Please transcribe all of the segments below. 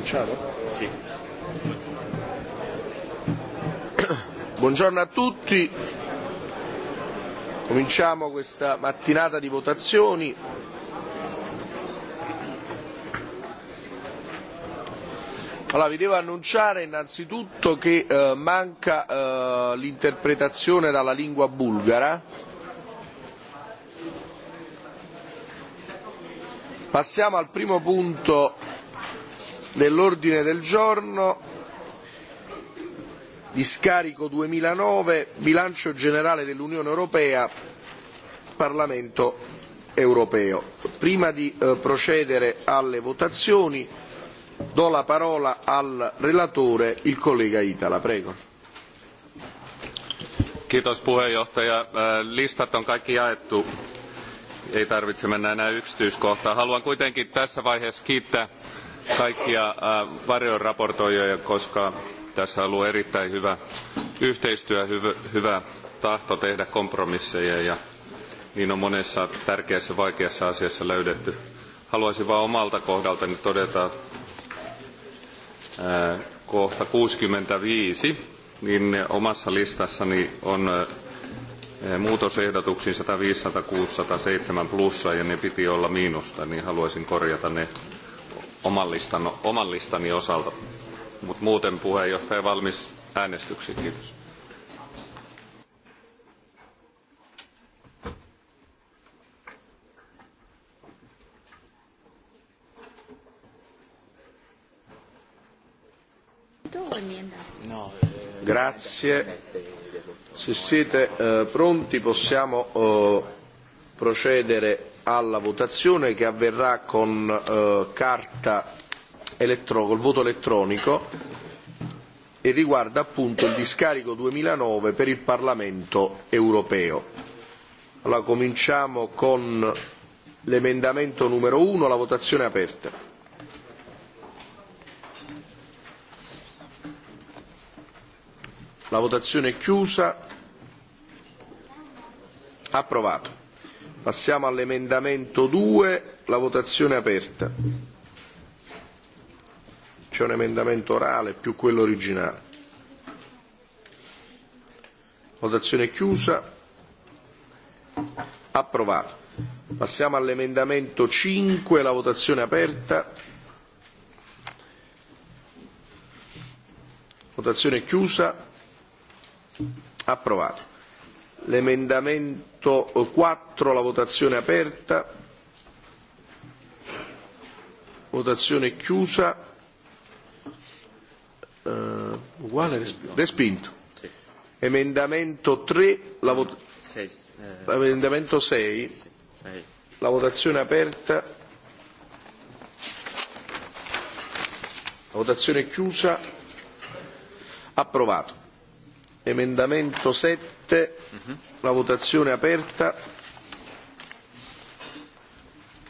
cominciare? Sì. Buongiorno a tutti, cominciamo questa mattinata di votazioni. Allora, vi devo annunciare innanzitutto che eh, manca eh, l'interpretazione dalla lingua bulgara. Passiamo al primo punto dell'ordine del giorno discarico duemilanove bilancio generale dell'Unione Europea Parlamento europeo. Prima di procedere alle votazioni do la parola al relatore, il collega Itala. Prego. Kiitos puheenjohtaja. Listat on kaikki jaettu. Ei tarvitse mennä enää yksityiskohtaan. Haluan kuitenkin tässä vaiheessa kiittää kaikkia varjon raportoijia, koska tässä on ollut erittäin hyvä yhteistyö, hyvä tahto tehdä kompromisseja ja niin on monessa tärkeässä vaikeassa asiassa löydetty. Haluaisin vain omalta kohdaltani todeta ää, kohta 65, niin omassa listassani on muutosehdotuksiin 105, 106, 107 plussa ja ne piti olla miinusta, niin haluaisin korjata ne oman, listani osalta. Mutta muuten puheenjohtaja valmis äänestyksiin. Kiitos. Grazie. Se siete pronti possiamo procedere alla votazione che avverrà con eh, carta elettro- col voto elettronico e riguarda appunto il discarico 2009 per il Parlamento europeo. Allora cominciamo con l'emendamento numero 1, la votazione è aperta. La votazione è chiusa. Approvato. Passiamo all'emendamento 2, la votazione è aperta. C'è un emendamento orale più quello originale. Votazione chiusa. Approvato. Passiamo all'emendamento 5, la votazione è aperta. Votazione chiusa. Approvato. L'emendamento 4 la votazione è aperta. Votazione chiusa. Uh, uguale respinto. Emendamento 3, la vot- emendamento 6, la votazione è aperta. La votazione è chiusa. Approvato. Emendamento 7 la votazione è aperta,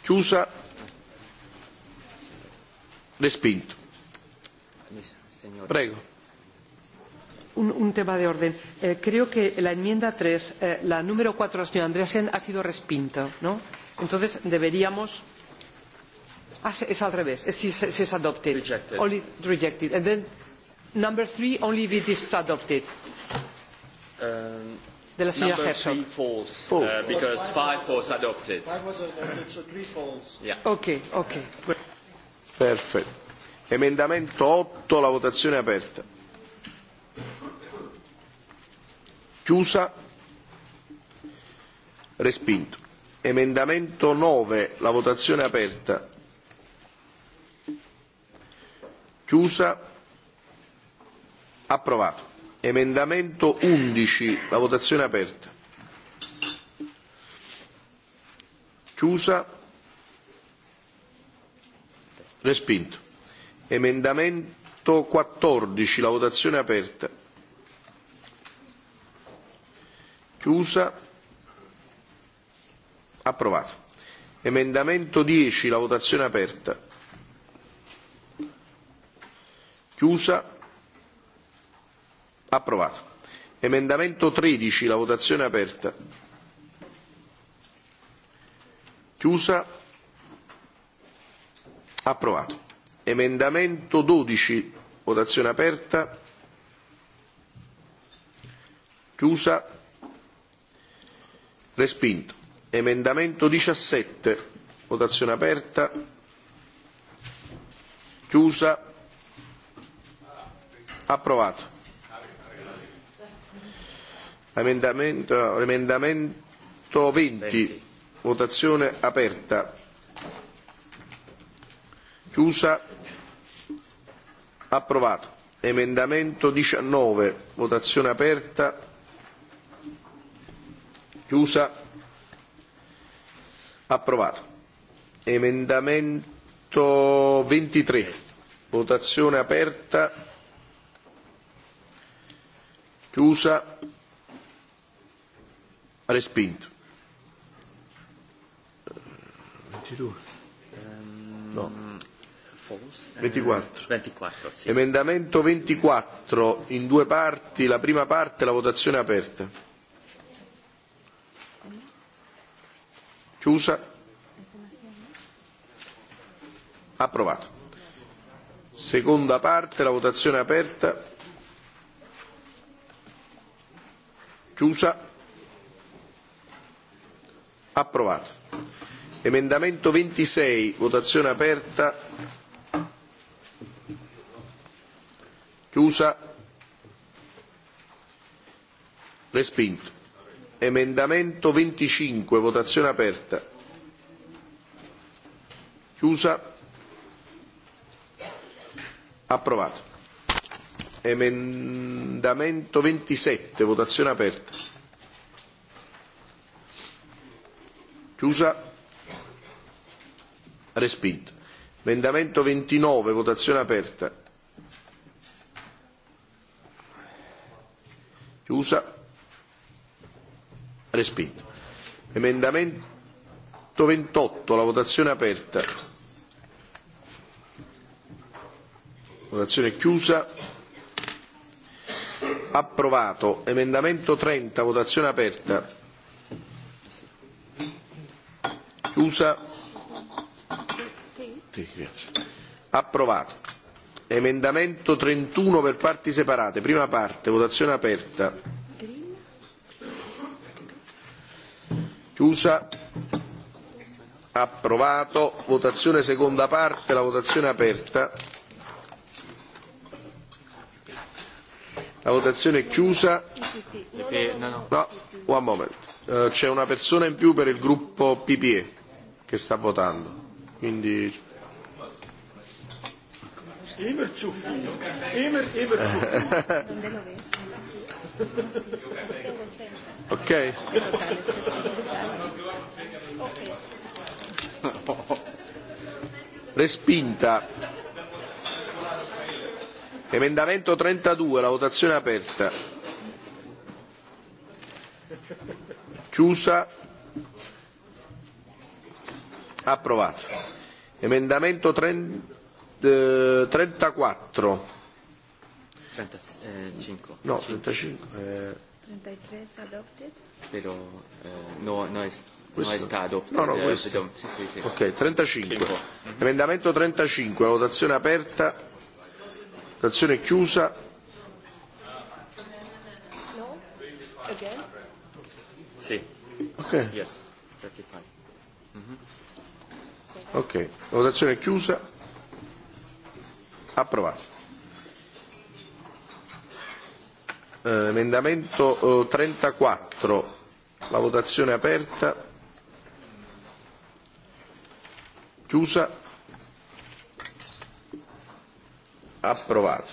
chiusa, respinto. Prego. Un, un tema de orden. Eh, creo que la enmienda 3, eh, la número 4, la señora Andreasen, ha sido respinta, ¿no? Entonces deberíamos. Ah, es al revés. Si se, se, es adopted. Rejected. Only rejected. And then number 3, only if it is adopted. Um, de la señora Number three uh, because five was adopted. Five was adopted, so three Yeah. Perfetto. Emendamento 8, la votazione è aperta. Chiusa. Respinto. Emendamento 9, la votazione è aperta. Chiusa. Approvato Emendamento 11, la votazione è aperta. Chiusa. Respinto. Emendamento 14, la votazione è aperta. Chiusa. Approvato. Emendamento 10, la votazione è aperta. Chiusa. Approvato. Emendamento 13, la votazione è aperta. Chiusa. Approvato. Emendamento 12, votazione aperta. Chiusa. Respinto. Emendamento 17, votazione aperta. Chiusa. Approvato. Emendamento, emendamento 20. Votazione aperta. Chiusa. Approvato. Emendamento 19. Votazione aperta. Chiusa. Approvato. Emendamento 23. Votazione aperta. Chiusa Respinto. 22. No. 24. 24 sì. Emendamento 24 in due parti, la prima parte, la votazione è aperta. Chiusa. Approvato. Seconda parte, la votazione è aperta. Chiusa. Approvato. Emendamento 26, votazione aperta. Chiusa. Respinto. Emendamento 25, votazione aperta. Chiusa. Approvato. Emendamento 27, votazione aperta. Chiusa. Respinto. Emendamento 29, votazione aperta. Chiusa. Respinto. Emendamento 28, la votazione aperta. Votazione chiusa. Approvato. Emendamento 30, votazione aperta. Chiusa. Sì, grazie. Approvato. Emendamento 31 per parti separate. Prima parte, votazione aperta. Chiusa. Approvato. Votazione seconda parte, la votazione aperta. La votazione è chiusa. No, one moment. c'è una persona in più per il gruppo PPE che sta votando. Quindi... Immer zu viel. Immer, immer Ok. Respinta. Emendamento 32, la votazione è aperta. Chiusa approvato emendamento 34 35 no 35 33 adopted però no, no, è, no stato no, no, questo. Sì, sì, ok 35 emendamento 35 la votazione aperta votazione chiusa no again sì ok yes 35 mm-hmm. Ok, La votazione è chiusa. Approvato. Eh, emendamento eh, 34, la votazione è aperta. Chiusa. Approvato.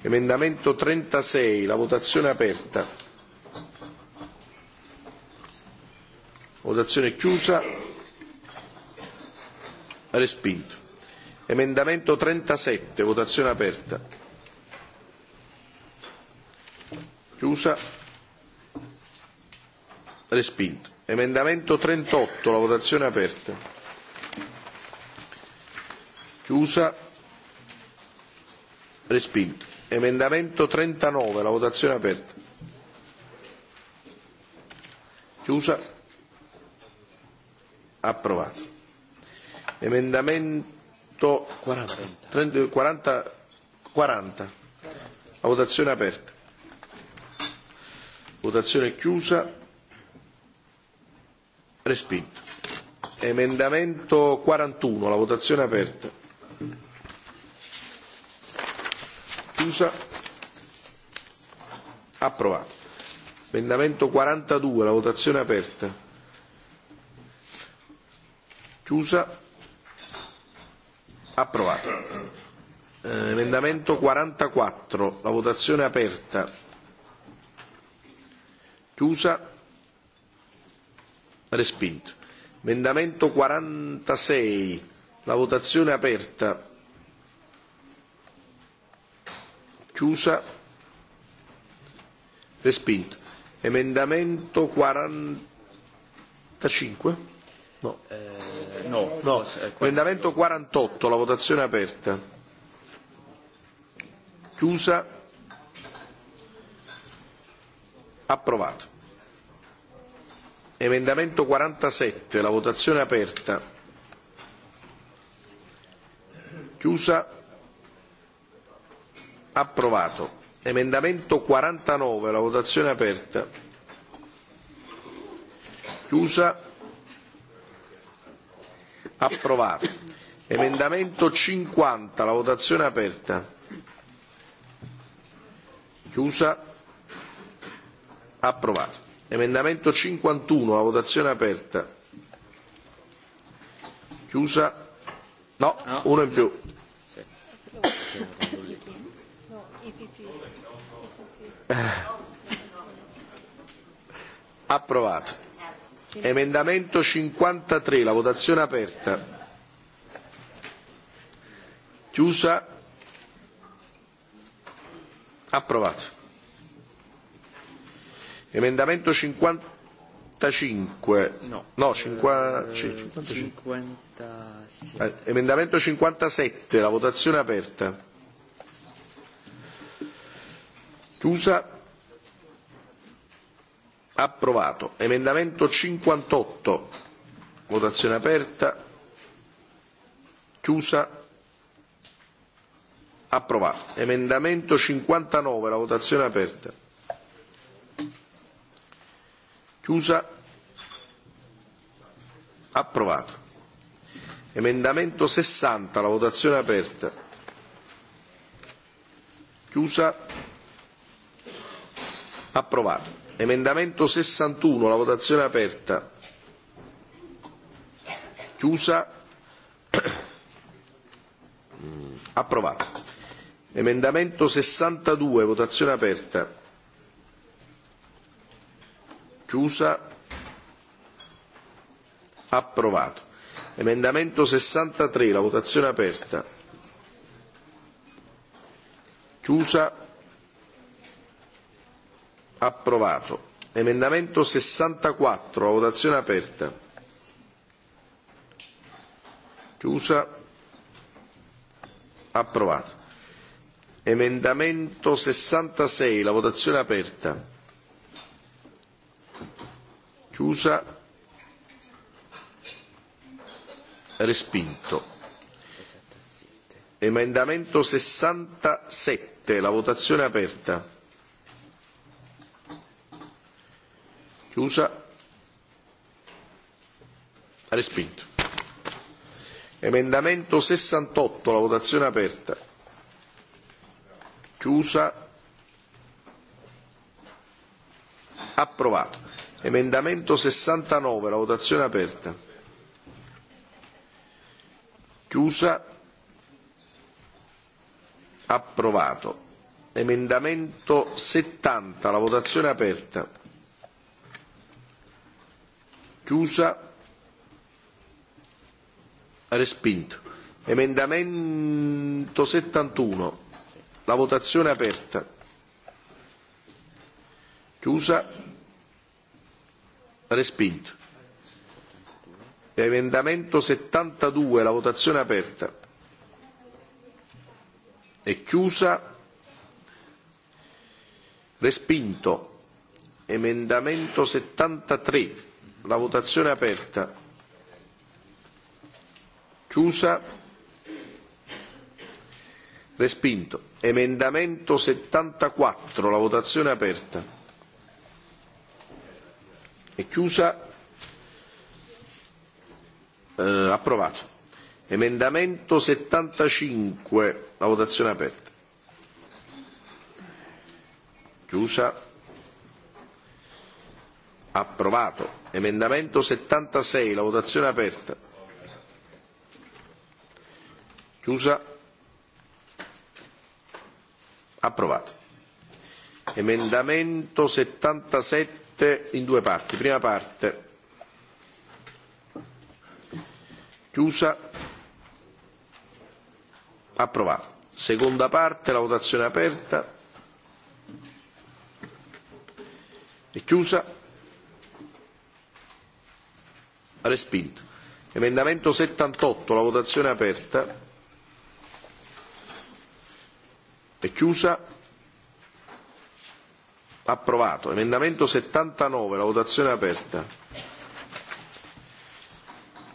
Emendamento 36, la votazione è aperta. Votazione chiusa respinto emendamento trentasette votazione aperta chiusa respinto emendamento trentotto la votazione aperta chiusa respinto emendamento trentanove la votazione aperta chiusa approvato Emendamento 40. 40, 40. La votazione aperta. Votazione chiusa. Respinto. Emendamento 41. La votazione aperta. Chiusa. Approvato. Emendamento 42. La votazione aperta. Chiusa. Approvato. Eh, emendamento 44, la votazione è aperta. Chiusa. Respinto. Emendamento 46, la votazione è aperta. Chiusa. Respinto. Emendamento 45. No. Eh, no, no. Emendamento 48, la votazione è aperta. Chiusa. Approvato. Emendamento 47, la votazione è aperta. Chiusa. Approvato. Emendamento 49, la votazione è aperta. Chiusa Approvato. Emendamento 50, la votazione è aperta. Chiusa. Approvato. Emendamento 51, la votazione è aperta. Chiusa. No, uno in più. Approvato. Emendamento cinquantatré, la votazione aperta. Chiusa. Approvato. Emendamento cinquantacinque. No, no 50, 55. Eh, emendamento cinquantasette, la votazione aperta. Chiusa. Approvato. Emendamento 58. Votazione aperta. Chiusa. Approvato. Emendamento 59. La votazione aperta. Chiusa. Approvato. Emendamento 60. La votazione aperta. Chiusa. Approvato. Emendamento 61, la votazione è aperta. Chiusa. Approvato. Emendamento 62, votazione aperta. Chiusa. Approvato. Emendamento 63, la votazione aperta. Chiusa approvato. Emendamento 64, votazione aperta. Chiusa. Approvato. Emendamento 66, la votazione aperta. Chiusa. Respinto. Emendamento 67, la votazione aperta. Chiusa. Respinto. Emendamento 68, la votazione aperta. Chiusa. Approvato. Emendamento 69, la votazione aperta. Chiusa. Approvato. Emendamento 70, la votazione aperta. Chiusa. Respinto. Emendamento 71. La votazione è aperta. Chiusa. Respinto. Emendamento 72. La votazione è aperta. È chiusa. Respinto. Emendamento 73. La votazione è aperta. Chiusa. Respinto. Emendamento 74. La votazione è aperta. È chiusa. Eh, approvato. Emendamento 75. La votazione è aperta. Chiusa approvato. Emendamento 76, la votazione è aperta. Chiusa. Approvato. Emendamento 77 in due parti. Prima parte. Chiusa. Approvato. Seconda parte, la votazione è aperta. È chiusa Respinto. Emendamento 78, la votazione è aperta. È chiusa. Approvato. Emendamento 79, la votazione è aperta.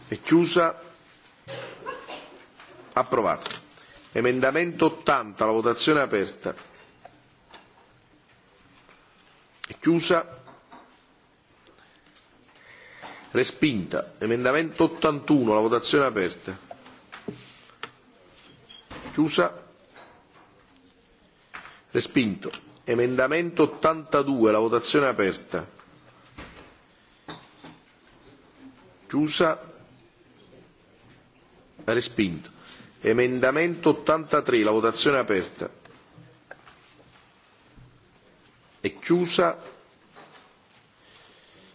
È chiusa. Approvato. Emendamento 80, la votazione è aperta. È chiusa. Respinta. Emendamento 81, la votazione è aperta. Chiusa. Respinto. Emendamento 82, la votazione è aperta. Chiusa. Respinto. Emendamento 83, la votazione è aperta. È chiusa.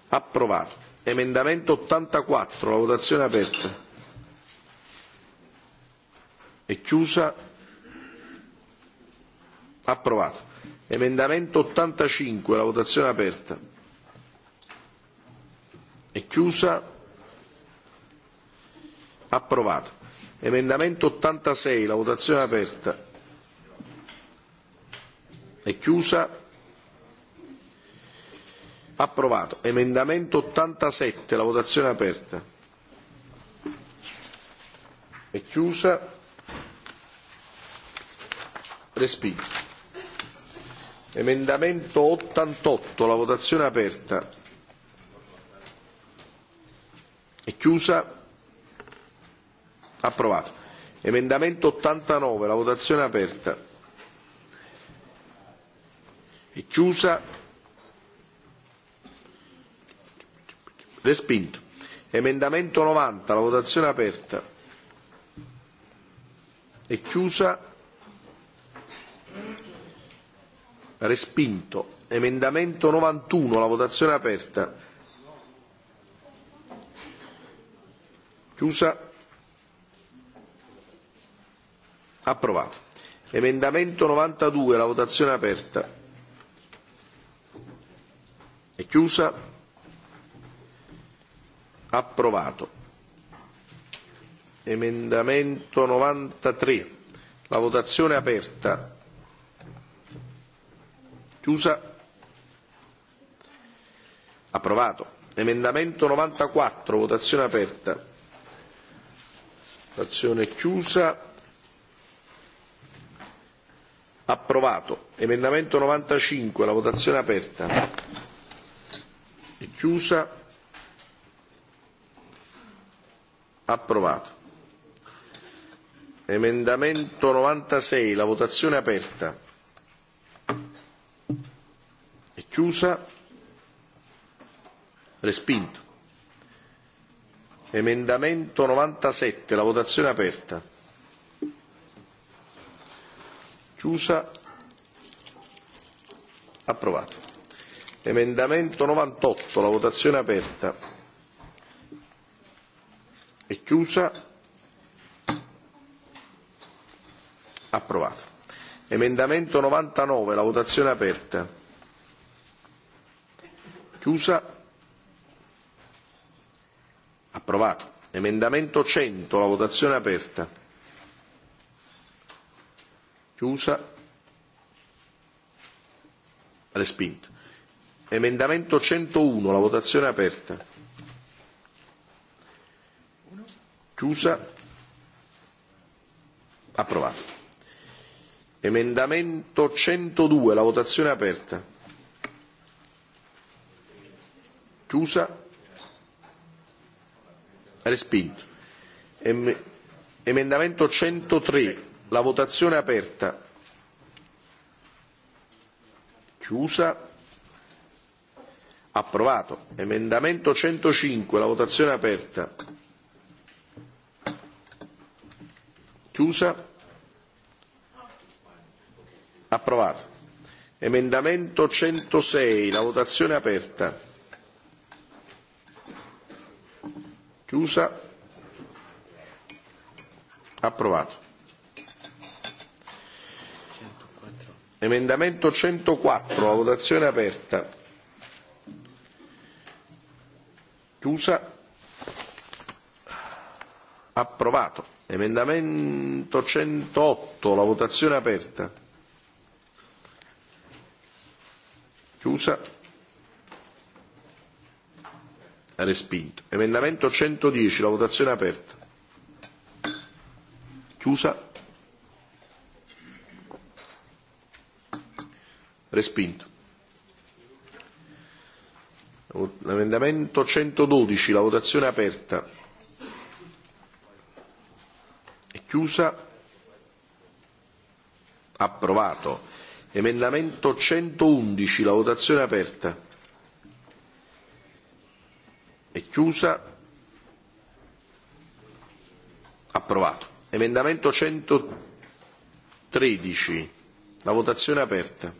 Approvato. Emendamento 84, la votazione è aperta. È chiusa. Approvato. Emendamento 85, la votazione è aperta. È chiusa. Approvato. Emendamento 86, la votazione è aperta. È chiusa. Approvato. Emendamento 87, la votazione è aperta. È chiusa. Respinto. Emendamento 88, la votazione è aperta. È chiusa. Approvato. Emendamento 89, la votazione è aperta. È chiusa Respinto. Emendamento 90, la votazione è aperta. È chiusa. Respinto. Emendamento 91, la votazione è aperta. Chiusa. Approvato. Emendamento 92, la votazione è aperta. È chiusa approvato emendamento 93 la votazione è aperta chiusa approvato emendamento 94 votazione aperta votazione chiusa approvato emendamento 95 la votazione aperta è chiusa approvato emendamento 96 la votazione è aperta è chiusa respinto emendamento 97 la votazione è aperta chiusa approvato emendamento 98 la votazione è aperta chiusa. Approvato. Emendamento 99, la votazione è aperta. Chiusa. Approvato. Emendamento 100, la votazione è aperta. Chiusa. Respinto. Emendamento 101, la votazione è aperta. Chiusa. Approvato. Emendamento 102, la votazione è aperta. Chiusa. Respinto. emendamento 103, la votazione è aperta. Chiusa. Approvato. Emendamento 105, la votazione è aperta. Chiusa. Approvato. Emendamento 106, la votazione è aperta. Chiusa. Approvato. Emendamento 104, la votazione è aperta. Chiusa. Approvato. Emendamento 108, la votazione è aperta. Chiusa. Respinto. Emendamento 110, la votazione è aperta. Chiusa. Respinto. L'emendamento 112, la votazione è aperta. Chiusa. Approvato. Emendamento 111, la votazione è aperta. È chiusa. Approvato. Emendamento 113, la votazione è aperta.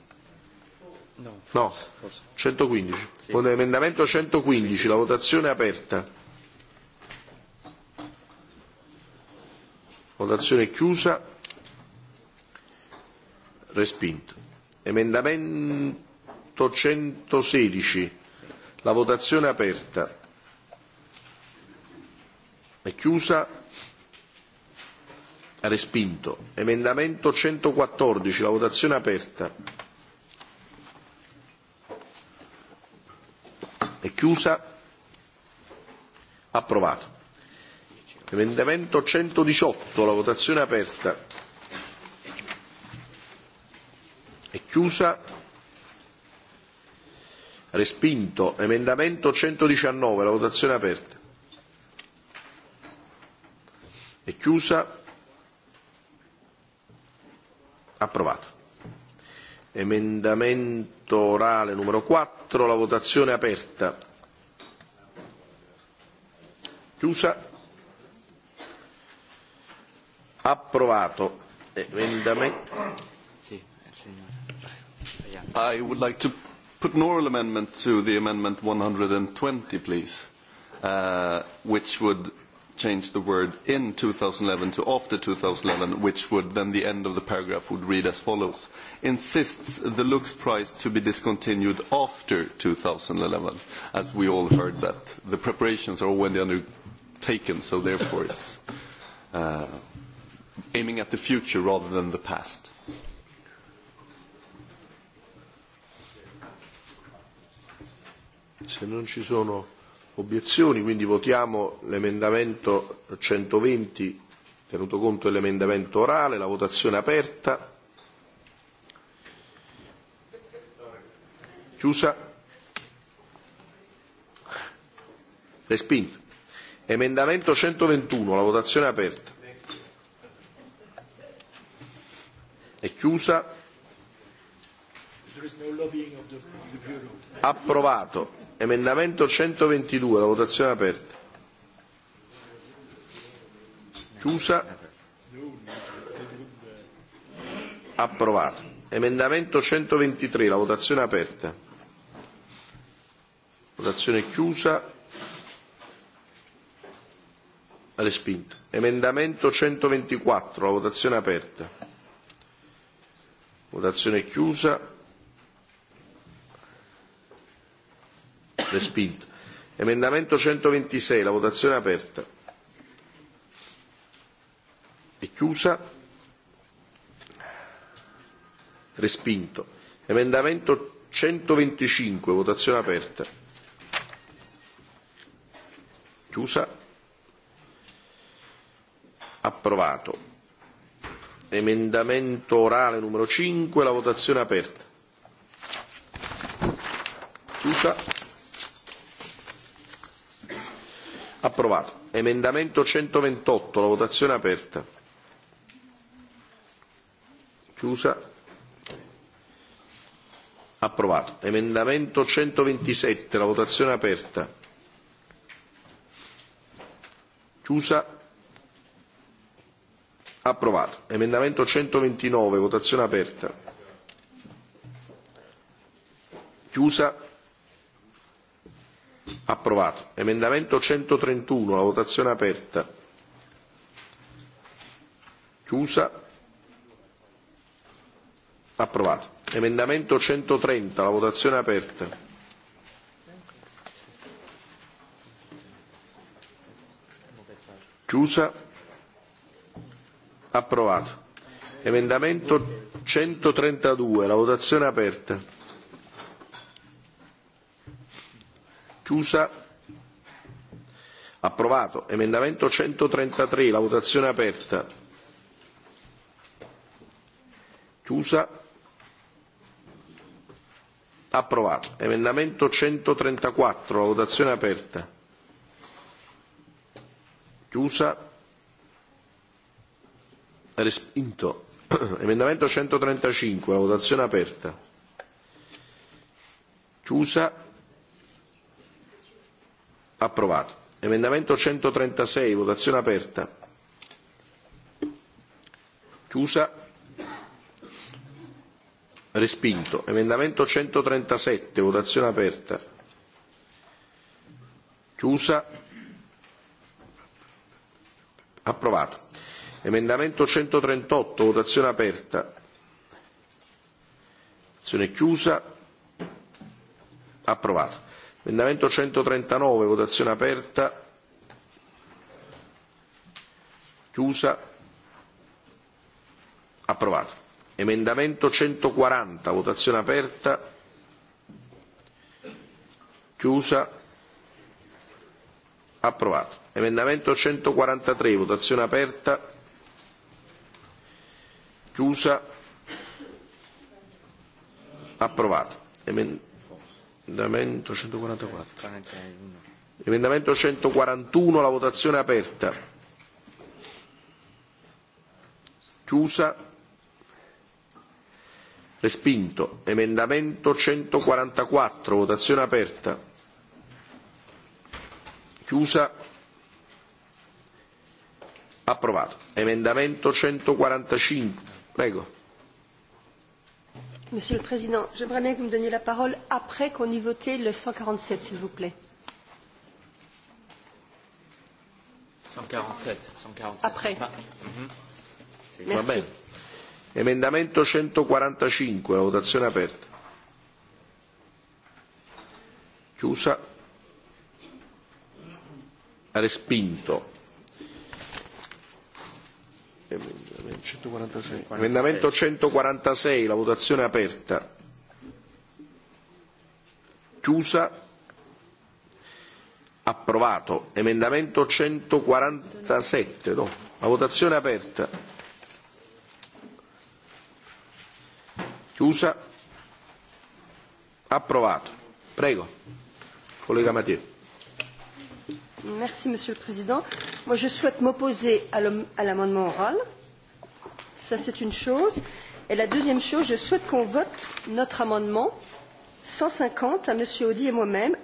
No, 115. Emendamento 115, la votazione è aperta. Votazione chiusa. Respinto. Emendamento 116. La votazione è aperta. È chiusa. Respinto. Emendamento 114. La votazione è aperta. È chiusa. Approvato. Emendamento 118, la votazione è aperta. È chiusa. Respinto. Emendamento 119, la votazione è aperta. È chiusa. Approvato. Emendamento orale numero 4, la votazione è aperta. Chiusa Approvato. I would like to put an oral amendment to the amendment 120, please, uh, which would change the word in 2011 to after 2011, which would then the end of the paragraph would read as follows. Insists the Lux price to be discontinued after 2011, as we all heard that the preparations are already undertaken, so therefore it's... Uh, aiming at the future rather than the past. Se non ci sono obiezioni, quindi votiamo l'emendamento 120 tenuto conto dell'emendamento orale, la votazione è aperta. Chiusa. Respinto. Emendamento 121, la votazione è aperta. È chiusa. Approvato. Emendamento 122, la votazione è aperta. Chiusa. Approvato. Emendamento 123, la votazione è aperta. Votazione chiusa. Respinto. Emendamento 124, la votazione è aperta. Votazione chiusa. Respinto. Emendamento 126, la votazione è aperta. È chiusa. Respinto. Emendamento 125, votazione aperta. Chiusa. Approvato Emendamento orale numero 5, la votazione è aperta. Chiusa. Approvato. Emendamento 128, la votazione è aperta. Chiusa. Approvato. Emendamento 127, la votazione è aperta. Chiusa. Approvato. Emendamento 129, votazione aperta. Chiusa. Approvato. Emendamento 131, la votazione aperta. Chiusa. Approvato. Emendamento 130, la votazione aperta. Chiusa. Approvato. Emendamento 132, la votazione è aperta. Chiusa. Approvato. Emendamento 133, la votazione è aperta. Chiusa. Approvato. Emendamento 134, la votazione è aperta. Chiusa respinto emendamento 135 la votazione aperta chiusa approvato emendamento 136 votazione aperta chiusa respinto emendamento 137 votazione aperta chiusa approvato Emendamento 138, votazione aperta. Votazione chiusa. Approvato. Emendamento 139, votazione aperta. Chiusa. Approvato. Emendamento 140, votazione aperta. Chiusa. Approvato. Emendamento 143, votazione aperta. Chiusa. Approvato. Emendamento 144. Emendamento 141, la votazione è aperta. Chiusa. Respinto. Emendamento 144, votazione aperta. Chiusa. Approvato. Emendamento 145 Prego. Monsieur le Président, j'aimerais bien que vous me donniez la parole après qu'on ait voté le 147, s'il vous plaît. 147. 147. Après. Merci. Emendamento 145, la votazione aperta. Chiusa. Respinto. 146. Emendamento 146, la votazione è aperta. Chiusa. Approvato. Emendamento 147, no. La votazione è aperta. Chiusa. Approvato. Prego. Collega Matteo. Merci, Monsieur le Président. Moi, je souhaite m'opposer à l'amendement oral. Ça, c'est une chose. Et la deuxième chose, je souhaite qu'on vote notre amendement cent cinquante à M. Audy et moi-même,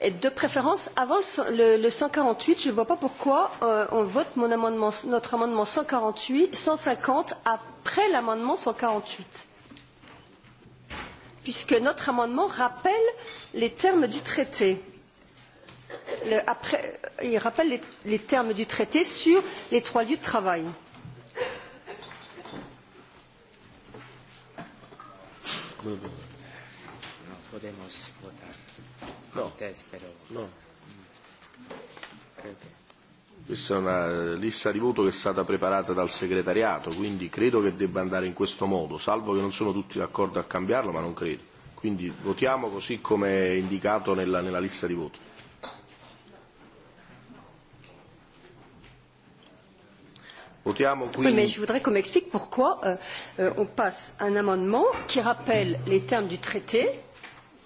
et de préférence avant le, cent quarante huit, Je ne vois pas pourquoi on vote notre amendement cent cinquante après l'amendement cent quarante huit, puisque notre amendement rappelle les termes du traité il rappelle les, termes du traité sur les trois lieux de travail. Questa è una lista di voto che è stata preparata dal segretariato, quindi credo che debba andare in questo modo, salvo che non sono tutti d'accordo a cambiarlo, ma non credo. Quindi votiamo così come è indicato nella, nella lista di voto. Oui, mais je voudrais qu'on m'explique pourquoi on passe un amendement qui rappelle les termes du traité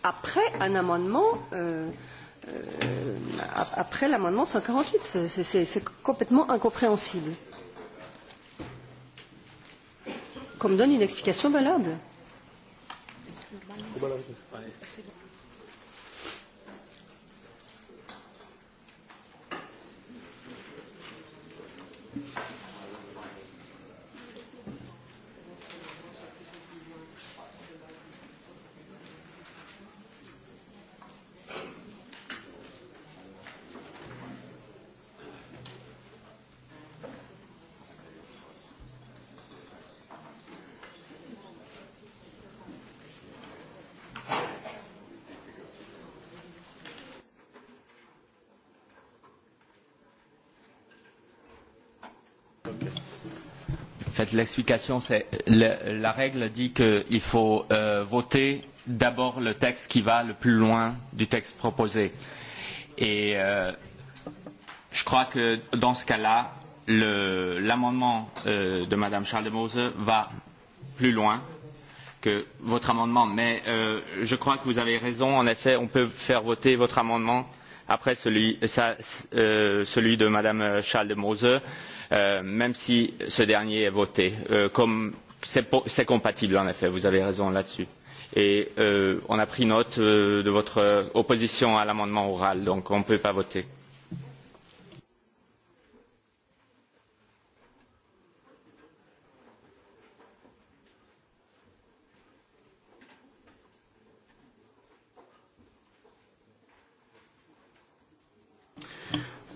après un amendement après l'amendement cent quarante huit. C'est complètement incompréhensible. Qu'on me donne une explication valable. l'explication, c'est que la règle dit qu'il faut voter d'abord le texte qui va le plus loin du texte proposé. Et je crois que dans ce cas-là, l'amendement de Mme Schaldemose va plus loin que votre amendement. Mais je crois que vous avez raison. En effet, on peut faire voter votre amendement euh, après celui, de Mme Schaldemose, même si ce dernier est voté. c'est compatible, en effet, vous avez raison là-dessus. Et on a pris note de votre opposition à l'amendement oral, donc on ne peut pas voter.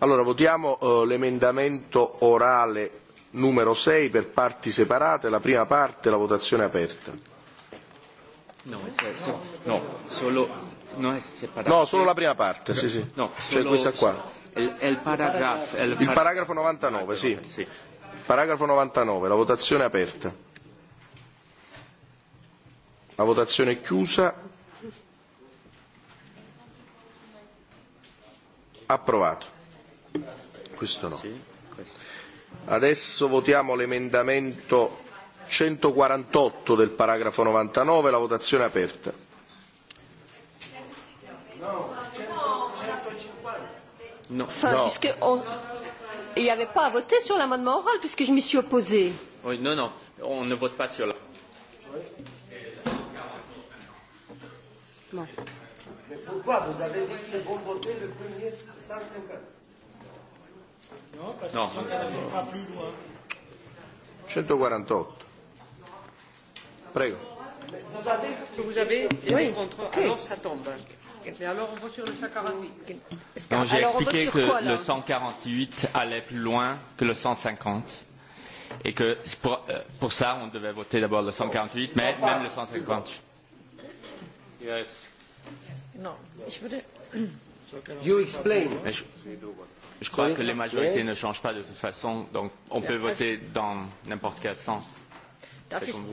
Allora votiamo eh, l'emendamento orale numero 6 per parti separate, la prima parte, la votazione è aperta. No, se, se, no, solo, non è separato. no, solo la prima parte, sì, sì. No, solo, cioè questa qua. Il, il, paragrafo, il, par- il paragrafo 99, sì. sì. Paragrafo 99, la votazione è aperta. La votazione è chiusa. Approvato. Questo no. Adesso votiamo l'emendamento 148 del paragrafo 99, la votazione è aperta. No, no. no. puisque on... il n'y avait pas à voter sur l'amendement oral, puisque je m'y suis opposé. Oui, non, non, on ne vote pas sur la. Bon. Mais pourquoi vous avez dit qu'ils vont voter le premier 150 No, perché no. 148. Prego. Vous avez ce que vous oui. contre, j'ai expliqué que le 148 allait plus loin que le 150 et que pour, pour ça on devait voter d'abord le 148, mais même le 150. Yes. Non, je voudrais. You explain. Je crois que les majorités ne changent pas de toute façon, donc on peut voter dans n'importe quel sens.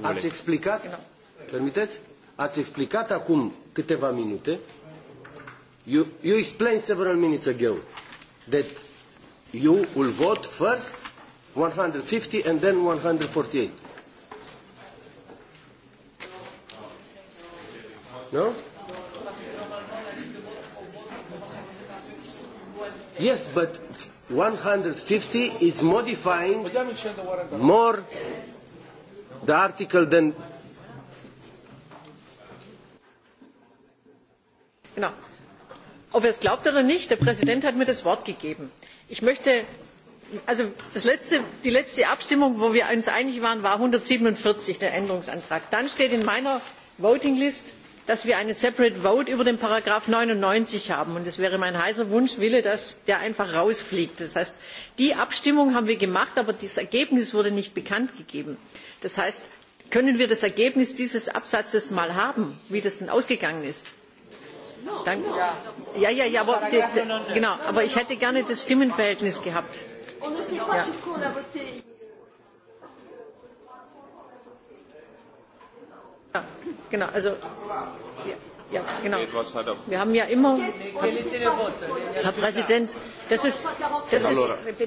Ați explicat, permiteți, ați explicat acum câteva minute, you, you explained several minutes ago that you will vote first 150 and then 148. No? Yes, but 150 is modifying more the article than. Genau. Ob er es glaubt oder nicht, der Präsident hat mir das Wort gegeben. Ich möchte also die letzte abstimmung wo wir uns einig waren war 147, der änderungsantrag. dann steht in meiner voting list dass wir eine separate vote über den paragraph neunundneunzig haben und es wäre mein heißer Wunsch Wille, dass der einfach rausfliegt. das heißt die abstimmung haben wir gemacht aber das ergebnis wurde nicht bekannt gegeben. das heißt können wir das ergebnis dieses absatzes mal haben wie das denn ausgegangen ist? ja ja aber ich hätte gerne das stimmenverhältnis gehabt. Genau, also genau. Wir haben ja immer. Herr Präsident, das ist. Das ist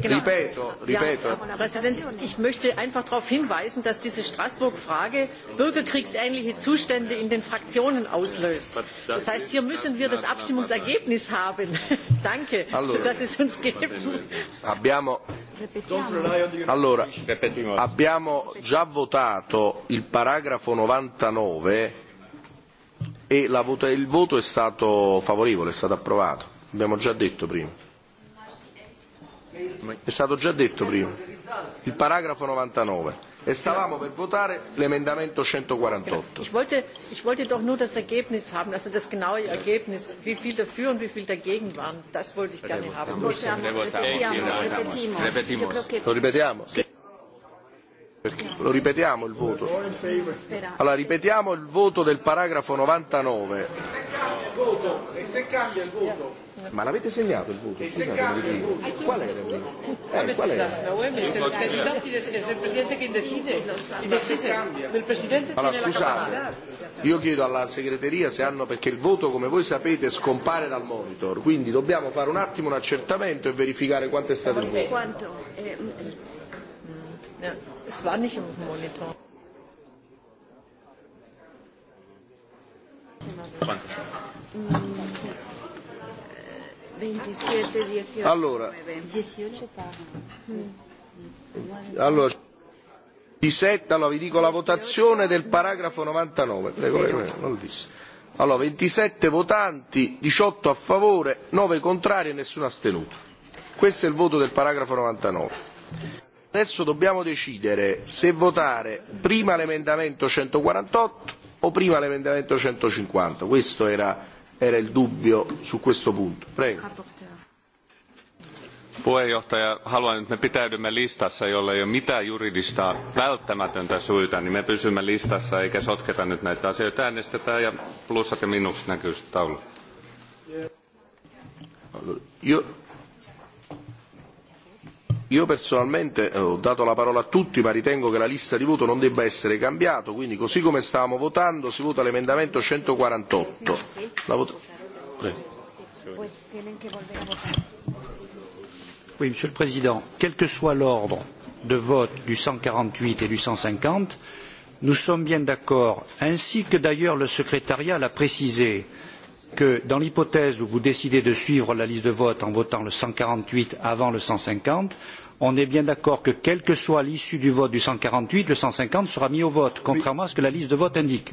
genau. Herr Präsident, ich möchte einfach darauf hinweisen, dass diese Straßburg-Frage bürgerkriegsähnliche Zustände in den Fraktionen auslöst. Das heißt, hier müssen wir das Abstimmungsergebnis haben. Danke, dass es uns gibt. Allora, abbiamo già votato il paragrafo 99 e la vota, il voto è stato favorevole, è stato approvato. Abbiamo già detto prima. È stato già detto prima. Il paragrafo 99. E stavamo per votare l'emendamento 148. Ich wollte, ich wollte doch nur das Ergebnis haben, also das genaue Ergebnis, wie viel dafür und wie viel dagegen waren. Das wollte ich gerne haben. ripetiamo. ripetiamo. ripetiamo. Lo ripetiamo? lo ripetiamo il voto. Allora ripetiamo il voto del paragrafo 99. E se cambia il voto? Ma l'avete segnato il voto? Scusate, qual era il voto? qual era? Il Presidente che decide, si Il Presidente allora scusate, io chiedo alla segreteria se hanno, perché il voto come voi sapete scompare dal monitor, quindi dobbiamo fare un attimo un accertamento e verificare quanto è stato il voto. Es war nicht im Monitor. Allora, allora, 27, allora vi dico la votazione del paragrafo 99, prego, prego, non disse. Allora, 27 votanti, 18 a favore, 9 contrari e nessuno astenuto. Questo è il voto del paragrafo 99 adesso dobbiamo decidere se votare prima l'emendamento centoquarantotto o prima l'emendamento centocinquanta. Questo era, il dubbio su questo punto. Puheenjohtaja, haluan, että me pitäydymme listassa, jolle ei ole mitään juridista välttämätöntä syytä, niin me pysymme listassa eikä sotketa nyt näitä asioita. Äänestetään ja plussat ja miinukset näkyy taululla Io personalmente ho dato la parola a tutti, ma ritengo che la lista di voto non debba essere cambiata, quindi così come stavamo votando si vota l'emendamento 148. La vot- oui, Monsieur le Président, quel que soit l'ordre de vote du 148 et du 150, nous sommes bien d'accord, ainsi que d'ailleurs le secrétariat l'a précisé, euh, que dans l'hypothèse où vous décidez de suivre la liste de vote en votant le cent quarante huit avant le cent cinquante, on est bien d'accord que quelle que soit l'issue du vote du cent quarante huit, le cent cinquante sera mis au vote, contrairement à ce que la liste de vote indique.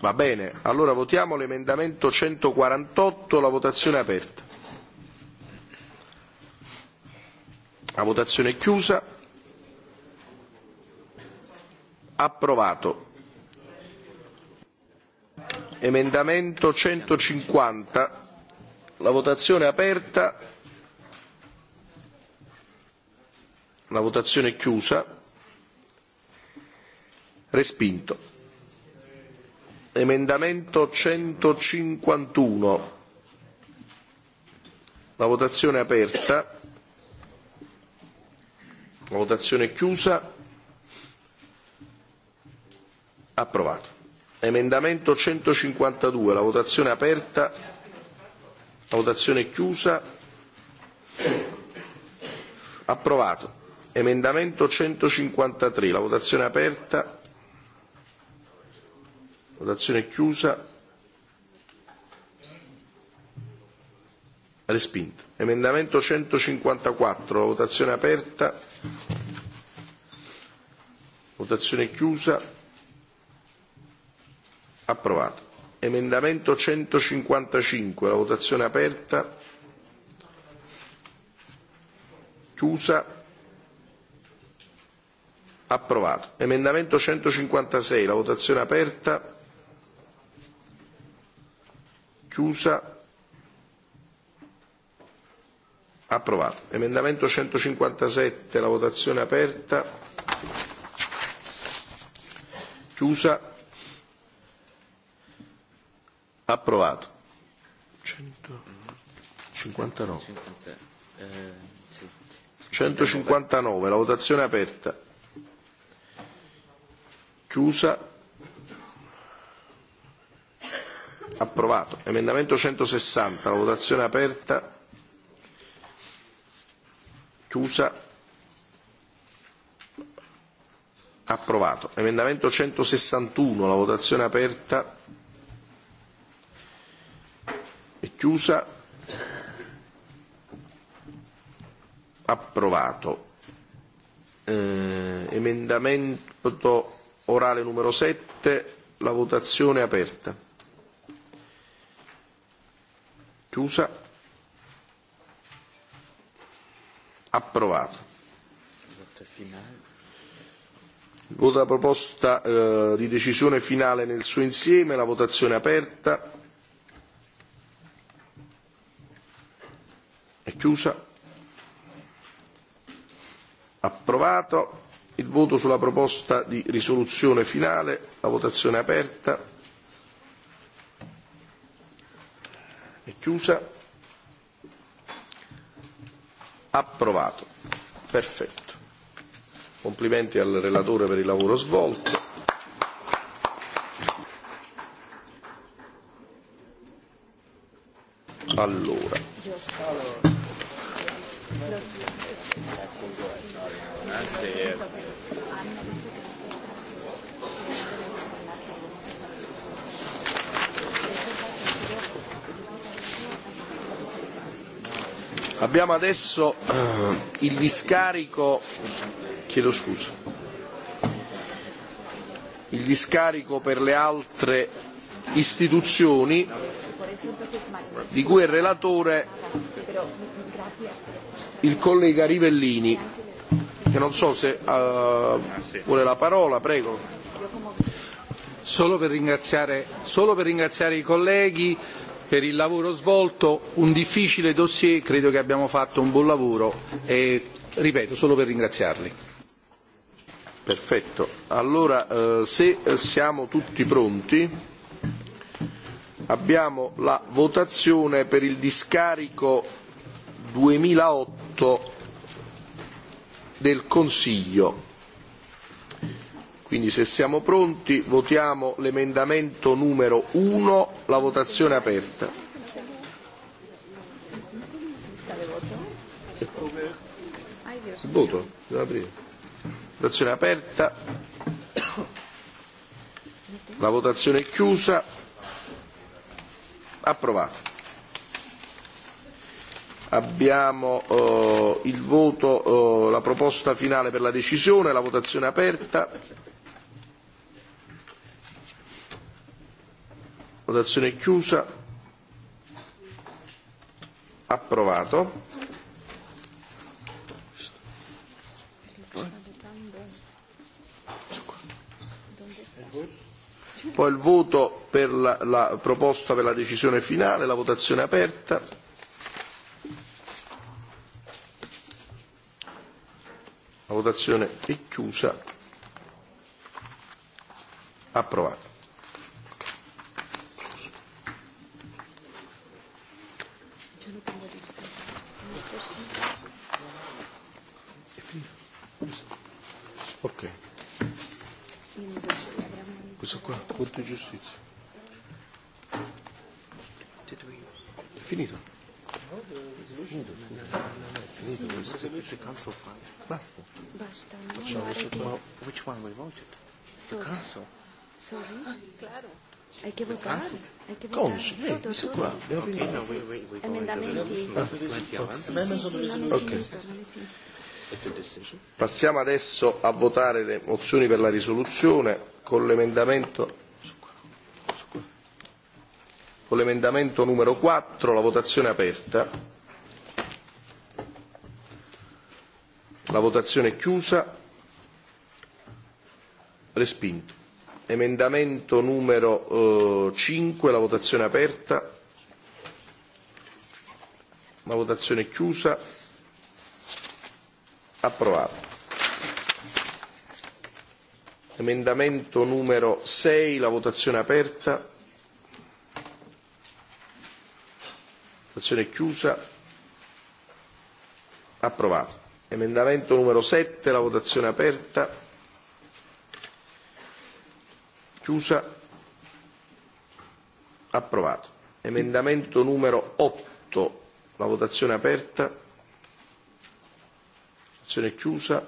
Va bene, allora votiamo l'emendamento centoquarantotto, la votazione è aperta. La votazione è chiusa. Approvato Emendamento centocinquanta. La votazione è aperta. La votazione è chiusa. Respinto. Emendamento centocinquantuno. La votazione è aperta. La votazione è chiusa. Approvato. Emendamento 152, la votazione aperta, la votazione chiusa, approvato. Emendamento 153, la votazione aperta, votazione chiusa, respinto. Emendamento 154, la votazione aperta, votazione chiusa, approvato emendamento centocinquantacinque la votazione è aperta chiusa approvato emendamento centocinquantasei la votazione è aperta chiusa approvato emendamento centocinquantasette la votazione è aperta chiusa Approvato. 159. 159, la votazione è aperta. Chiusa. Approvato. Emendamento 160, la votazione è aperta. Chiusa. Approvato. Emendamento 161, la votazione è aperta. Chiusa. Approvato. Eh, emendamento orale numero 7, la votazione è aperta. Chiusa. Approvato. Vota la proposta eh, di decisione finale nel suo insieme, la votazione è aperta. Chiusa. Approvato. Il voto sulla proposta di risoluzione finale. La votazione è aperta. È chiusa. Approvato. Perfetto. Complimenti al relatore per il lavoro svolto. Allora. Abbiamo adesso il discarico, chiedo scusa, il discarico per le altre istituzioni di cui è relatore il collega Rivellini, che non so se vuole la parola, prego. Solo per ringraziare i colleghi per il lavoro svolto, un difficile dossier, credo che abbiamo fatto un buon lavoro e ripeto, solo per ringraziarli. Perfetto, allora se siamo tutti pronti abbiamo la votazione per il discarico duemilaotto del Consiglio Quindi se siamo pronti votiamo l'emendamento numero 1, la votazione è aperta. Il voto? Devo aprire. Votazione aperta. La votazione è chiusa. Approvato. Abbiamo eh, il voto, eh, la proposta finale per la decisione, la votazione aperta. Votazione chiusa. Approvato. Poi il voto per la, la proposta per la decisione finale, la votazione aperta. La votazione è chiusa. Approvato. Ok. Questo qua, Corte di Giustizia. finito? No, finito, finito. It's a council file. Basta. Basta. Which one we voted? So The council. Sorry? Claro. Hay que votar. Hay que votar. questo qua. Abbiamo finito. Emendamenti. Emendamenti. Ok. Passiamo adesso a votare le mozioni per la risoluzione con l'emendamento con l'emendamento numero 4, la votazione è aperta. La votazione è chiusa. Respinto. Emendamento numero eh, 5, la votazione è aperta. La votazione è chiusa Approvato. Emendamento numero 6, la votazione aperta. aperta. Votazione chiusa. Approvato. Emendamento numero 7, la votazione aperta. Chiusa. Approvato. Emendamento numero 8, la votazione aperta. Votazione chiusa.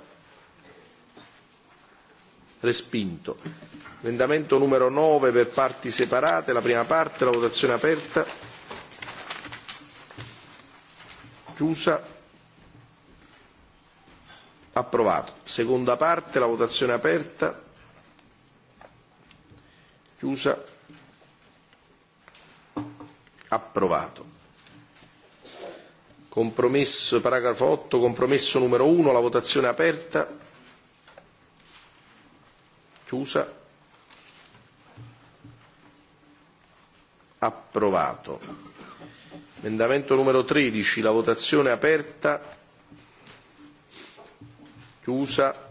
Respinto. Emendamento numero 9 per parti separate, la prima parte, la votazione aperta. Chiusa. Approvato. Seconda parte, la votazione aperta. Chiusa. Approvato. Compromesso, paragrafo 8, compromesso numero 1, la votazione è aperta. Chiusa. Approvato. Emendamento numero 13, la votazione è aperta. Chiusa.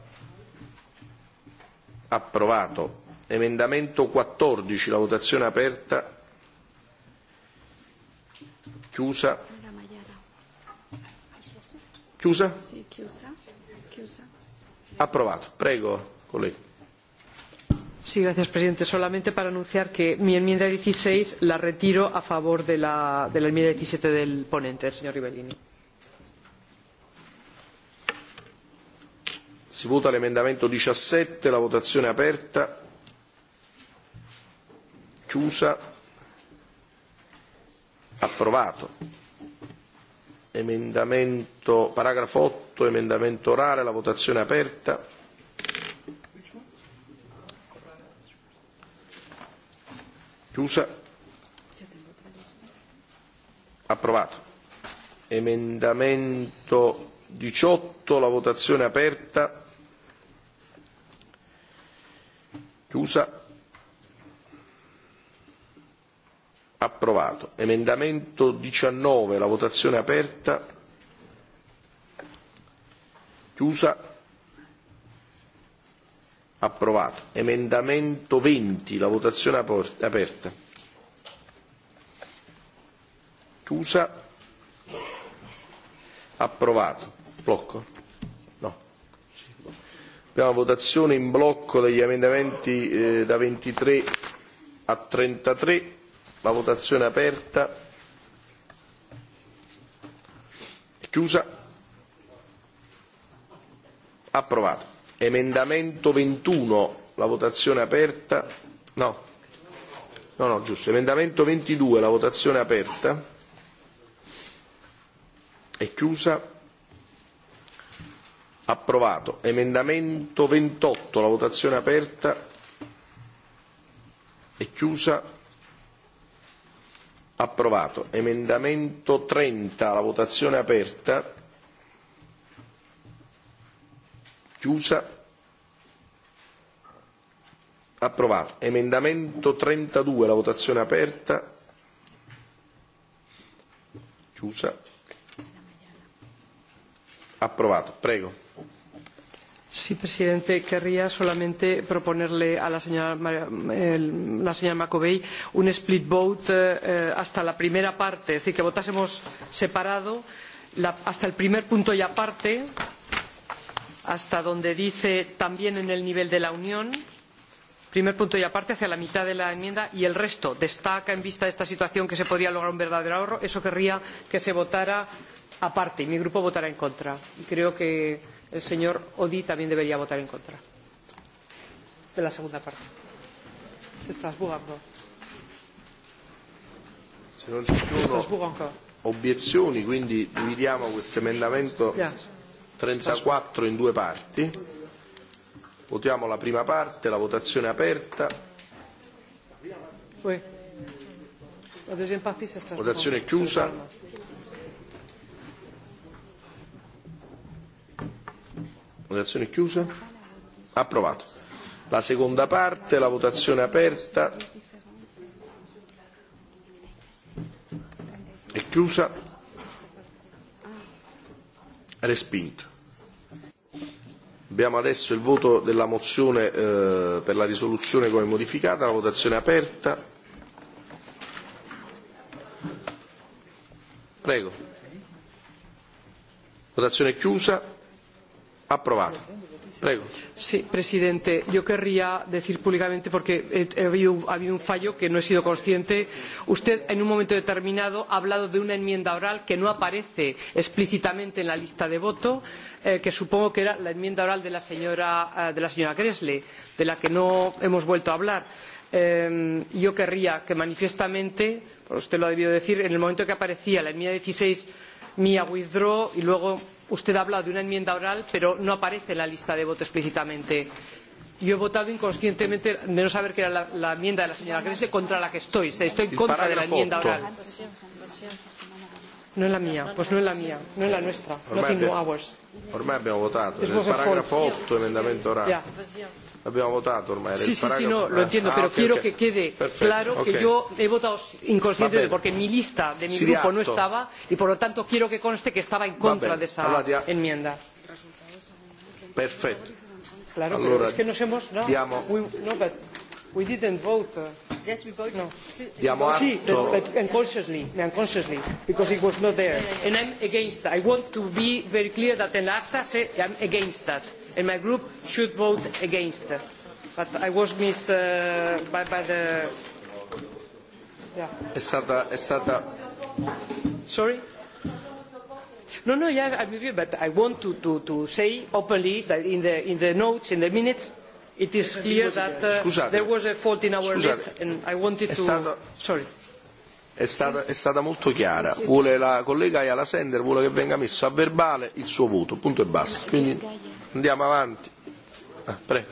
Approvato. Emendamento 14, la votazione è aperta. Chiusa Chiusa? Sì, chiusa. chiusa. Approvato. Prego, Sí, gracias, presidente, solamente para anunciar que mi enmienda 16 la retiro a favor de la, enmienda 17 del ponente, el señor Rivellini. Si vota l'emendamento diciassette, la votazione è aperta. Chiusa. Approvato emendamento, paragrafo 8, emendamento orale, la votazione è aperta. Chiusa. Approvato. Emendamento 18, la votazione è aperta. Chiusa. approvato emendamento 19 la votazione è aperta chiusa approvato emendamento 20 la votazione è aperta chiusa approvato blocco no abbiamo votazione in blocco degli emendamenti da 23 a 33 La votazione è aperta. È chiusa. Approvato. Emendamento 21. La votazione è aperta. No. No, no, giusto. Emendamento 22. La votazione è aperta. È chiusa. Approvato. Emendamento 28. La votazione è aperta. È chiusa approvato emendamento 30 la votazione aperta chiusa approvato emendamento 32 la votazione aperta chiusa approvato prego señor presidente querría solamente proponerle a la señora macovei un split vote hasta la primera parte es decir que votásemos separado hasta el primer punto y aparte hasta donde dice también en el nivel de la unión primer punto y aparte hacia la mitad de la enmienda y el resto destaca en vista de esta situación que se podría lograr un verdadero ahorro eso querría que se votara aparte y mi grupo votará en contra y creo que el señor Odi también debería votar en contra de la segunda parte. Se Strasbourg encore. Se non ci sono obiezioni, quindi dividiamo questo emendamento 34 in due parti. Votiamo la prima parte, la votazione è aperta. Votazione chiusa Votazione chiusa. Approvato. La seconda parte, la votazione è aperta. È chiusa. Respinto. Abbiamo adesso il voto della mozione eh, per la risoluzione come modificata, la votazione è aperta. Prego. Votazione chiusa. Señor presidente, yo querría decir públicamente, porque ha habido un fallo que no he sido consciente, usted en un momento determinado ha hablado de una enmienda oral que no aparece explícitamente en la lista de votos, que supongo que era la enmienda oral de la señora, grle de la que no hemos vuelto a hablar yo querría que manifiestamente usted lo ha debido decir en el momento en que aparecía la enmienda dieciseis mía withdraw y luego usted habla de una enmienda oral pero no aparece en la lista de voto explícitamente. Yo he votado inconscientemente, de no saber que era la, enmienda de la señora grle contra la que estoy. Estoy en contra de la enmienda oral. no es la mía pues no es la mía no es la nostra. Ormai abbiamo votato. Nel paragrafo 8, emendamento orale. Habíamos Abbiamo votato ormai. Sí, sí, sí, no, lo entiendo, ah, pero okay, quiero okay. que quede Perfecto, claro okay. que yo he votado inconscientemente porque mi lista de mi sí, grupo no estaba y por lo tanto quiero que conste que estaba en contra de esa enmienda. Perfecto. Claro, allora, es que nos hemos. No, diamo, we, no, but we didn't vote. Yes, we voted. No. Diamo sí, but, but unconsciously, unconsciously, because it was not there. And I'm against that. I want to be very clear that in ACTA I'm against that and my group should vote against. it. But I was missed by, the... È stata... È stata... Sorry? No, no, yeah, I'm with you, but I want to, to, to say openly that in the, in the notes, in the minutes, it is clear that uh, there was a fault in our Scusate. list, and I wanted to... Stato... Sorry. È stata, è stata molto chiara, vuole la collega Ayala Sender vuole che venga messo a verbale il suo voto, punto e basta. Quindi Andiamo avanti. Ah, prego.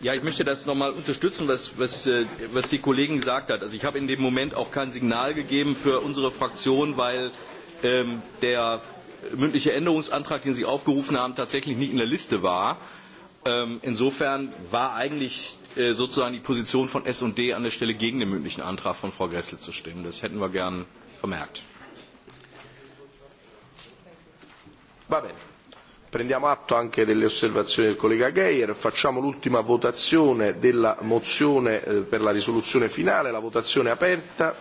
Ja, ich möchte das nochmal unterstützen, was, die Kollegin gesagt hat. Also ich habe in dem Moment auch kein Signal gegeben für unsere Fraktion, weil der mündliche Änderungsantrag, den Sie aufgerufen haben, tatsächlich nicht in der Liste war. insofern war eigentlich sozusagen die Position von SD an der Stelle gegen den mündlichen Antrag von Frau Gressel zu stimmen. Das hätten wir gern vermerkt. Va bene. Prendiamo atto anche delle osservazioni del collega Geyer, facciamo l'ultima votazione della mozione per la risoluzione finale, la votazione è aperta,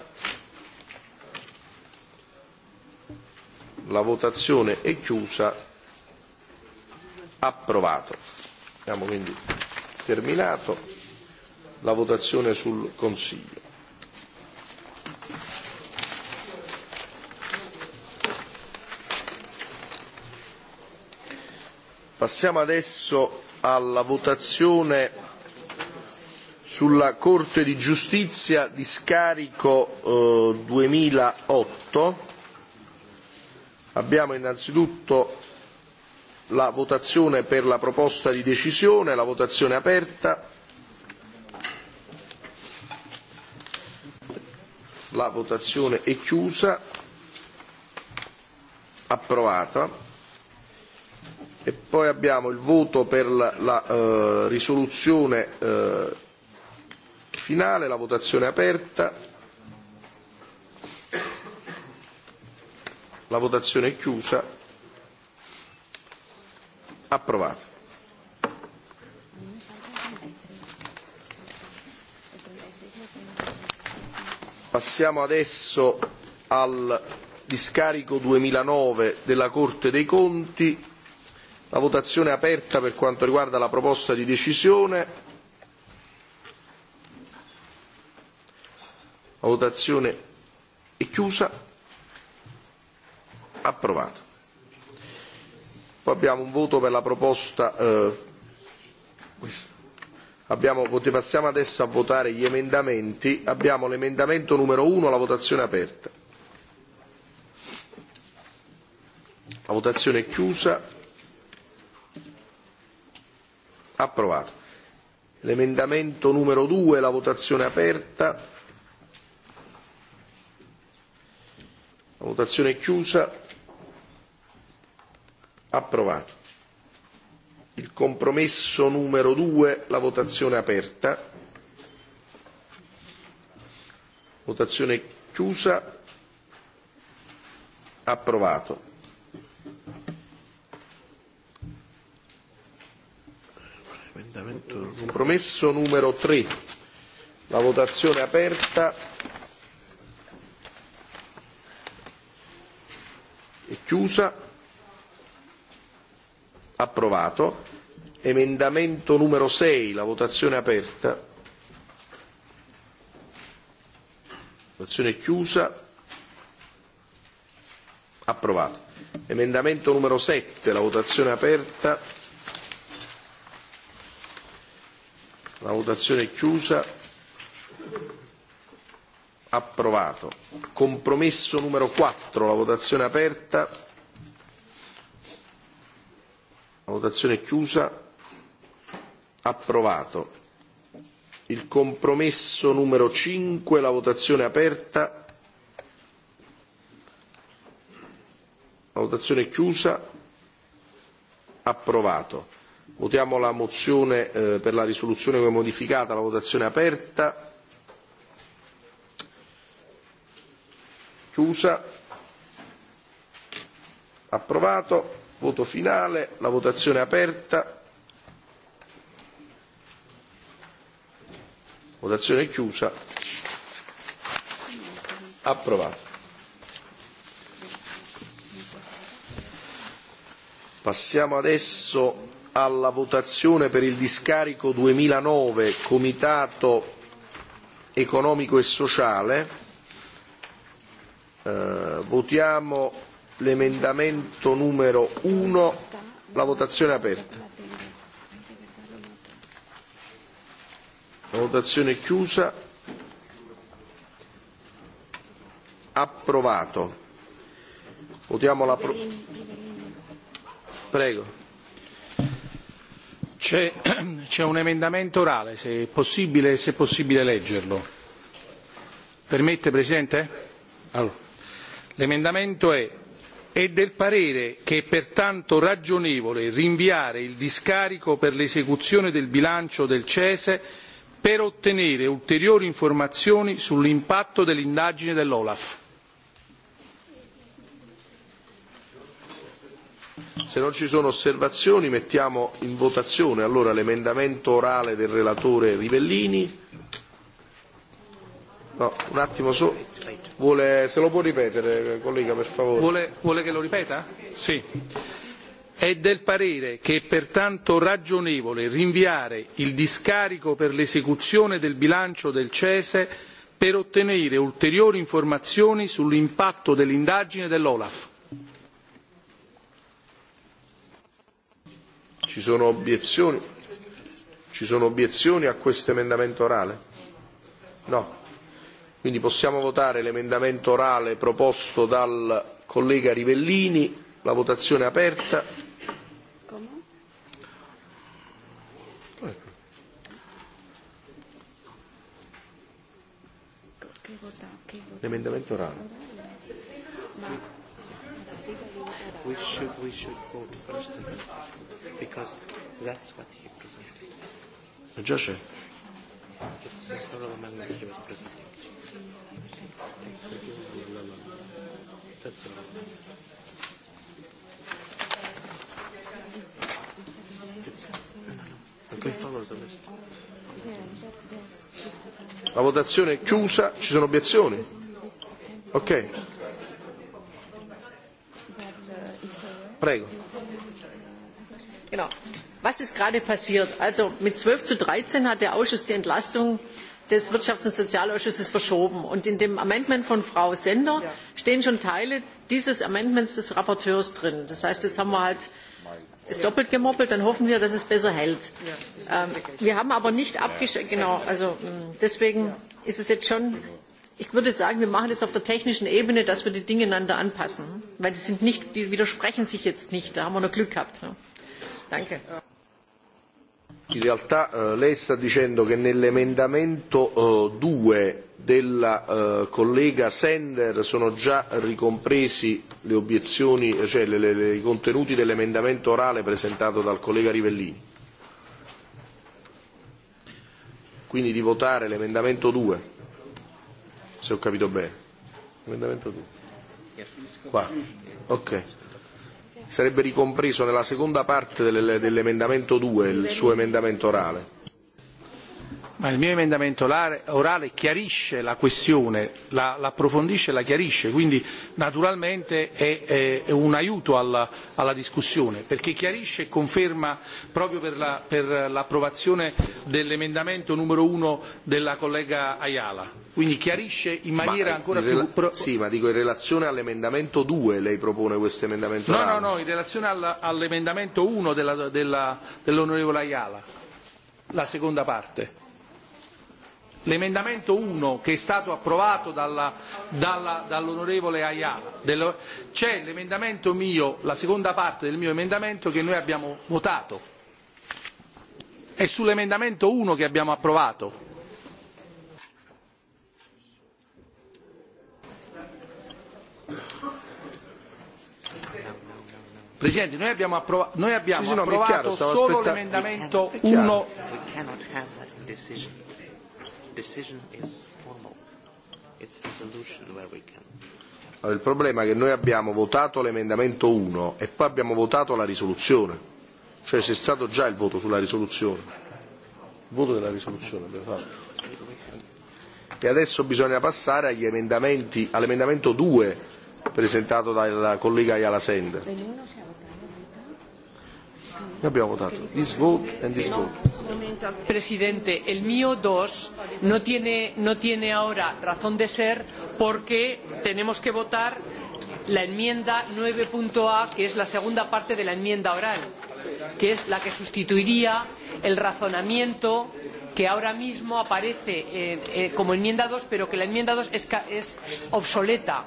la votazione è chiusa, approvato. Abbiamo quindi terminato la votazione sul Consiglio. Passiamo adesso alla votazione sulla Corte di giustizia di scarico eh, 2008. Abbiamo innanzitutto la votazione per la proposta di decisione, la votazione è aperta. La votazione è chiusa. Approvata. E poi abbiamo il voto per la, la eh, risoluzione eh, finale, la votazione aperta. La votazione è chiusa. Approvato. Passiamo adesso al discarico 2009 della Corte dei Conti La votazione è aperta per quanto riguarda la proposta di decisione. La votazione è chiusa. Approvato. Poi abbiamo un voto per la proposta. Eh, abbiamo, passiamo adesso a votare gli emendamenti. Abbiamo l'emendamento numero 1, la votazione è aperta. La votazione è chiusa. Approvato. L'emendamento numero 2, la votazione aperta. La votazione è chiusa. Approvato. Il compromesso numero 2, la votazione aperta. Votazione chiusa. Approvato. Compromesso numero 3. La votazione è aperta. È chiusa. Approvato. Emendamento numero 6. La votazione è aperta. Votazione è chiusa. Approvato. Emendamento numero 7, la votazione è aperta. La votazione è chiusa. Approvato. Compromesso numero 4, la votazione è aperta. La votazione è chiusa. Approvato. Il compromesso numero 5, la votazione è aperta. La votazione è chiusa. Approvato. Votiamo la mozione per la risoluzione come modificata, la votazione è aperta. Chiusa. Approvato. Voto finale, la votazione è aperta. Votazione è chiusa. Approvato. Passiamo adesso alla votazione per il discarico 2009 Comitato economico e sociale. Eh, votiamo l'emendamento numero 1, la votazione è aperta. La votazione è chiusa. Approvato. Votiamo la pro... Prego. C'è, un emendamento orale, se è possibile, se è possibile leggerlo. Permette, Presidente? Allora, l'emendamento è è del parere che è pertanto ragionevole rinviare il discarico per l'esecuzione del bilancio del cese per ottenere ulteriori informazioni sull'impatto dell'indagine dell'olaf Se non ci sono osservazioni mettiamo in votazione allora l'emendamento orale del relatore Rivellini. No, un attimo solo. Vuole, se lo può ripetere, collega, per favore. Vuole, vuole che lo ripeta? Sì. È del parere che è pertanto ragionevole rinviare il discarico per l'esecuzione del bilancio del CESE per ottenere ulteriori informazioni sull'impatto dell'indagine dell'Olaf Ci sono obiezioni? Ci sono obiezioni a questo emendamento orale? No. Quindi possiamo votare l'emendamento orale proposto dal collega Rivellini. La votazione è aperta. L'emendamento orale we should we should vote first because that's what he presented. Josh. It's a sort of he was presenting. That's all. La votazione è chiusa, ci sono obiezioni? Ok. Prego. Genau. Was ist gerade passiert? Also mit zwölf zu dreizehn hat der Ausschuss die Entlastung des Wirtschafts- und Sozialausschusses verschoben. Und in dem Amendment von Frau Sender stehen schon Teile dieses Amendments des Rapporteurs drin. Das heißt, jetzt haben wir halt es doppelt gemoppelt, dann hoffen wir, dass es besser hält. wir haben aber nicht abgestimmt, genau, also deswegen ist es jetzt schon ich würde sagen, wir machen das auf der technischen Ebene, dass wir die Dinge einander anpassen. Weil die, sind nicht, die widersprechen sich jetzt nicht. Da haben wir noch Glück gehabt. Danke. In realtà lei sta dicendo che nell'emendamento due della collega Sender sono già ricompresi le obiezioni, cioè le, le, le, i contenuti dell'emendamento orale presentato dal collega Rivellini. Quindi di votare l'emendamento 2 se ho capito bene. Emendamento 2. Qua. Ok. Sarebbe ricompreso nella seconda parte dell'emendamento 2 il suo emendamento orale. Ma il mio emendamento orale chiarisce la questione, la, approfondisce e la chiarisce, quindi naturalmente è, un aiuto alla, discussione, perché chiarisce e conferma proprio per, l'approvazione dell'emendamento numero uno della collega Ayala. Quindi chiarisce in maniera ancora più... Sì, ma dico in relazione all'emendamento due lei propone questo emendamento orale? No, no, no, in relazione all'emendamento uno dell'onorevole Ayala, la seconda parte l'emendamento uno che è stato approvato dall'onorevole Ayala, c'è l'emendamento mio, la seconda parte del mio emendamento che noi abbiamo votato. È sull'emendamento uno che abbiamo approvato. Presidente, noi abbiamo, approva- noi abbiamo approvato solo l'emendamento uno decision is formal. It's resolution where we can. il problema è che noi abbiamo votato l'emendamento 1 e poi abbiamo votato la risoluzione. Cioè c'è stato già il voto sulla risoluzione. Il voto della risoluzione abbiamo fatto. E adesso bisogna passare agli emendamenti, all'emendamento 2 presentato dal collega Ayala Sender. Señor Presidente, el mío dos no tiene ahora razón de ser porque tenemos que votar la enmienda nueve a que es la segunda parte de la enmienda oral, que es la que sustituiría el razonamiento que ahora mismo aparece como enmienda dos, pero que la enmienda dos es obsoleta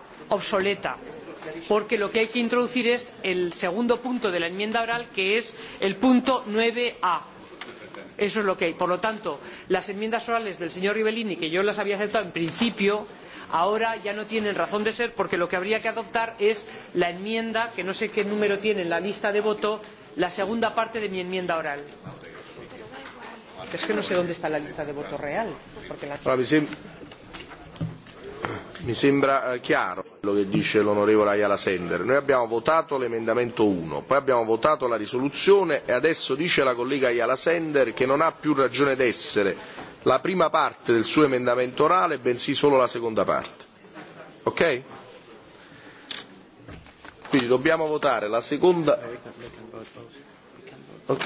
porque lo que hay que introducir es el segundo punto de la enmienda oral, que es el punto nueve a Eso es lo que hay. Por lo tanto, las enmiendas orales del señor Rivellini, que yo las había aceptado en principio, ahora ya no tienen razón de ser porque lo que habría que adoptar es la enmienda, que no sé qué número tiene en la lista de voto, la segunda parte de mi enmienda oral. Es que no sé dónde está la lista de voto real. Porque la... Mi sembra chiaro quello che dice l'onorevole Ayala Sender. Noi abbiamo votato l'emendamento 1, poi abbiamo votato la risoluzione e adesso dice la collega Ayala Sender che non ha più ragione d'essere la prima parte del suo emendamento orale, bensì solo la seconda parte. Ok? Quindi dobbiamo votare la seconda. Ok.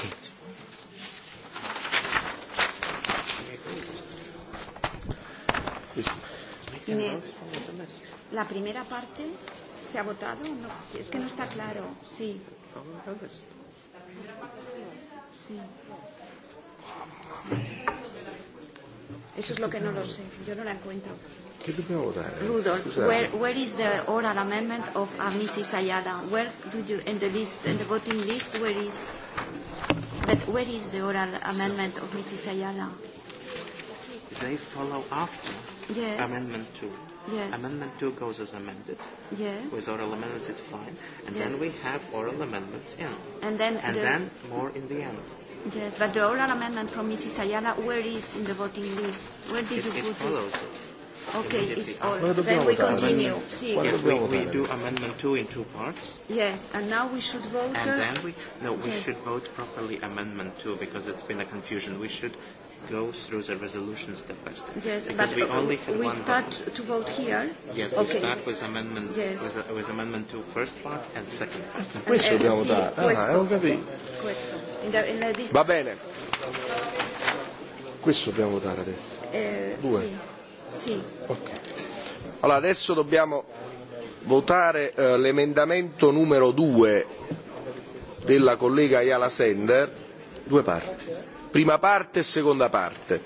Yes. La primera parte se ha votado. No, es que no está claro. Sí. Sí. Eso es lo que no lo sé. Yo no la encuentro. Rudolf, where, where is the oral amendment of uh, Mrs. Ayala? Where do you, in the list, in the voting list, where is, but where is the oral amendment of Mrs. Ayala? They follow after yes. amendment two. Yes. Amendment 2 goes as amended. Yes. With oral amendments, it's fine. And yes. then we have oral amendments in. And then and the, then more in the end. Yes, but the oral amendment from Mrs. Ayala, where is in the voting list? Where did it, you it put follows it? Okay, it's all. Then we continue. See. Yes, we, we do amendment two in two parts. Yes, and now we should vote. And then we no, we yes. should vote properly amendment two because it's been a confusion. We should go through the resolution step by step. Yes, because but we only have we one start vote. to vote here. Yes, okay. we start with amendment yes. with, uh, with amendment to first part and second part. Questo dobbiamo votare. Ah, ho capito. Questo. In the, in the Va bene. Questo dobbiamo votare adesso. Eh, Due. Sì. sì. Okay. Allora adesso dobbiamo votare eh, l'emendamento numero 2 della collega Iala Sender, due parti prima parte e seconda parte.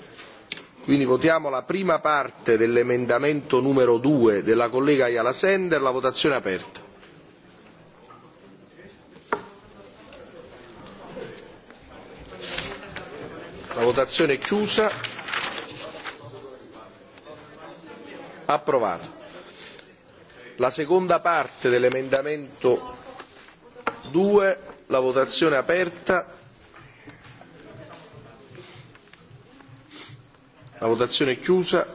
Quindi votiamo la prima parte dell'emendamento numero 2 della collega Ayala Sender, la votazione è aperta. La votazione è chiusa. Approvato. La seconda parte dell'emendamento 2, la votazione è aperta. La votazione è chiusa.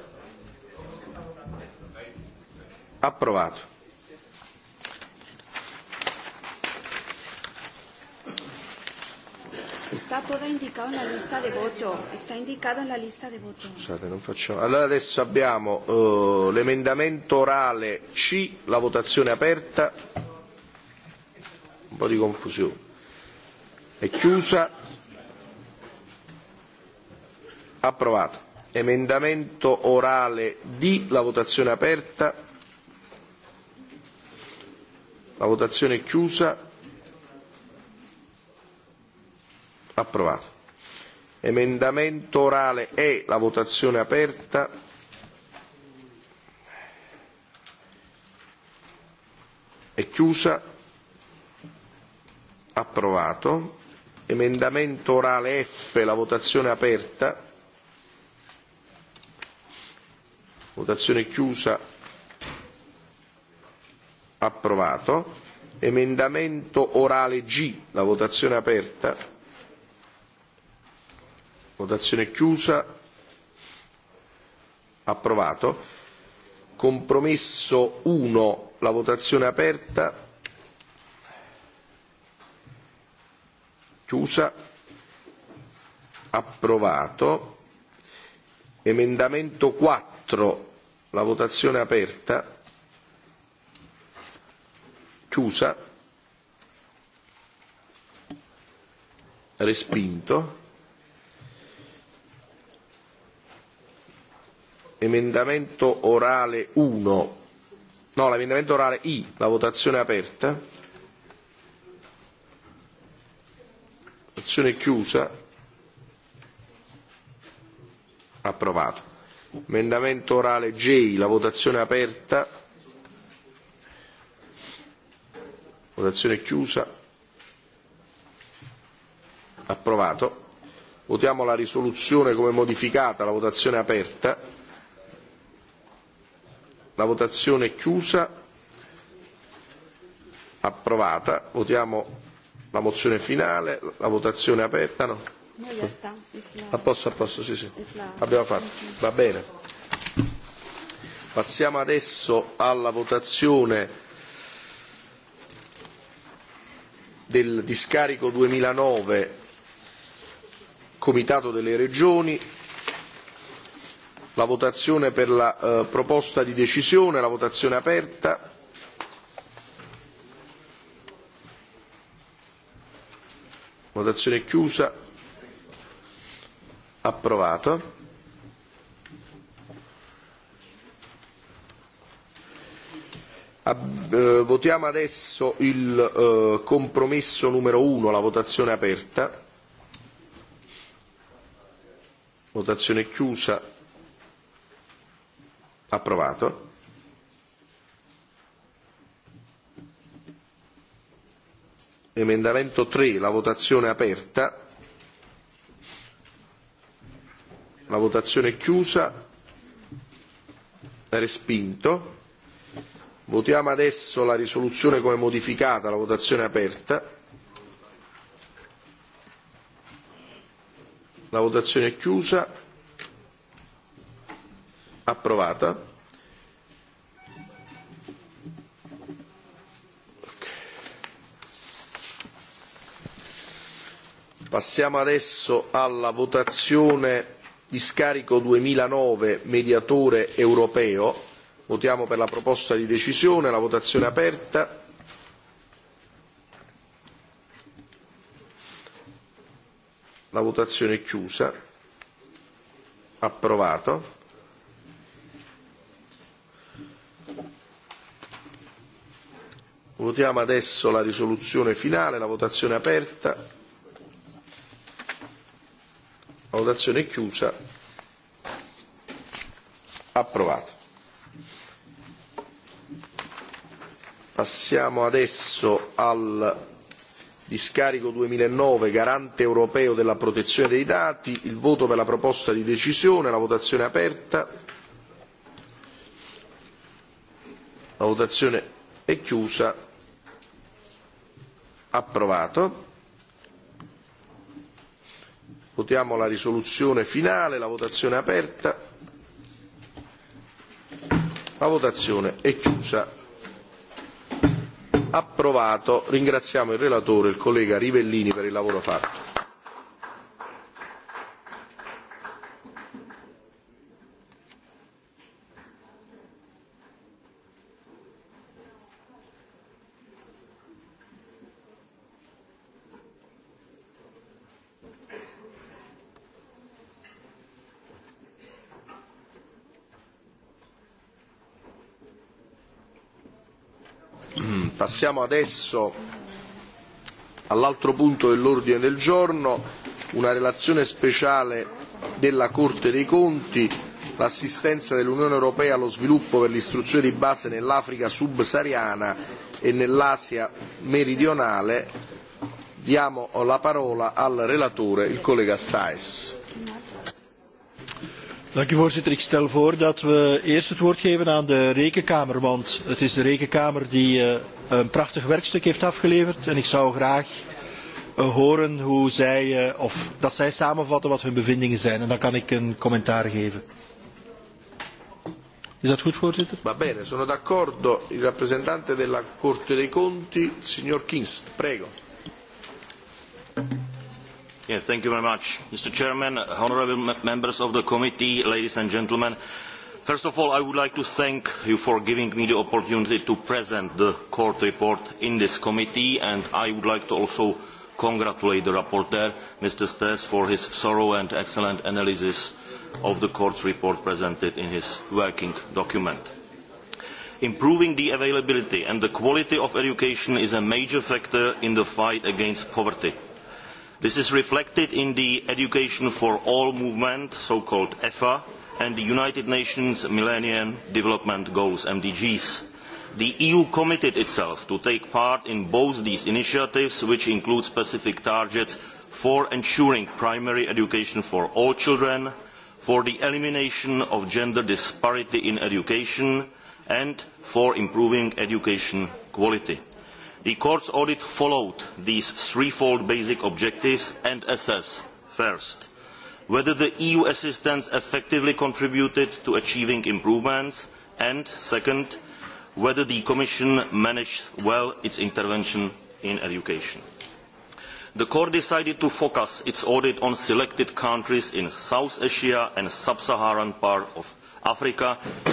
Approvato. indicato nella lista di voto. Sta indicato nella lista di voto. Scusate, non facciamo. Allora adesso abbiamo uh, l'emendamento orale C, la votazione aperta. Un po' di confusione. È chiusa. Approvato emendamento orale D, la votazione è aperta, la votazione è chiusa, approvato. Emendamento orale E, la votazione è aperta, è chiusa, approvato. Emendamento orale F, la votazione è aperta. Votazione chiusa. Approvato. Emendamento orale G. La votazione aperta. Votazione chiusa. Approvato. Compromesso 1. La votazione aperta. Chiusa. Approvato. Emendamento 4 4, la votazione aperta, chiusa, respinto. Emendamento orale 1, no, l'emendamento orale I, la votazione aperta. Votazione chiusa, approvato. Emendamento orale J, la votazione è aperta. Votazione chiusa. Approvato. Votiamo la risoluzione come modificata, la votazione è aperta. La votazione è chiusa. Approvata. Votiamo la mozione finale, la votazione è aperta. No A posto, a posto, sì, sì. Abbiamo fatto. Va bene. Passiamo adesso alla votazione del discarico 2009 Comitato delle Regioni, la votazione per la eh, proposta di decisione, la votazione aperta. Votazione chiusa approvato. Votiamo adesso il compromesso numero uno, la votazione aperta. Votazione chiusa. Approvato. Emendamento tre, la votazione aperta. La votazione è chiusa. Respinto. Votiamo adesso la risoluzione come modificata, la votazione è aperta. La votazione è chiusa. Approvata. Passiamo adesso alla votazione di scarico 2009 mediatore europeo. Votiamo per la proposta di decisione, la votazione è aperta. La votazione è chiusa. Approvato. Votiamo adesso la risoluzione finale, la votazione è aperta. La Votazione è chiusa. Approvato. Passiamo adesso al discarico 2009, garante europeo della protezione dei dati, il voto per la proposta di decisione, la votazione è aperta, la votazione è chiusa, approvato. Votiamo la risoluzione finale, la votazione è aperta. La votazione è chiusa. Approvato. Ringraziamo il relatore, il collega Rivellini, per il lavoro fatto. Passiamo adesso all'altro punto dell'ordine del giorno, una relazione speciale della Corte dei Conti, l'assistenza dell'Unione Europea allo sviluppo per l'istruzione di base nell'Africa subsahariana e nell'Asia meridionale. Diamo la parola al relatore, il collega Staes. Voorzitter, ik stel voor dat we eerst het woord geven aan de Rekenkamer, want het is de Rekenkamer die een prachtig werkstuk heeft afgeleverd. En ik zou graag horen hoe zij, of dat zij samenvatten wat hun bevindingen zijn. En dan kan ik een commentaar geven. Is dat goed, voorzitter? Va bene, sono d'accordo. Il rappresentante della Corte dei Conti, signor Kinst, prego. Yeah, thank you very much, Mr. Chairman, honorable members of the committee, ladies and gentlemen. First of all, I would like to thank you for giving me the opportunity to present the court report in this committee, and I would like to also congratulate the rapporteur, Mr. Staes, for his thorough and excellent analysis of the court's report presented in his working document. Improving the availability and the quality of education is a major factor in the fight against poverty. This is reflected in the Education for All movement, so-called EFA, and the United Nations Millennium Development Goals (MDGs). The EU committed itself to take part in both these initiatives, which include specific targets for ensuring primary education for all children, for the elimination of gender disparity in education, and for improving education quality. The court's audit followed these threefold basic objectives and assessed first whether the eu assistance effectively contributed to achieving improvements and second whether the commission managed well its intervention in education. the court decided to focus its audit on selected countries in south asia and the sub saharan part of africa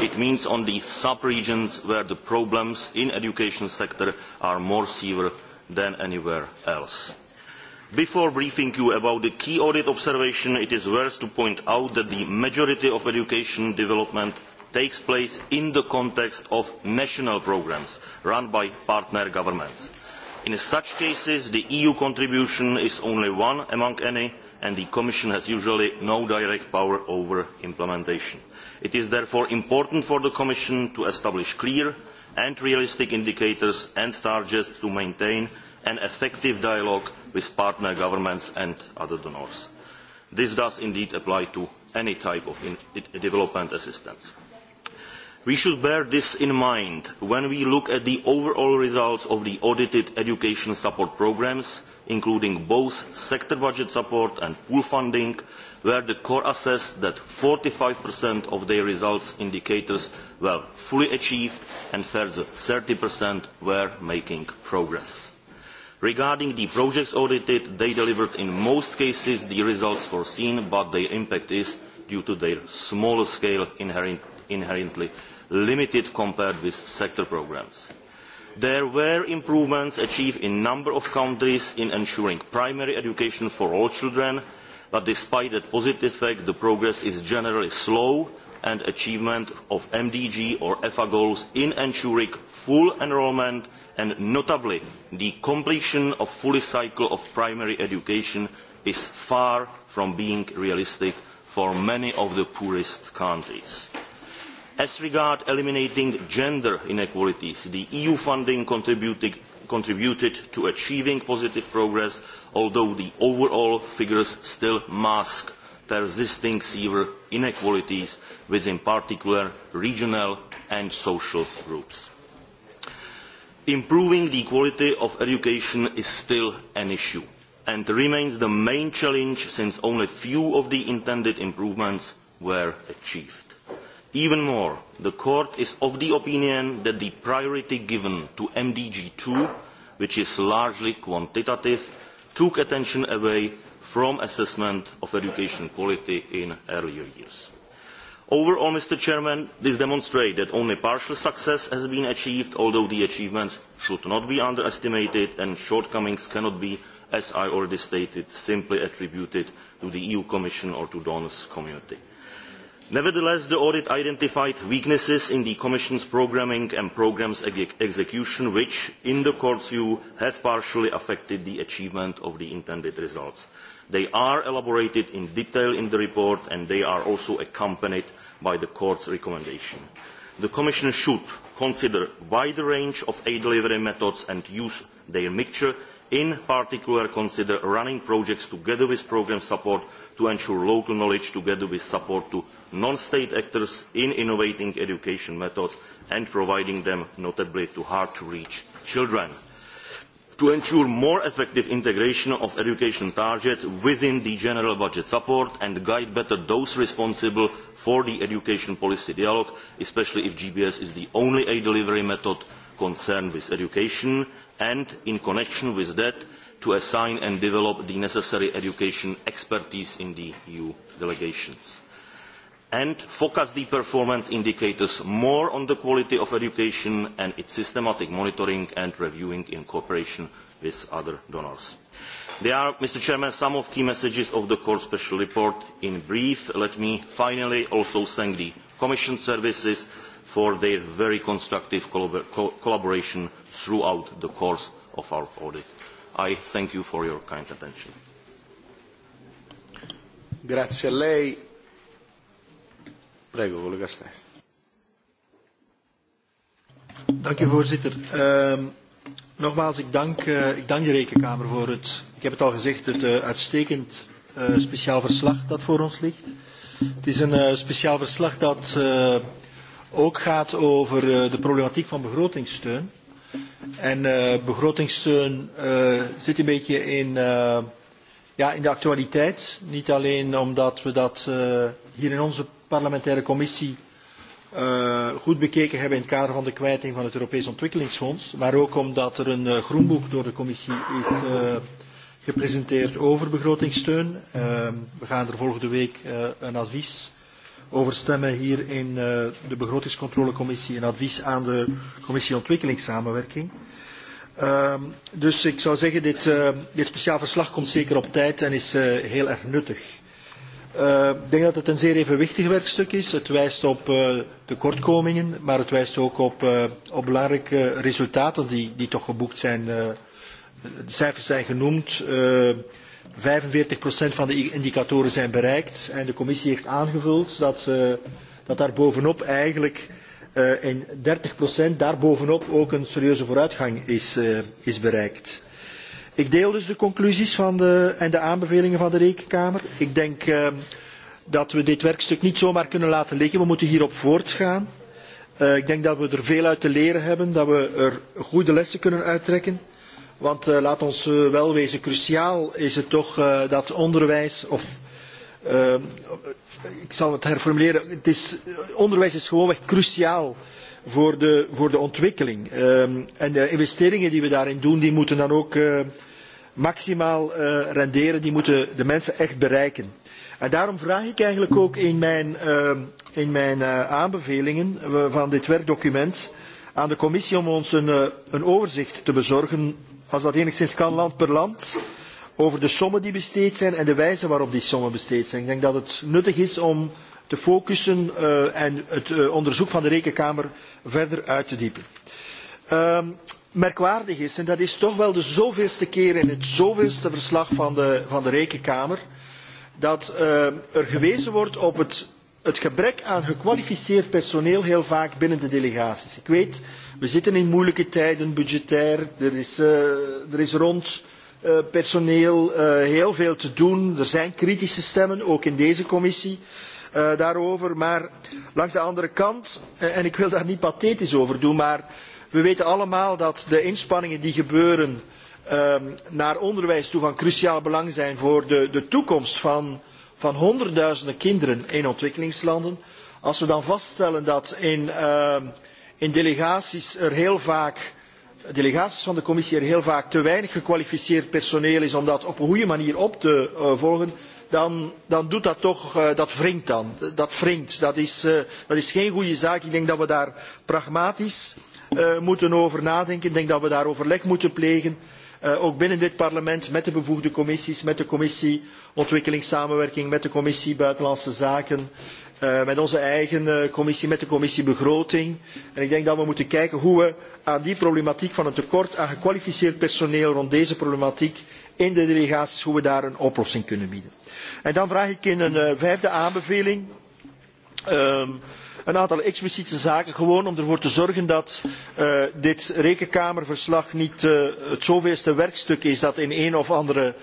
it means on the sub regions where the problems in the education sector are more severe than anywhere else. Before briefing you about the key audit observation, it is worth to point out that the majority of education development takes place in the context of national programmes run by partner governments. In such cases, the EU contribution is only one among any, and the Commission has usually no direct power over implementation. It is therefore important for the Commission to establish clear and realistic indicators and targets to maintain an effective dialogue with partner governments and other donors. This does indeed apply to any type of development assistance. We should bear this in mind when we look at the overall results of the audited education support programmes, including both sector budget support and pool funding, where the Corps assessed that forty 45% of their results indicators were fully achieved and further 30% were making progress Regarding the projects audited, they delivered in most cases the results foreseen, but their impact is, due to their smaller scale, inherently limited compared with sector programmes. There were improvements achieved in a number of countries in ensuring primary education for all children, but despite that positive effect, the progress is generally slow and achievement of MDG or EFA goals in ensuring full enrolment and notably the completion of the fully cycle of primary education is far from being realistic for many of the poorest countries. As regards eliminating gender inequalities, the EU funding contributed to achieving positive progress, although the overall figures still mask persisting severe inequalities within particular regional and social groups improving the quality of education is still an issue and remains the main challenge since only a few of the intended improvements were achieved. Even more, the Court is of the opinion that the priority given to MDG two, which is largely quantitative, took attention away from assessment of education quality in earlier years overall this demonstrates that only partial success has been achieved although the achievements should not be underestimated and shortcomings cannot be as i already stated simply attributed to the eu commission or to the donors community. nevertheless the audit identified weaknesses in the commission's programming and programme execution which in the court's view have partially affected the achievement of the intended results. They are elaborated in detail in the report and they are also accompanied by the Court's recommendation. The Commission should consider a wider range of aid delivery methods and use their mixture, in particular consider running projects together with programme support to ensure local knowledge together with support to non-state actors in innovating education methods and providing them notably to hard-to-reach children to ensure more effective integration of education targets within the general budget support and guide better those responsible for the education policy dialogue, especially if GBS is the only aid delivery method concerned with education, and in connection with that, to assign and develop the necessary education expertise in the EU delegations and focus the performance indicators more on the quality of education and its systematic monitoring and reviewing in cooperation with other donors. There are, Mr. Chairman, some of the key messages of the Court Special Report. In brief, let me finally also thank the Commission services for their very constructive collaboration throughout the course of our audit. I thank you for your kind attention. Grazie a lei Prego, collega Dank u, voorzitter. Uh, nogmaals, ik dank, uh, ik dank de Rekenkamer voor het, ik heb het al gezegd, het uh, uitstekend uh, speciaal verslag dat voor ons ligt. Het is een uh, speciaal verslag dat uh, ook gaat over uh, de problematiek van begrotingssteun. En uh, begrotingssteun uh, zit een beetje in, uh, ja, in de actualiteit. Niet alleen omdat we dat uh, hier in onze parlementaire commissie goed bekeken hebben in het kader van de kwijting van het Europees Ontwikkelingsfonds. Maar ook omdat er een groenboek door de commissie is gepresenteerd over begrotingssteun. we gaan er volgende week een advies over stemmen hier in de begrotingscontrolecommissie. Een advies aan de commissie ontwikkelingssamenwerking. dus ik zou zeggen, dit, speciaal verslag komt zeker op tijd en is heel erg nuttig. Ik denk dat het een zeer evenwichtig werkstuk is. Het wijst op tekortkomingen, maar het wijst ook op, belangrijke resultaten die, toch geboekt zijn. de cijfers zijn genoemd. Vijfenveertig procent van de indicatoren zijn bereikt. En de commissie heeft aangevuld dat, dat daarbovenop eigenlijk in dertig procent daarbovenop ook een serieuze vooruitgang is bereikt. Ik deel dus de conclusies van de, en de aanbevelingen van de Rekenkamer. Ik denk uh, dat we dit werkstuk niet zomaar kunnen laten liggen. We moeten hierop voortgaan. Uh, ik denk dat we er veel uit te leren hebben, dat we er goede lessen kunnen uittrekken. Want uh, laat ons uh, wel wezen, cruciaal is het toch uh, dat onderwijs of ik zal het herformuleren. Het is, onderwijs is gewoonweg cruciaal voor de, voor de ontwikkeling. en de investeringen die we daarin doen, moeten dan ook maximaal renderen. Die moeten de mensen echt bereiken. En daarom vraag ik eigenlijk ook in mijn, in mijn aanbevelingen van dit werkdocument aan de commissie om ons een, overzicht te bezorgen, als dat enigszins kan, land per land, over de sommen die besteed zijn en de wijze waarop die sommen besteed zijn. Ik denk dat het nuttig is om te focussen en het onderzoek van de Rekenkamer verder uit te diepen. merkwaardig is, en dat is toch wel de zoveelste keer in het zoveelste verslag van de, Rekenkamer, dat er gewezen wordt op het het gebrek aan gekwalificeerd personeel heel vaak binnen de delegaties. Ik weet, we zitten in moeilijke tijden, budgetair, er is, rond personeel heel veel te doen. Er zijn kritische stemmen, ook in deze commissie daarover. Maar langs de andere kant, en ik wil daar niet pathetisch over doen, maar we weten allemaal dat de inspanningen die gebeuren naar onderwijs toe van cruciaal belang zijn voor de, toekomst van, honderdduizenden kinderen in ontwikkelingslanden. Als we dan vaststellen dat in, delegaties er heel vaak delegaties van de commissie er heel vaak te weinig gekwalificeerd personeel is om dat op een goede manier op te volgen, dan, doet dat toch, dat wringt dan. Dat wringt. Dat is, geen goede zaak. Ik denk dat we daar pragmatisch moeten over nadenken. Ik denk dat we daar overleg moeten plegen. ook binnen dit parlement, met de bevoegde commissies, met de commissie ontwikkelingssamenwerking, met de commissie buitenlandse zaken met onze eigen commissie, met de commissie begroting. En ik denk dat we moeten kijken hoe we aan die problematiek van het tekort aan gekwalificeerd personeel rond deze problematiek in de delegaties hoe we daar een oplossing kunnen bieden. En dan vraag ik in een vijfde aanbeveling een aantal expliciete zaken, gewoon om ervoor te zorgen dat dit rekenkamerverslag niet het zoveelste werkstuk is dat in een of andere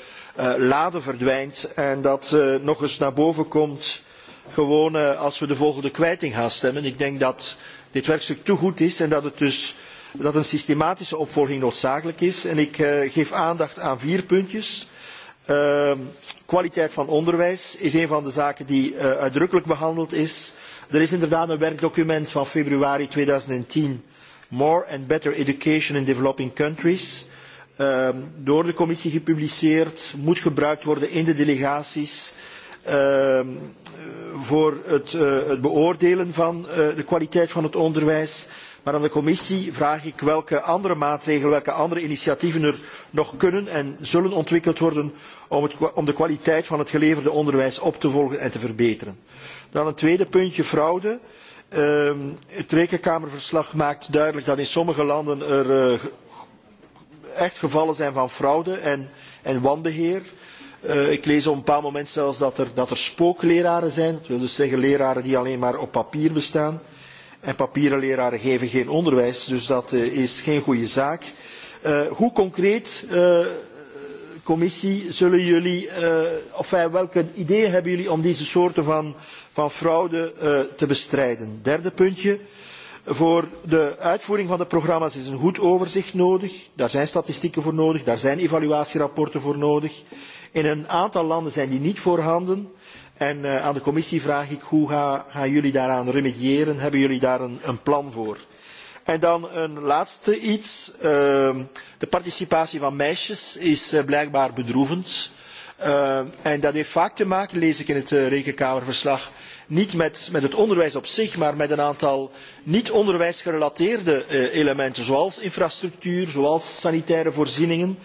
lade verdwijnt en dat nog eens naar boven komt gewoon als we de volgende kwijting gaan stemmen. Ik denk dat dit werkstuk te goed is en dat het dus dat een systematische opvolging noodzakelijk is. En ik geef aandacht aan vier puntjes. kwaliteit van onderwijs is een van de zaken die uitdrukkelijk behandeld is. Er is inderdaad een werkdocument van februari 2010, More and Better Education in Developing Countries, door de commissie gepubliceerd, moet gebruikt worden in de delegaties voor het, beoordelen van de kwaliteit van het onderwijs. Maar aan de commissie vraag ik welke andere maatregelen, welke andere initiatieven er nog kunnen en zullen ontwikkeld worden om, de kwaliteit van het geleverde onderwijs op te volgen en te verbeteren. Dan een tweede puntje, fraude. het rekenkamerverslag maakt duidelijk dat in sommige landen er echt gevallen zijn van fraude en, wanbeheer ik lees op een bepaald moment zelfs dat er, spookleraren zijn. Dat wil dus zeggen leraren die alleen maar op papier bestaan. En papieren leraren geven geen onderwijs, dus dat is geen goede zaak. hoe concreet, commissie, zullen jullie, of welke ideeën hebben jullie om deze soorten van, fraude te bestrijden? Derde puntje. Voor de uitvoering van de programma's is een goed overzicht nodig. Daar zijn statistieken voor nodig, daar zijn evaluatierapporten voor nodig. In een aantal landen zijn die niet voorhanden. En aan de commissie vraag ik, hoe gaan jullie daaraan remediëren? Hebben jullie daar een, plan voor? En dan een laatste iets. de participatie van meisjes is blijkbaar bedroevend. en dat heeft vaak te maken, lees ik in het Rekenkamerverslag, niet met, het onderwijs op zich, maar met een aantal niet onderwijsgerelateerde elementen, zoals infrastructuur, zoals sanitaire voorzieningen.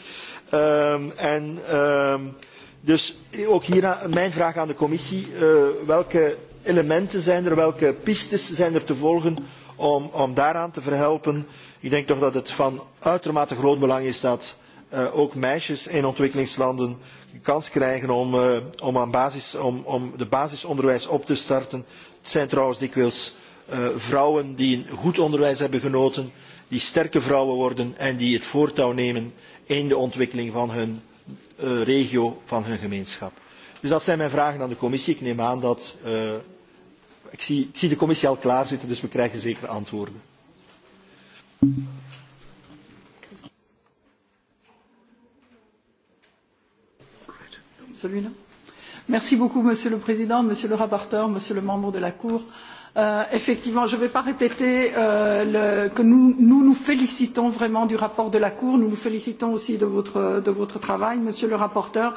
en Dus ook hier mijn vraag aan de commissie. welke elementen zijn er, welke pistes zijn er te volgen om, daaraan te verhelpen? Ik denk toch dat het van uitermate groot belang is dat ook meisjes in ontwikkelingslanden de kans krijgen om, de basisonderwijs op te starten. Het zijn trouwens dikwijls vrouwen die een goed onderwijs hebben genoten, die sterke vrouwen worden en die het voortouw nemen in de ontwikkeling van hun regio van hun gemeenschap. Dus dat zijn mijn vragen aan de commissie. Ik neem aan dat... ik, zie, ik zie de commissie al klaarzitten, dus we krijgen zeker antwoorden. Merci beaucoup, Monsieur le Président, Monsieur le rapporteur, Monsieur le membre de la Cour effectivement, je ne vais pas répéter que nous, nous félicitons vraiment du rapport de la Cour, nous nous félicitons aussi de votre, travail, Monsieur le rapporteur.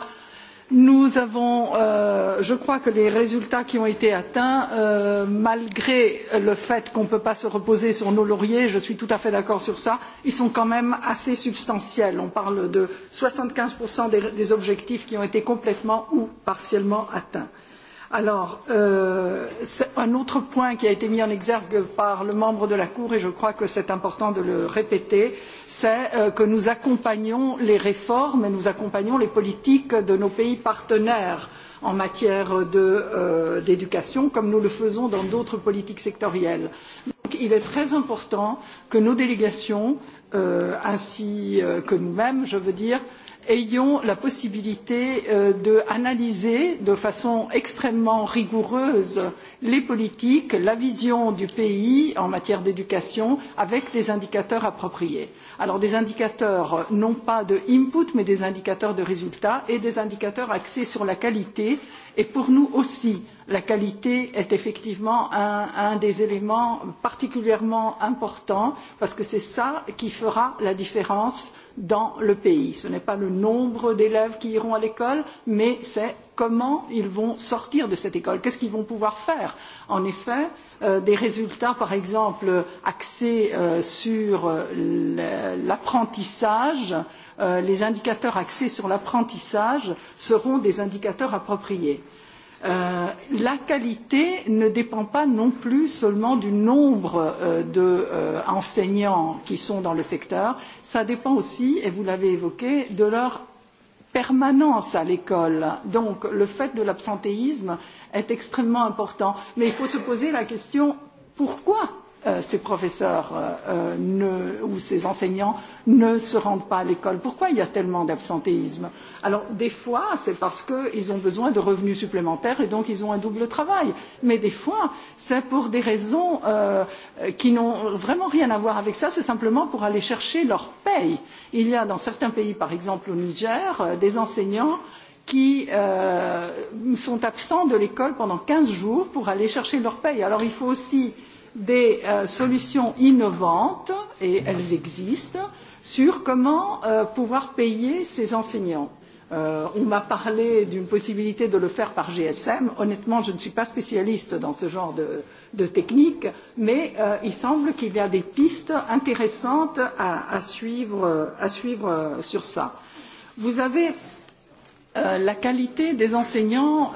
Nous avons, je crois que les résultats qui ont été atteints, malgré le fait qu'on ne peut pas se reposer sur nos lauriers, je suis tout à fait d'accord sur cela, ils sont quand même assez substantiels. On parle de soixante quinze des objectifs qui ont été complètement ou partiellement atteints Alors, un autre point qui a été mis en exergue par le membre de la Cour, et je crois que c'est important de le répéter, c'est que nous accompagnons les réformes et nous accompagnons les politiques de nos pays partenaires en matière d'éducation, comme nous le faisons dans d'autres politiques sectorielles. Donc, il est très important que nos délégations, ainsi que nous-mêmes, je veux dire, ayons la possibilité d'analyser de façon extrêmement rigoureuse les politiques, la vision du pays en matière d'éducation avec des indicateurs appropriés. Alors des indicateurs non pas de input mais des indicateurs de résultats et des indicateurs axés sur la qualité et pour nous aussi la qualité est effectivement un, des éléments particulièrement importants parce que c'est cela qui fera la différence dans le pays. Ce n'est pas le nombre d'élèves qui iront à l'école, mais c'est comment ils vont sortir de cette école, qu'est-ce qu'ils vont pouvoir faire. En effet, des résultats, par exemple, axés sur l'apprentissage, les indicateurs axés sur l'apprentissage seront des indicateurs appropriés la qualité ne dépend pas non plus seulement du nombre d'enseignants qui sont dans le secteur, ça dépend aussi, et vous l'avez évoqué, de leur permanence à l'école. Donc le fait de l'absentéisme est extrêmement important. Mais il faut se poser la question pourquoi ces professeurs ou ces enseignants ne se rendent pas à l'école. Pourquoi il y a tellement d'absentéisme Alors des fois, c'est parce qu'ils ont besoin de revenus supplémentaires et donc ils ont un double travail. Mais des fois, c'est pour des raisons qui n'ont vraiment rien à voir avec ça. C'est simplement pour aller chercher leur paye. Il y a dans certains pays, par exemple au Niger, des enseignants qui sont absents de l'école pendant quinze jours pour aller chercher leur paye. Alors il faut aussi des solutions innovantes, et elles existent, sur comment pouvoir payer ces enseignants. on m'a parlé d'une possibilité de le faire par GSM. Honnêtement, je ne suis pas spécialiste dans ce genre de, technique, mais il semble qu'il y a des pistes intéressantes à, suivre, sur cela. Vous avez la qualité des enseignants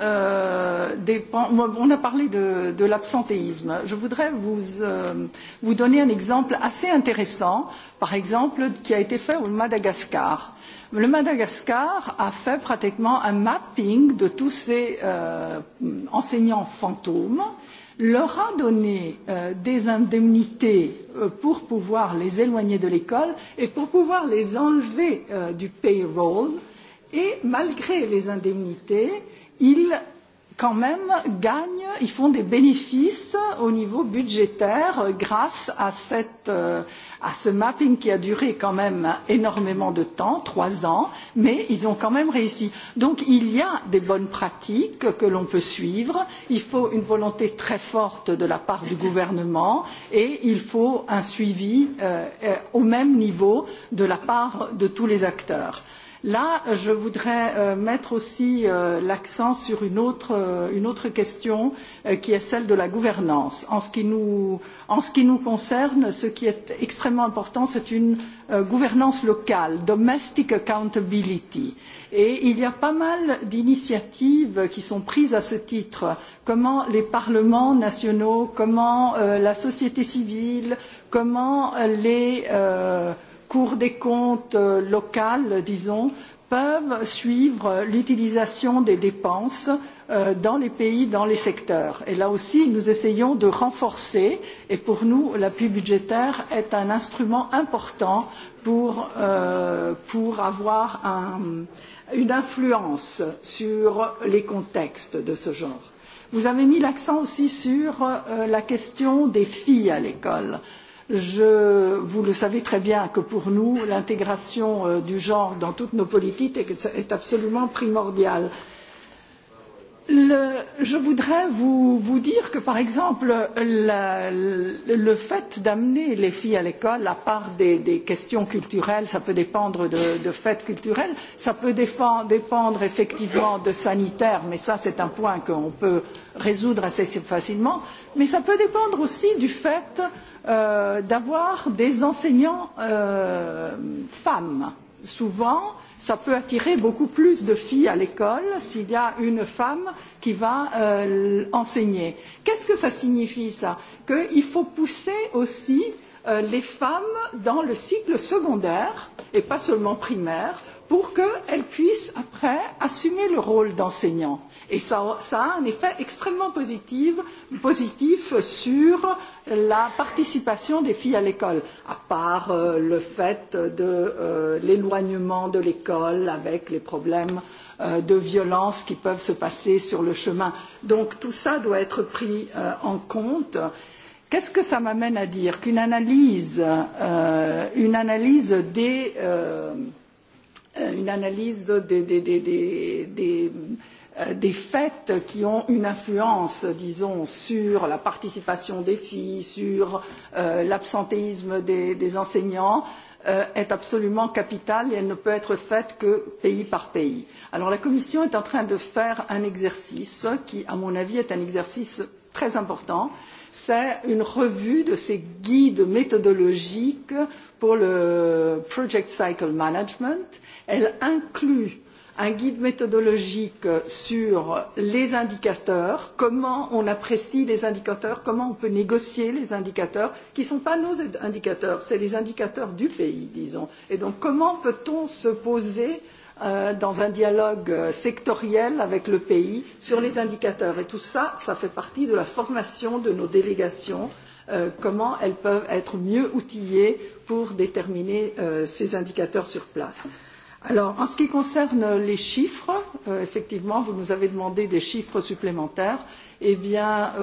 dépend. On a parlé de, l'absentéisme. Je voudrais vous, donner un exemple assez intéressant, par exemple, qui a été fait au Madagascar. Le Madagascar a fait pratiquement un mapping de tous ces enseignants fantômes leur a donné des indemnités pour pouvoir les éloigner de l'école et pour pouvoir les enlever du payroll et malgré les indemnités, ils quand même gagnent, ils font des bénéfices au niveau budgétaire grâce à, cette, à ce mapping qui a duré quand même énormément de temps, trois ans, mais ils ont quand même réussi. Donc il y a des bonnes pratiques que l'on peut suivre, il faut une volonté très forte de la part du gouvernement et il faut un suivi au même niveau de la part de tous les acteurs Là, je voudrais mettre aussi l'accent sur une autre, question qui est celle de la gouvernance. En ce qui nous, concerne, ce qui est extrêmement important, c'est une gouvernance locale, domestic accountability. Et il y a pas mal d'initiatives qui sont prises à ce titre. Comment les parlements nationaux, comment la société civile, comment les Cour des comptes locales, disons, peuvent suivre l'utilisation des dépenses dans les pays, dans les secteurs. Et là aussi, nous essayons de renforcer, et pour nous, l'appui budgétaire est un instrument important pour, avoir une influence sur les contextes de ce genre. Vous avez mis l'accent aussi sur la question des filles à l'école vous le savez très bien que pour nous, l'intégration du genre dans toutes nos politiques est, absolument primordiale je voudrais vous, dire que, par exemple, le fait d'amener les filles à l'école, à part des, questions culturelles, cela peut dépendre de, faits culturels, cela peut dépendre effectivement de sanitaires, mais ça c'est un point qu'on peut résoudre assez facilement, mais cela peut dépendre aussi du fait d'avoir des enseignants femmes. Souvent, ça peut attirer beaucoup plus de filles à l'école s'il y a une femme qui va enseigner. Qu'est-ce que ça signifie ça Qu'il faut pousser aussi les femmes dans le cycle secondaire et pas seulement primaire pour qu'elles puissent après assumer le rôle d'enseignant. Et ça, a un effet extrêmement positif sur la participation des filles à l'école, à part le fait de l'éloignement de l'école avec les problèmes de violence qui peuvent se passer sur le chemin. Donc tout cela doit être pris en compte. Qu'est-ce que cela m'amène à dire Qu'une analyse, des des fêtes qui ont une influence, disons, sur la participation des filles, sur l'absentéisme des, enseignants, est absolument capitale et elle ne peut être faite que pays par pays. Alors la Commission est en train de faire un exercice qui, à mon avis, est un exercice très important, c'est une revue de ces guides méthodologiques pour le Project Cycle Management. Elle inclut un guide méthodologique sur les indicateurs, comment on apprécie les indicateurs, comment on peut négocier les indicateurs, qui ne sont pas nos indicateurs, c'est les indicateurs du pays, disons. Et donc comment peut-on se poser dans un dialogue sectoriel avec le pays sur les indicateurs. Et tout cela fait partie de la formation de nos délégations, comment elles peuvent être mieux outillées pour déterminer ces indicateurs sur place. Alors, en ce qui concerne les chiffres, effectivement, vous nous avez demandé des chiffres supplémentaires. Eh bien,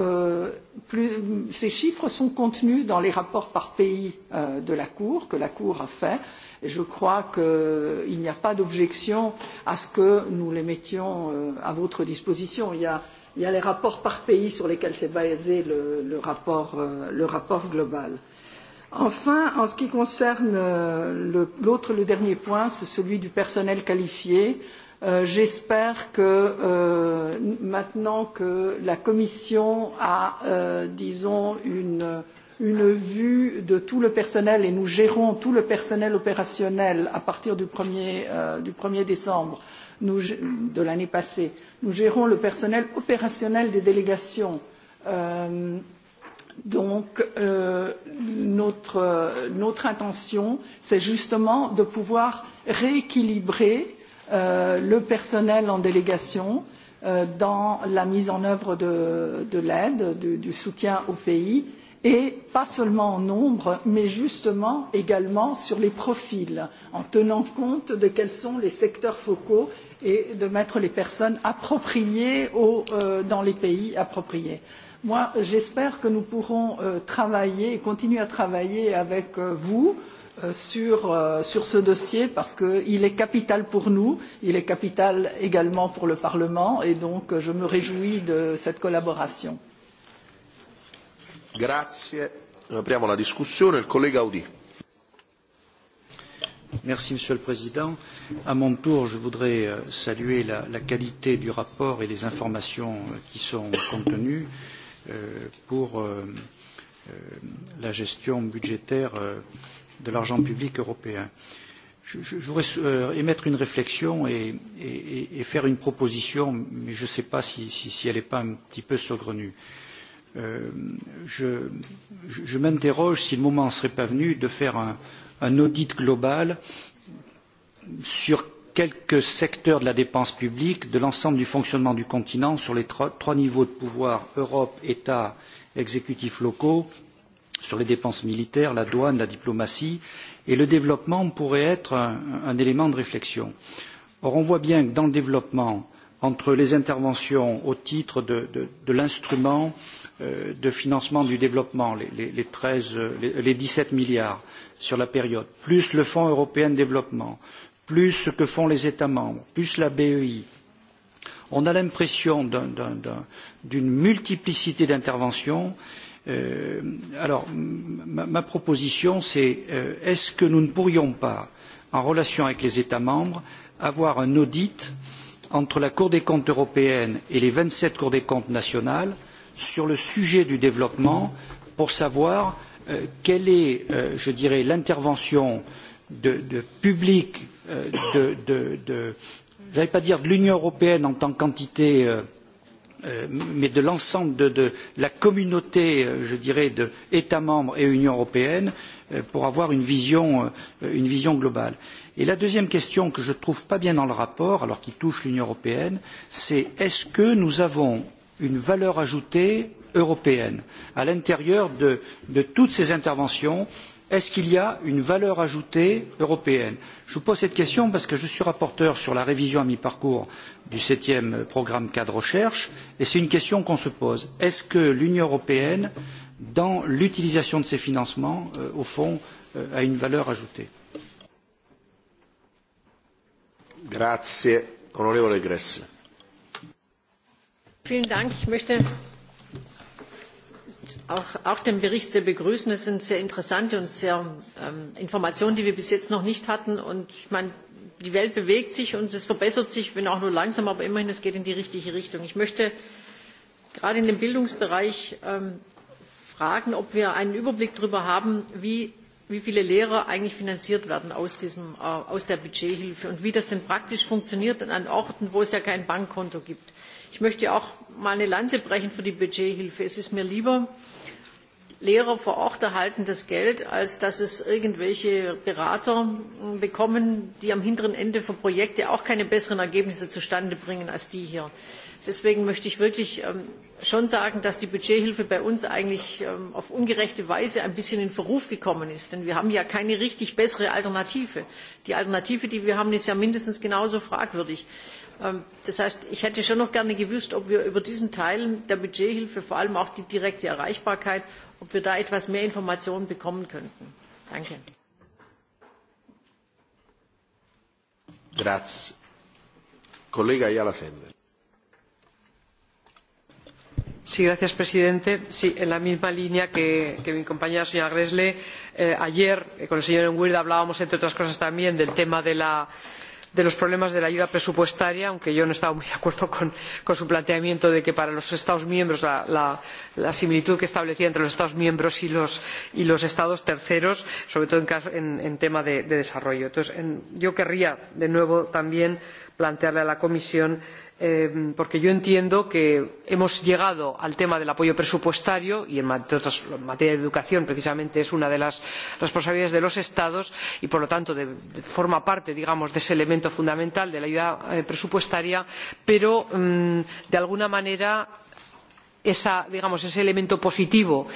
ces chiffres sont contenus dans les rapports par pays de la Cour, que la Cour a faits. Et je crois qu'il n'y a pas d'objection à ce que nous les mettions à votre disposition. Il y a, les rapports par pays sur lesquels s'est basé le, rapport, global. Euh, Enfin, en ce qui concerne l'autre, le dernier point, c'est celui du personnel qualifié. J'espère que maintenant que la Commission a, disons, une, vue de tout le personnel et nous gérons tout le personnel opérationnel à partir du 1er décembre de l'année passée, nous gérons le personnel opérationnel des délégations. Euh, Donc notre, intention, c'est justement de pouvoir rééquilibrer le personnel en délégation dans la mise en œuvre de, l'aide, du, soutien au pays, et pas seulement en nombre, mais justement également sur les profils, en tenant compte de quels sont les secteurs focaux et de mettre les personnes appropriées dans les pays appropriés. Moi, j'espère que nous pourrons travailler et continuer à travailler avec vous sur, ce dossier parce qu'il est capital pour nous, il est capital également pour le Parlement et donc je me réjouis de cette collaboration. Apriamo la discussione. Il collega Audi. Merci Monsieur le Président. À mon tour, je voudrais saluer la, qualité du rapport et les informations qui sont contenues pour la gestion budgétaire de l'argent public européen. Je, voudrais émettre une réflexion et, faire une proposition, mais je ne sais pas si, elle n'est pas un petit peu saugrenue. je m'interroge si le moment ne serait pas venu de faire un, audit global sur quelques secteurs de la dépense publique de l'ensemble du fonctionnement du continent sur les trois niveaux de pouvoir Europe, État, exécutifs locaux, sur les dépenses militaires, la douane, la diplomatie, et le développement pourrait être un, élément de réflexion. Or, on voit bien que dans le développement, entre les interventions au titre de, l'instrument de financement du développement, les, dix sept milliards sur la période, plus le Fonds européen de développement, plus ce que font les États membres, plus la BEI, on a l'impression d'une multiplicité d'interventions. alors, ma, proposition, c'est est-ce que nous ne pourrions pas, en relation avec les États membres, avoir un audit entre la Cour des comptes européenne et les vingt sept Cours des comptes nationales sur le sujet du développement pour savoir quelle est, je dirais, l'intervention publique de, je pas dire de l'Union européenne en tant qu'entité, mais de l'ensemble de, la communauté, je dirais, d'États membres et Union européenne pour avoir une vision, globale. Et la deuxième question que je ne trouve pas bien dans le rapport, alors qui touche l'Union européenne, c'est est-ce que nous avons une valeur ajoutée européenne à l'intérieur de toutes ces interventions Est-ce qu'il y a une valeur ajoutée européenne Je vous pose cette question parce que je suis rapporteur sur la révision à mi-parcours du septième programme cadre recherche et c'est une question qu'on se pose. Est-ce que l'Union européenne, dans l'utilisation de ses financements, au fond, a une valeur ajoutée ich möchte auch den Bericht sehr begrüßen. Es sind sehr interessante und sehr Informationen, die wir bis jetzt noch nicht hatten. die Welt bewegt sich und es verbessert sich, wenn auch nur langsam, aber immerhin, es geht in die richtige Richtung. Ich möchte gerade in dem Bildungsbereich fragen, ob wir einen Überblick darüber haben, wie, viele Lehrer eigentlich finanziert werden aus, der Budgethilfe und wie das denn praktisch funktioniert an Orten, wo es ja kein Bankkonto gibt. Ich möchte auch mal eine Lanze brechen für die Budgethilfe. Es ist mir lieber, Lehrer vor Ort erhalten das Geld, als dass es irgendwelche Berater bekommen, die am hinteren Ende von Projekten auch keine besseren Ergebnisse zustande bringen als die hier. Deswegen möchte ich wirklich schon sagen, dass die Budgethilfe bei uns eigentlich auf ungerechte Weise ein bisschen in Verruf gekommen ist. Denn wir haben ja keine richtig bessere Alternative. Die Alternative, die wir haben, ist ja mindestens genauso fragwürdig. Das heißt, ich hätte schon noch gerne gewusst, ob wir über diesen Teil der Budgethilfe, vor allem auch die direkte Erreichbarkeit, ob wir da etwas mehr Informationen bekommen könnten. Danke. Señor presidente, en la misma línea que mi compañera señora grle ayer con el señor Engwird hablábamos, entre otras cosas, también del tema de la de los problemas de la ayuda presupuestaria aunque yo no estaba muy de acuerdo con su planteamiento de que para los estados miembros la similitud que establecía entre los estados miembros y los estados terceros sobre todo en tema de desarrollo. yo querría de nuevo también plantearle a la comisión que porque yo entiendo que hemos llegado al tema del apoyo presupuestario y en materia de educación precisamente es una de las responsabilidades de los estados y por lo tanto forma parte digamos de ese elemento fundamental de la ayuda presupuestaria pero de alguna manera ese elemento positivo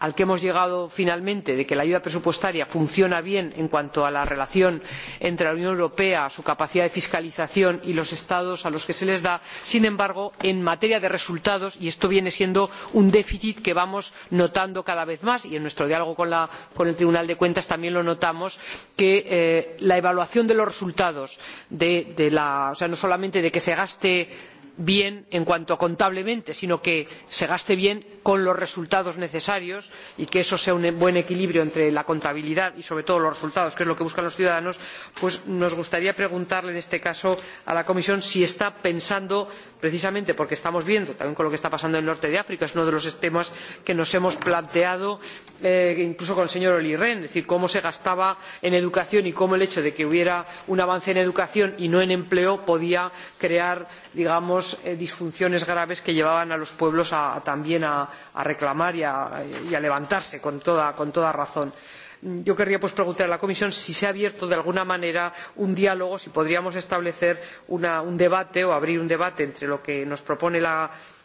al que hemos llegado finalmente de que la ayuda presupuestaria funciona bien en cuanto a la relación entre la unión europea su capacidad de fiscalización y los estados a los que se les da sin embargo en materia de resultados y esto viene siendo un déficit que vamos notando cada vez más y en nuestro diálogo con el tribunal de cuentas también lo notamos que la evaluación de los resultados no solamente de que se gaste bien en cuanto a contablemente sino que se gaste bien con los resultados necesarios y que eso sea un buen equilibrio entre la contabilidad y sobre todo los resultados que es lo que buscan los ciudadanos pues nos gustaría preguntarle en este caso a la comisión si está pensando precisamente porque estamos viendo también con lo que está pasando en el norte de áfrica es uno de los temas que nos hemos planteado incluso con el señor olli rehn es decir cómo se gastaba en educación y cómo el hecho de que hubiera un avance en educación y no en empleo podía crear digamos disfunciones graves que llevaban a los pueblos también a reclamar y a levantarse con toda razón yo querría preguntar a la comisión si se ha abierto de alguna manera un diálogo si podríamos establecer un debate o abrir un debate entre lo que nos propone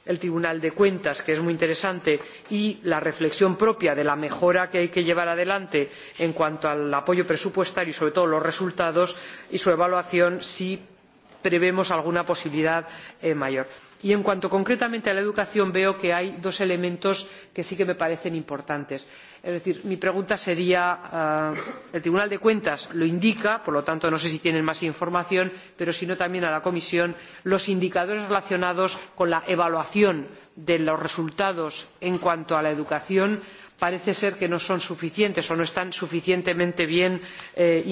el tribunal de cuentas que es muy interesante y la reflexión propia de la mejora que hay que llevar adelante en cuanto al apoyo presupuestario y sobre todo los resultados y su evaluación si prevemos alguna posibilidad mayor. y en cuanto concretamente a la educación veo que hay dos elementos que sí que me parecen importantes es decir mi pregunta sería el tribunal de cuentas lo indica por lo tanto no sé si tienen más información pero si no también a la comisión los indicadores relacionados con la evaluación de los resultados en cuanto a la educación parece ser que no son suficientes o no están suficientemente bien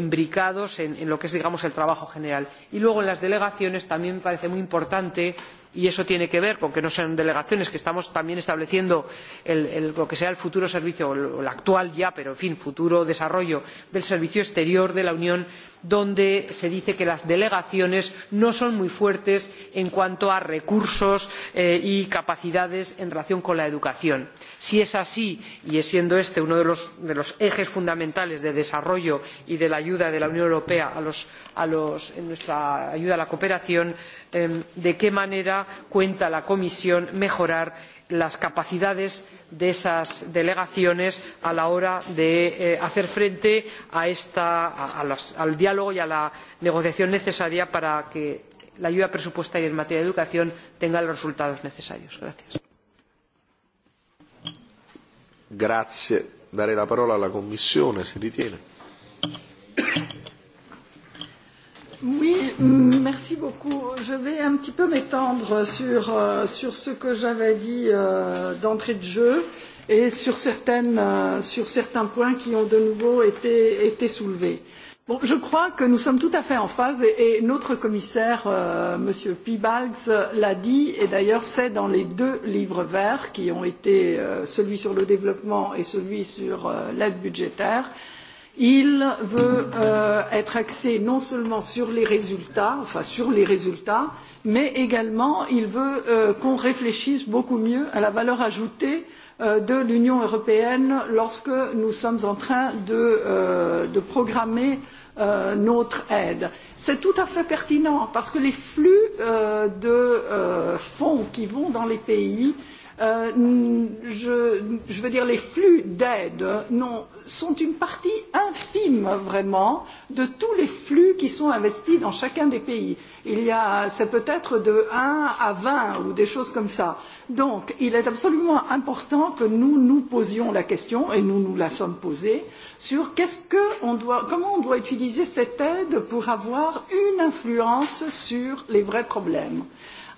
imbricados en lo que es digamos el trabajo general. y luego en las delegaciones también me parece muy importante que y eso tiene que ver con que no sean delegaciones que estamos también estableciendo lo que será el futuro servicio o el actual ya pero en fin futuro desarrollo del servicio exterior de la unión donde se dice que las delegaciones no son muy fuertes en cuanto a recursos y capacidades en relación con la educación. si es así y siendo este uno de los ejes fundamentales de desarrollo y de la ayuda de la unión europea en nuestra ayuda a la cooperación de qué manera cuenta la comisión mejorar las capacidades de esas delegaciones a la hora de hacer frente al diálogo y a la negociación necesaria para que la ayuda presupuestaria en materia de educación tenga los resultados necesarios. Oui, merci beaucoup. Je vais un petit peu m'étendre sur, euh, sur ce que j'avais dit euh, d'entrée de jeu et sur, certaines, euh, sur certains points qui ont de nouveau été, été soulevés. Bon, je crois que nous sommes tout à fait en phase et, et notre commissaire, euh, M. Pibalgs, l'a dit et d'ailleurs c'est dans les deux livres verts qui ont été euh, celui sur le développement et celui sur euh, l'aide budgétaire. Euh, Il veut être axé non seulement sur les résultats, enfin sur les résultats, mais également il veut qu'on réfléchisse beaucoup mieux à la valeur ajoutée de l'Union européenne lorsque nous sommes en train de, programmer notre aide. C'est tout à fait pertinent parce que les flux de fonds qui vont dans les pays je, veux dire, les flux d'aide sont une partie infime, vraiment, de tous les flux qui sont investis dans chacun des pays. Il y a, c'est peut-être de un à vingt ou des choses comme ça. Donc, il est absolument important que nous nous posions la question, et nous nous la sommes posée, sur qu'est-ce que on doit, comment on doit utiliser cette aide pour avoir une influence sur les vrais problèmes.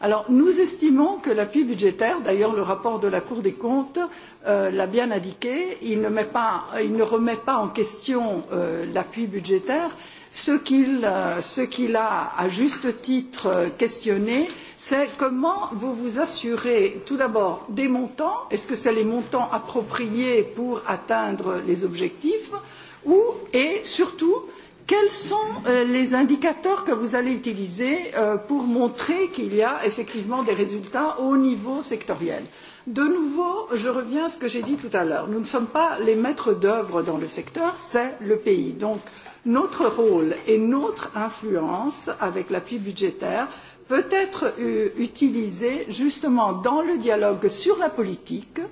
Alors nous estimons que l'appui budgétaire, d'ailleurs le rapport de la Cour des comptes l'a bien indiqué, il ne, remet pas en question l'appui budgétaire. Ce qu'il, a à juste titre questionné, c'est comment vous vous assurez tout d'abord des montants, est-ce que c'est les montants appropriés pour atteindre les objectifs, ou et surtout Quels sont les indicateurs que vous allez utiliser pour montrer qu'il y a effectivement des résultats au niveau sectoriel De nouveau, je reviens à ce que j'ai dit tout à l'heure. Nous ne sommes pas les maîtres d'œuvre dans le secteur, c'est le pays. Donc, notre rôle et notre influence avec l'appui budgétaire peut être utilisée justement dans le dialogue sur la politique euh,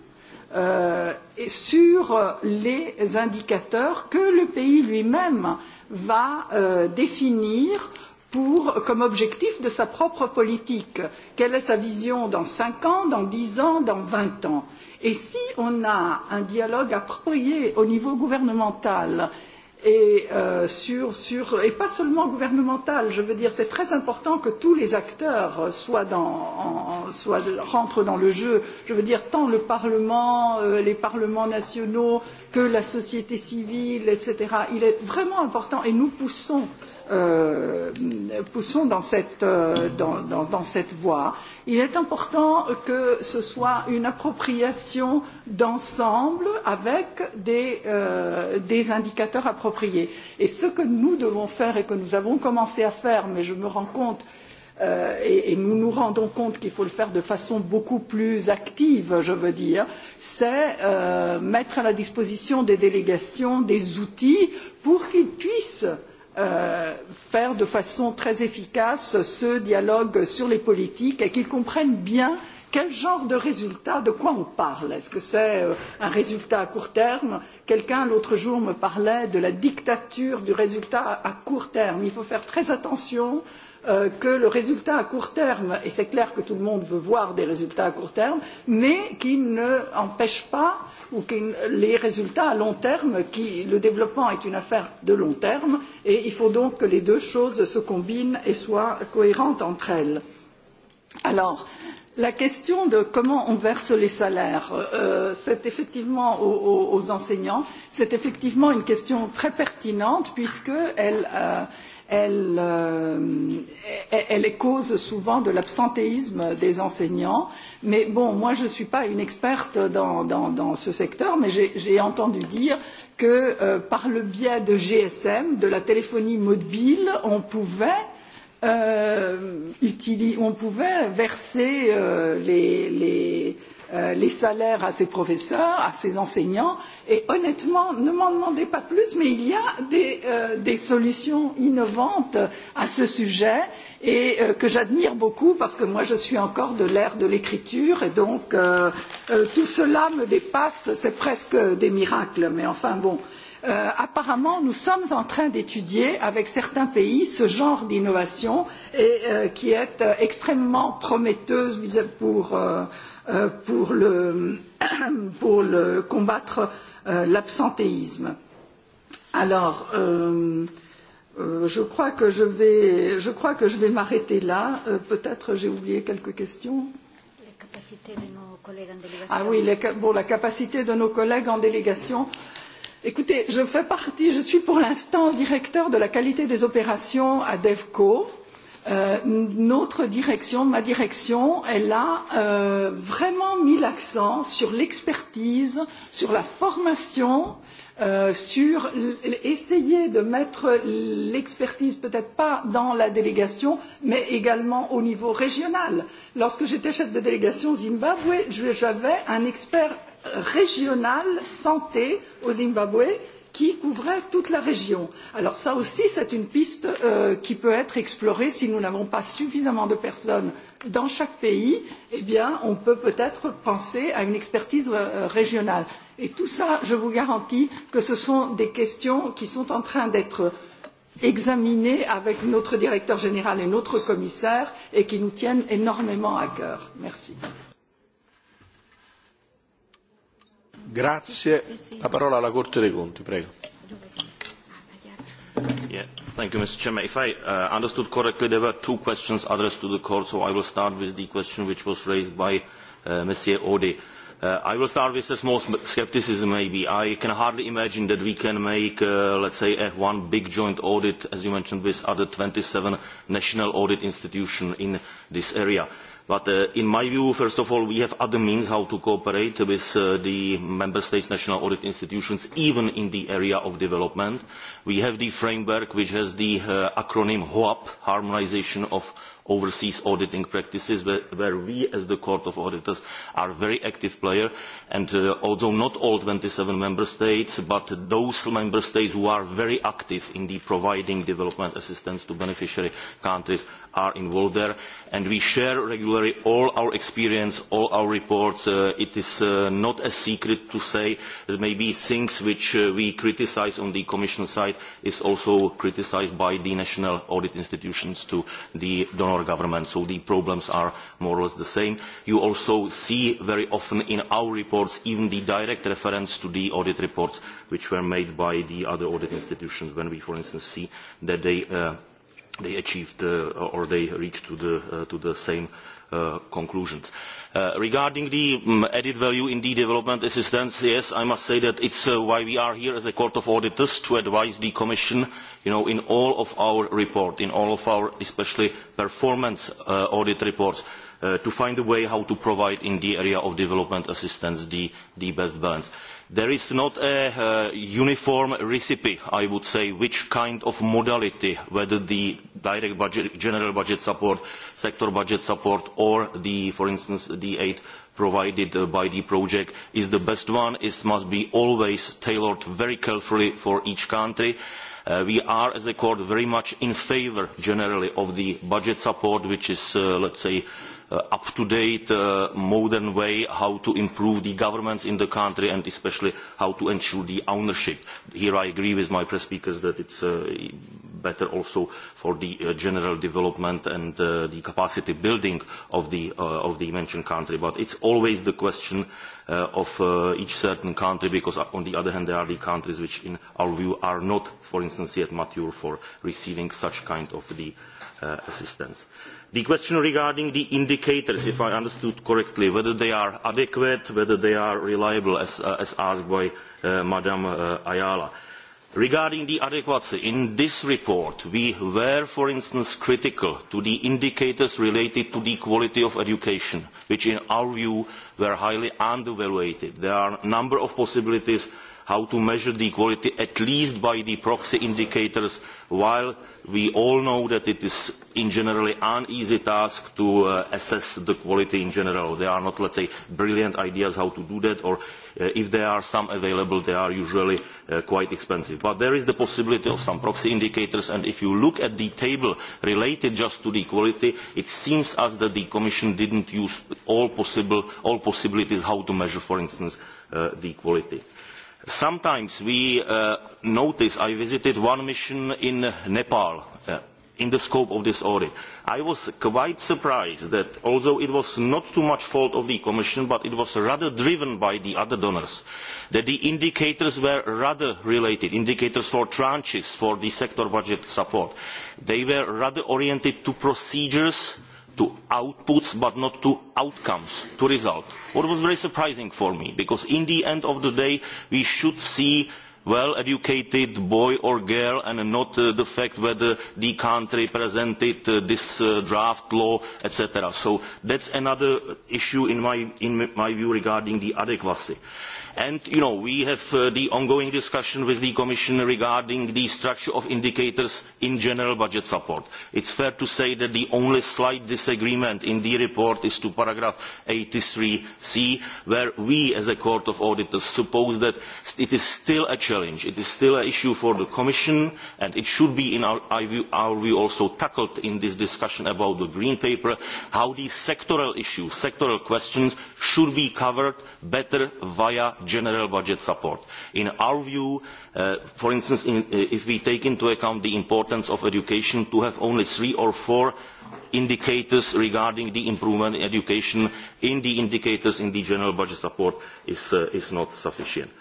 sur les indicateurs que le pays lui-même va définir comme objectif de sa propre politique. Quelle est sa vision dans cinq ans, dans dix ans, dans vingt ans Et si on a un dialogue approprié au niveau gouvernemental, et, sur, sur, et pas seulement gouvernemental, Je veux dire, c'est très important que tous les acteurs soient dans, en, soient, rentrent dans le jeu. Je veux dire, tant le Parlement, euh, les parlements nationaux, que la société civile, etc. Il est vraiment important et nous poussons poussons dans cette, voie. Il est important que ce soit une appropriation d'ensemble avec des, indicateurs appropriés. Et ce que nous devons faire et que nous avons commencé à faire, mais je me rends compte et, nous nous rendons compte qu'il faut le faire de façon beaucoup plus active, je veux dire, c'est mettre à la disposition des délégations des outils pour qu'ils puissent euh, faire de façon très efficace ce dialogue sur les politiques et qu'ils comprennent bien quel genre de résultat, de quoi on parle Est-ce que c'est un résultat à court terme Quelqu'un l'autre jour me parlait de la dictature du résultat à court terme. Il faut faire très attention que le résultat à court terme, et c'est clair que tout le monde veut voir des résultats à court terme, mais qui ne empêche pas ou les résultats à long terme, qui, le développement est une affaire de long terme, et il faut donc que les deux choses se combinent et soient cohérentes entre elles. Alors, La question de comment on verse les salaires, c'est effectivement aux, enseignants, c'est effectivement une question très pertinente puisqu'elle est cause souvent de l'absentéisme des enseignants. Mais bon, moi je ne suis pas une experte dans, ce secteur, mais j'ai entendu dire que par le biais de GSM, de la téléphonie mobile, on pouvait on pouvait verser les, salaires à ses professeurs, à ses enseignants, et honnêtement, ne m'en demandez pas plus, mais il y a des, solutions innovantes à ce sujet et que j'admire beaucoup parce que moi je suis encore de l'ère de l'écriture et donc tout cela me dépasse, c'est presque des miracles, mais enfin bon. Euh, apparemment, nous sommes en train d'étudier avec certains pays ce genre d'innovation qui est extrêmement prometteuse pour, combattre l'absentéisme. Alors, je crois que je vais, m'arrêter là. Peut-être j'ai oublié quelques questions. Ah oui, la capacité de nos collègues en délégation. Écoutez, je fais partie, je suis pour l'instant directeur de la qualité des opérations à DEVCO. notre direction, ma direction, elle a vraiment mis l'accent sur l'expertise, sur la formation, sur essayer de mettre l'expertise peut-être pas dans la délégation, mais également au niveau régional. Lorsque j'étais chef de délégation au Zimbabwe, j'avais un expert régionale santé au Zimbabwe qui couvrait toute la région. Alors ça aussi, c'est une piste qui peut être explorée si nous n'avons pas suffisamment de personnes dans chaque pays, eh bien, on peut peut-être penser à une expertise régionale. Et tout cela, je vous garantis que ce sont des questions qui sont en train d'être examinées avec notre directeur général et notre commissaire et qui nous tiennent énormément à cœur. Merci. Grazie. La parola alla Corte dei Conti, prego. Yeah, thank you, Mr. Chairman. If I uh, understood correctly, there were two questions addressed to the court, so I will start with the question which was raised by uh, Monsieur Audi. Uh, I will start with a small scepticism, maybe. I can hardly imagine that we can make, uh, let's say, a one big joint audit, as you mentioned, with other 27 national audit institutions in this area. Uh, But in my view, first of all, we have other means how to cooperate with the member states' national audit institutions, even in the area of development. We have the framework which has the acronym HOAP, Harmonisation of overseas auditing practices where we as the court of auditors are a very active player and although not all twenty seven member states but those member states who are very active in providing development assistance to beneficiary countries are involved there. And we share regularly all our experience, all our reports. it is not a secret to say that maybe things which we criticise on the Commission side is also criticised by the national audit institutions to the donor government. So the problems are more or less the same. You also see very often in our reports even the direct reference to the audit reports which were made by the other audit institutions when we, for instance, see that they they achieved or they reached to the, to the same conclusions. regarding the added value in the development assistance, yes, I must say that it's uh, why we are here as a Court of Auditors to advise the Commission, in all of our reports, in all of our especially performance audit reports, to find a way how to provide in the area of development assistance the, best balance there is not a uniform recipe, I would say, which kind of modality, whether the direct budget, general budget support, sector budget support, or the, for instance, the aid provided by the project is the best one. It must be always tailored very carefully for each country. we are, as a court, very much in favour generally of the budget support, which is, let us say, up-to-date, modern way how to improve the governments in the country and especially how to ensure the ownership. Here I agree with my press speakers that it's better also for the general development and the capacity building of the mentioned country. But it's always the question of each certain country because on the other hand there are the countries which in our view are not, for instance, yet mature for receiving such kind of assistance. Uh, The question regarding the indicators, if I understood correctly, whether they are adequate, whether they are reliable, as, asked by Ms Ayala. Regarding the adequacy, in this report we were, for instance, critical to the indicators related to the quality of education, which in our view were highly undervalued. There are a number of possibilities how to measure the quality, at least by the proxy indicators, while we all know that it is in general an easy task to assess the quality in general. There are not, let's say, brilliant ideas how to do that, or if there are some available, they are usually quite expensive. But there is the possibility of some proxy indicators, and if you look at the table related just to the quality, it seems as that the Commission did not use all, possible, all possibilities how to measure, for instance, the quality Sometimes we notice, I visited one mission in Nepal in the scope of this audit. I was quite surprised that although it was not too much fault of the Commission, but it was rather driven by the other donors, that the indicators were rather related, indicators for tranches for the sector budget support. They were rather oriented to procedures to outputs but not to outcomes, to results. What was very surprising for me, because at the end of the day, we should see well educated boy or girl and not the fact whether the country presented this draft law etc. so that is another issue in my view regarding the adequacy. And we have the ongoing discussion with the commission regarding the structure of indicators in general budget support. it is fair to say that the only slight disagreement in the report is to paragraph eighty three c where we as a court of auditors suppose that it is still challenge. It is still an issue for the Commission, and it should be, in our, view, also tackled in this discussion about the Green Paper, how these sectoral issues, sectoral questions, should be covered better via general budget support. In our view, for instance, if we take into account the importance of education, to have only three or four indicators regarding the improvement in education in the indicators in the general budget support is, not sufficient.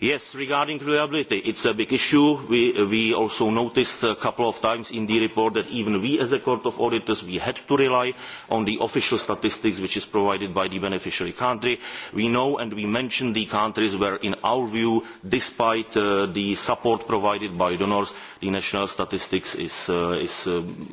Yes, regarding reliability, it is a big issue. We, also noticed a couple of times in the report that even we as a Court of Auditors, had to rely on the official statistics which is provided by the beneficiary country. We know and we mention the countries where, in our view, despite the support provided by donors, the national statistics is,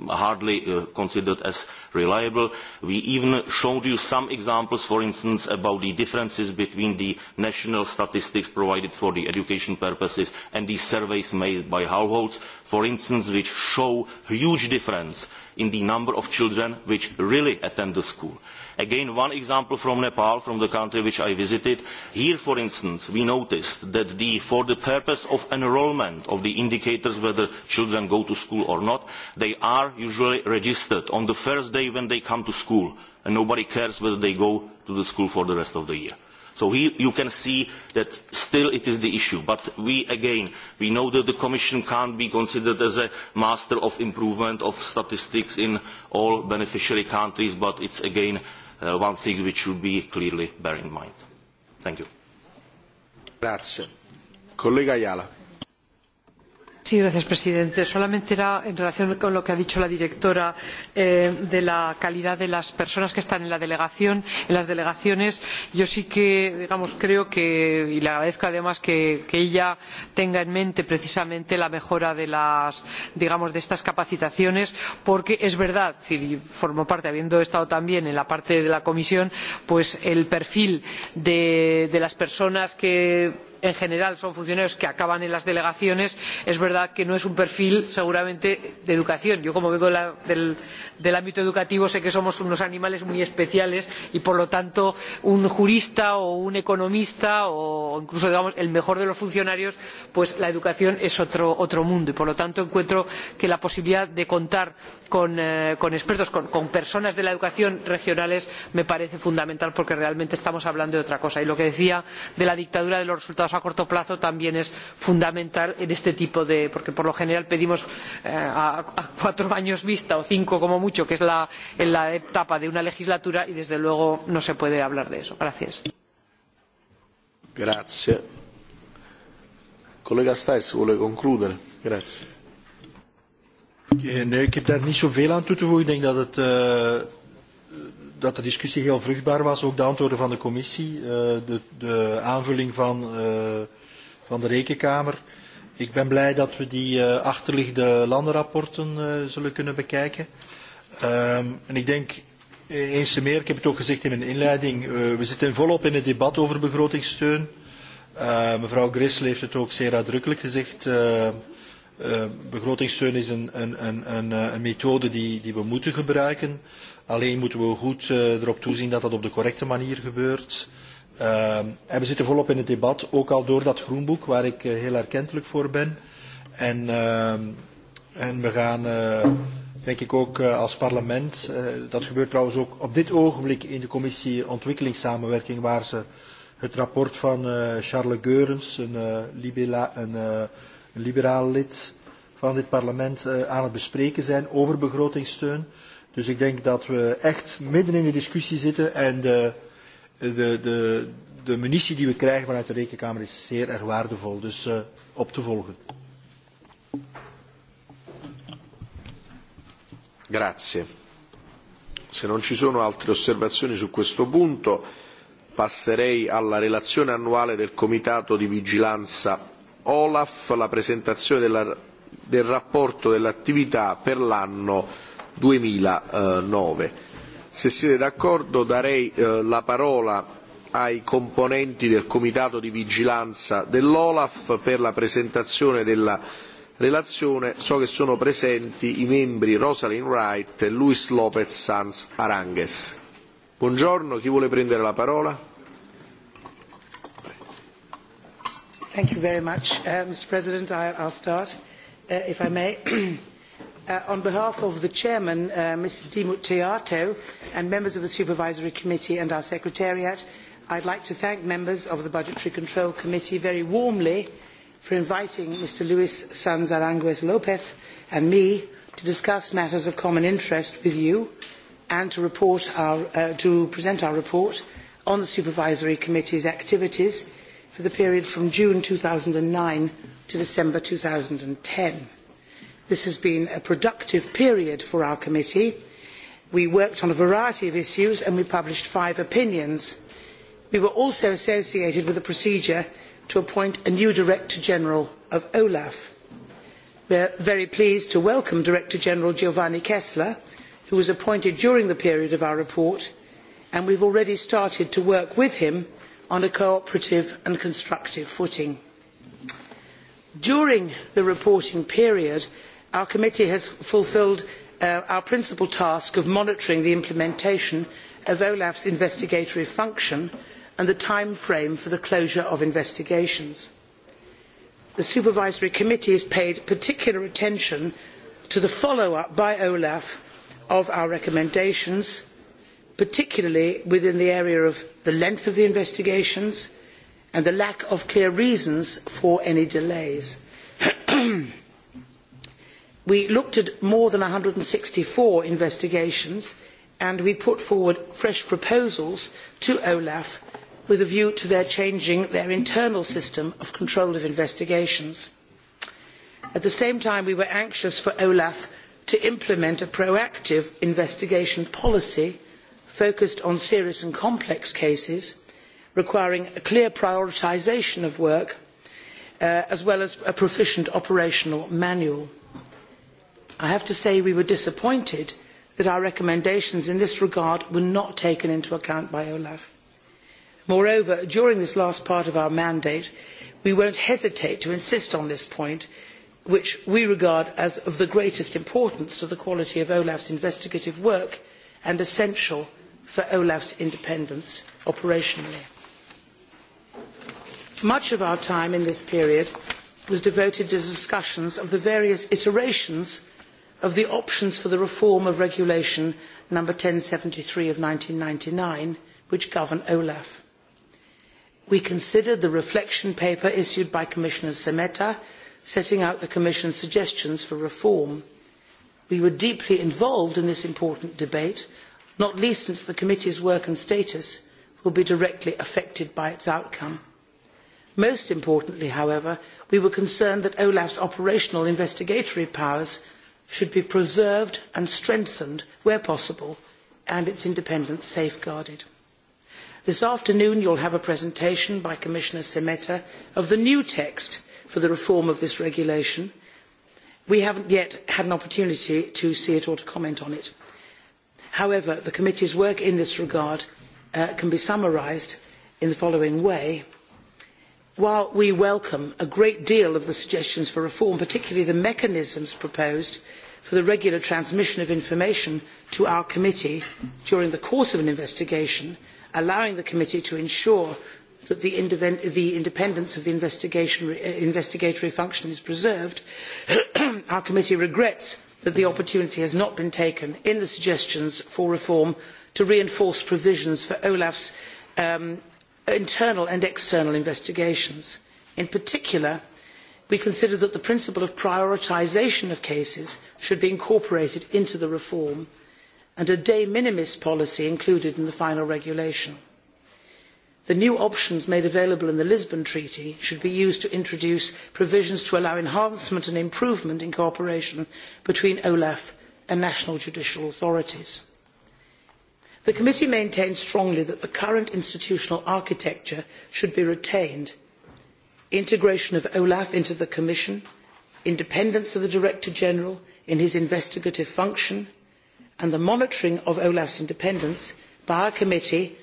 hardly considered as reliable. We even showed you some examples, for instance, about the differences between the national statistics provided for education purposes and the surveys made by households, for instance, which show huge difference in the number of children which really attend the school Again, one example from Nepal, from the country which I visited. Here, for instance, we noticed that for the purpose of enrolment of the indicators whether children go to school or not, they are usually registered on the first day when they come to school, and nobody cares whether they go to the school for the rest of the year. So here you can see that still it is the issue. But we, again, we know that the Commission cannot be considered as a master of improvement of statistics in all beneficiary countries, but it is again one thing which should be clearly bear in mind. Thank you. Grazie. Collega Ayala señor presidente solamente era en relación con lo que ha dicho la directora de la calidad de las personas que están en las delegaciones yo sí que creo y le agradezco además que ella tenga en mente precisamente la mejora de estas capacitaciones porque es verdad y formo parte habiendo estado también en la parte de la comisión el perfil de las personas que en general son funcionarios que acaban en las delegaciones es verdad que no es un perfil seguramente de educación. yo como vengo del ámbito educativo sé que somos unos animales muy especiales y por lo tanto un jurista o un economista o incluso digamos el mejor de los funcionarios pues la educación es otro mundo y por lo tanto encuentro que la posibilidad de contar con expertos con personas de la educación regionales me parece fundamental porque realmente estamos hablando de otra cosa. y lo que decía de la dictadura de los resultados resultados a corto plazo también es fundamental en este tipo de porque por lo general pedimos a cuatro años vista o cinco como mucho que es la etapa de una legislatura y desde luego no se puede hablar de eso dat de discussie heel vruchtbaar was. Ook de antwoorden van de commissie, de, aanvulling van, de rekenkamer. Ik ben blij dat we die achterliggende landenrapporten zullen kunnen bekijken. en ik denk, eens te meer, ik heb het ook gezegd in mijn inleiding, we zitten volop in het debat over begrotingssteun. mevrouw Grissel heeft het ook zeer uitdrukkelijk gezegd begrotingssteun is een, methode die, we moeten gebruiken. Alleen moeten we goed erop toezien dat dat op de correcte manier gebeurt. en we zitten volop in het debat, ook al door dat groenboek, waar ik heel erkentelijk voor ben. En, we gaan, denk ik ook als parlement, dat gebeurt trouwens ook op dit ogenblik in de commissie ontwikkelingssamenwerking, waar ze het rapport van Charles Goerens, een, liberaal lid van dit parlement, aan het bespreken zijn over begrotingssteun. Dus ik denk dat we echt midden in de discussie zitten en de, de, de, de munitie die we krijgen vanuit de Rekenkamer is zeer erg waardevol. Dus uh, op te volgen. Grazie. Se non ci sono altre osservazioni su questo punto, passerei alla relazione annuale del Comitato di Vigilanza Olaf, la presentazione della, del rapporto dell'attività per l'anno duemilanove. Se siete d'accordo darei la parola ai componenti del Comitato di Vigilanza dell'Olaf per la presentazione della relazione. So che sono presenti i membri Rosalind Wright e Luis Lopez Sanz Arangues. Buongiorno, chi vuole prendere la parola? Thank you very much, uh, Mr. President. I'll start, uh, if I may on behalf of the Chairman, Mrs. Dimut and members of the Supervisory Committee and our Secretariat, I would like to thank members of the Budgetary Control Committee very warmly for inviting Mr. Luis Sanz Aranguez Lopez and me to discuss matters of common interest with you and to, present our report on the Supervisory Committee's activities for the period from June two thousand nine to December ten. This has been a productive period for our committee. We worked on a variety of issues and we published five opinions. We were also associated with a procedure to appoint a new Director General of OLAF. We are very pleased to welcome Director General Giovanni Kessler, who was appointed during the period of our report, and we have already started to work with him on a cooperative and constructive footing. During the reporting period, our committee has fulfilled our principal task of monitoring the implementation of olaf's investigatory function and the time frame for the closure of investigations. the supervisory committee has paid particular attention to the follow up by olaf of our recommendations particularly within the area of the length of the investigations and the lack of clear reasons for any delays. We looked at more than one hundred and sixty four investigations and we put forward fresh proposals to OLAF with a view to their changing their internal system of control of investigations. At the same time, we were anxious for OLAF to implement a proactive investigation policy focused on serious and complex cases, requiring a clear prioritisation of work, as well as a proficient operational manual. I have to say we were disappointed that our recommendations in this regard were not taken into account by OLAF. Moreover, during this last part of our mandate, we will not hesitate to insist on this point, which we regard as of the greatest importance to the quality of OLAF's investigative work and essential for OLAF's independence operationally. Much of our time in this period was devoted to discussions of the various iterations of the options for the reform of Regulation No 1073 of ninety nine, which govern OLAF. We considered the reflection paper issued by Commissioner Semeta setting out the Commission's suggestions for reform. We were deeply involved in this important debate, not least since the committee's work and status will be directly affected by its outcome. Most importantly, however, we were concerned that OLAF's operational investigatory powers should be preserved and strengthened where possible and its independence safeguarded. This afternoon you will have a presentation by Commissioner Semeta of the new text for the reform of this regulation. We have not yet had an opportunity to see it or to comment on it. However, the committee's work in this regard can be summarised in the following way. While we welcome a great deal of the suggestions for reform, particularly the mechanisms proposed for the regular transmission of information to our committee during the course of an investigation, allowing the committee to ensure that the independence of the investigatory function is preserved, our committee regrets that the opportunity has not been taken in the suggestions for reform to reinforce provisions for Olaf's internal and external investigations. In particular, we consider that the principle of prioritisation of cases should be incorporated into the reform and a de minimis policy included in the final regulation. The new options made available in the Lisbon Treaty should be used to introduce provisions to allow enhancement and improvement in cooperation between OLAF and national judicial authorities. The Committee maintains strongly that the current institutional architecture should be retained integration of olaf into the commission independence of the director general in his investigative function and the monitoring of olaf's independence by a committee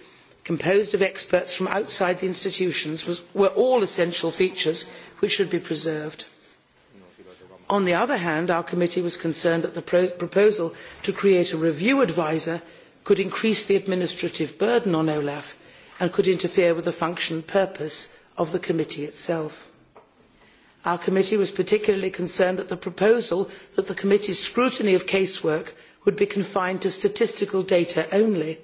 composed of experts from outside the institutions were all essential features which should be preserved. on the other hand our committee was concerned that the proposal to create a review adviser could increase the administrative burden on olaf and could interfere with the function and purpose of the committee itself. Our committee was particularly concerned at the proposal that the committee's scrutiny of casework would be confined to statistical data only,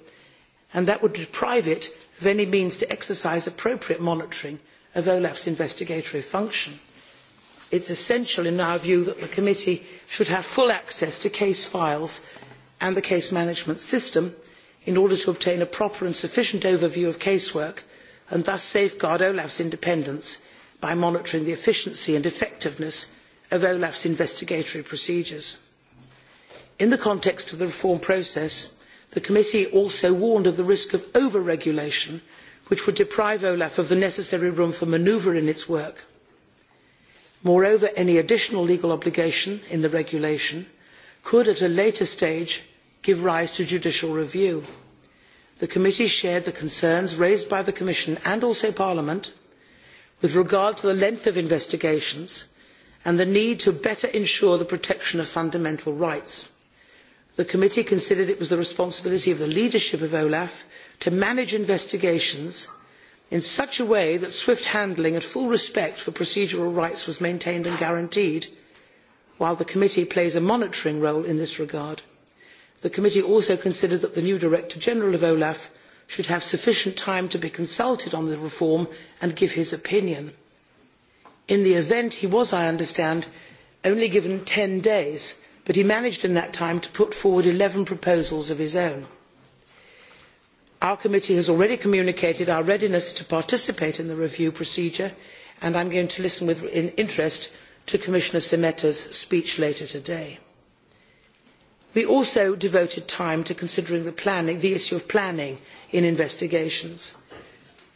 and that would deprive it of any means to exercise appropriate monitoring of OLAF's investigatory function. It is essential in our view that the committee should have full access to case files and the case management system in order to obtain a proper and sufficient overview of casework and thus safeguard Olaf's independence by monitoring the efficiency and effectiveness of Olaf's investigatory procedures. In the context of the reform process, the Committee also warned of the risk of over-regulation which would deprive Olaf of the necessary room for manoeuvre in its work. Moreover, any additional legal obligation in the regulation could at a later stage give rise to judicial review the committee shared the concerns raised by the commission and also parliament with regard to the length of investigations and the need to better ensure the protection of fundamental rights. the committee considered it was the responsibility of the leadership of olaf to manage investigations in such a way that swift handling and full respect for procedural rights was maintained and guaranteed while the committee plays a monitoring role in this regard. The committee also considered that the new Director General of OLAF should have sufficient time to be consulted on the reform and give his opinion. In the event, he was, I understand, only given ten days, but he managed in that time to put forward eleven proposals of his own. Our committee has already communicated our readiness to participate in the review procedure, and I am going to listen with interest to Commissioner Semeta's speech later today we also devoted time to considering the issue of planning in investigations.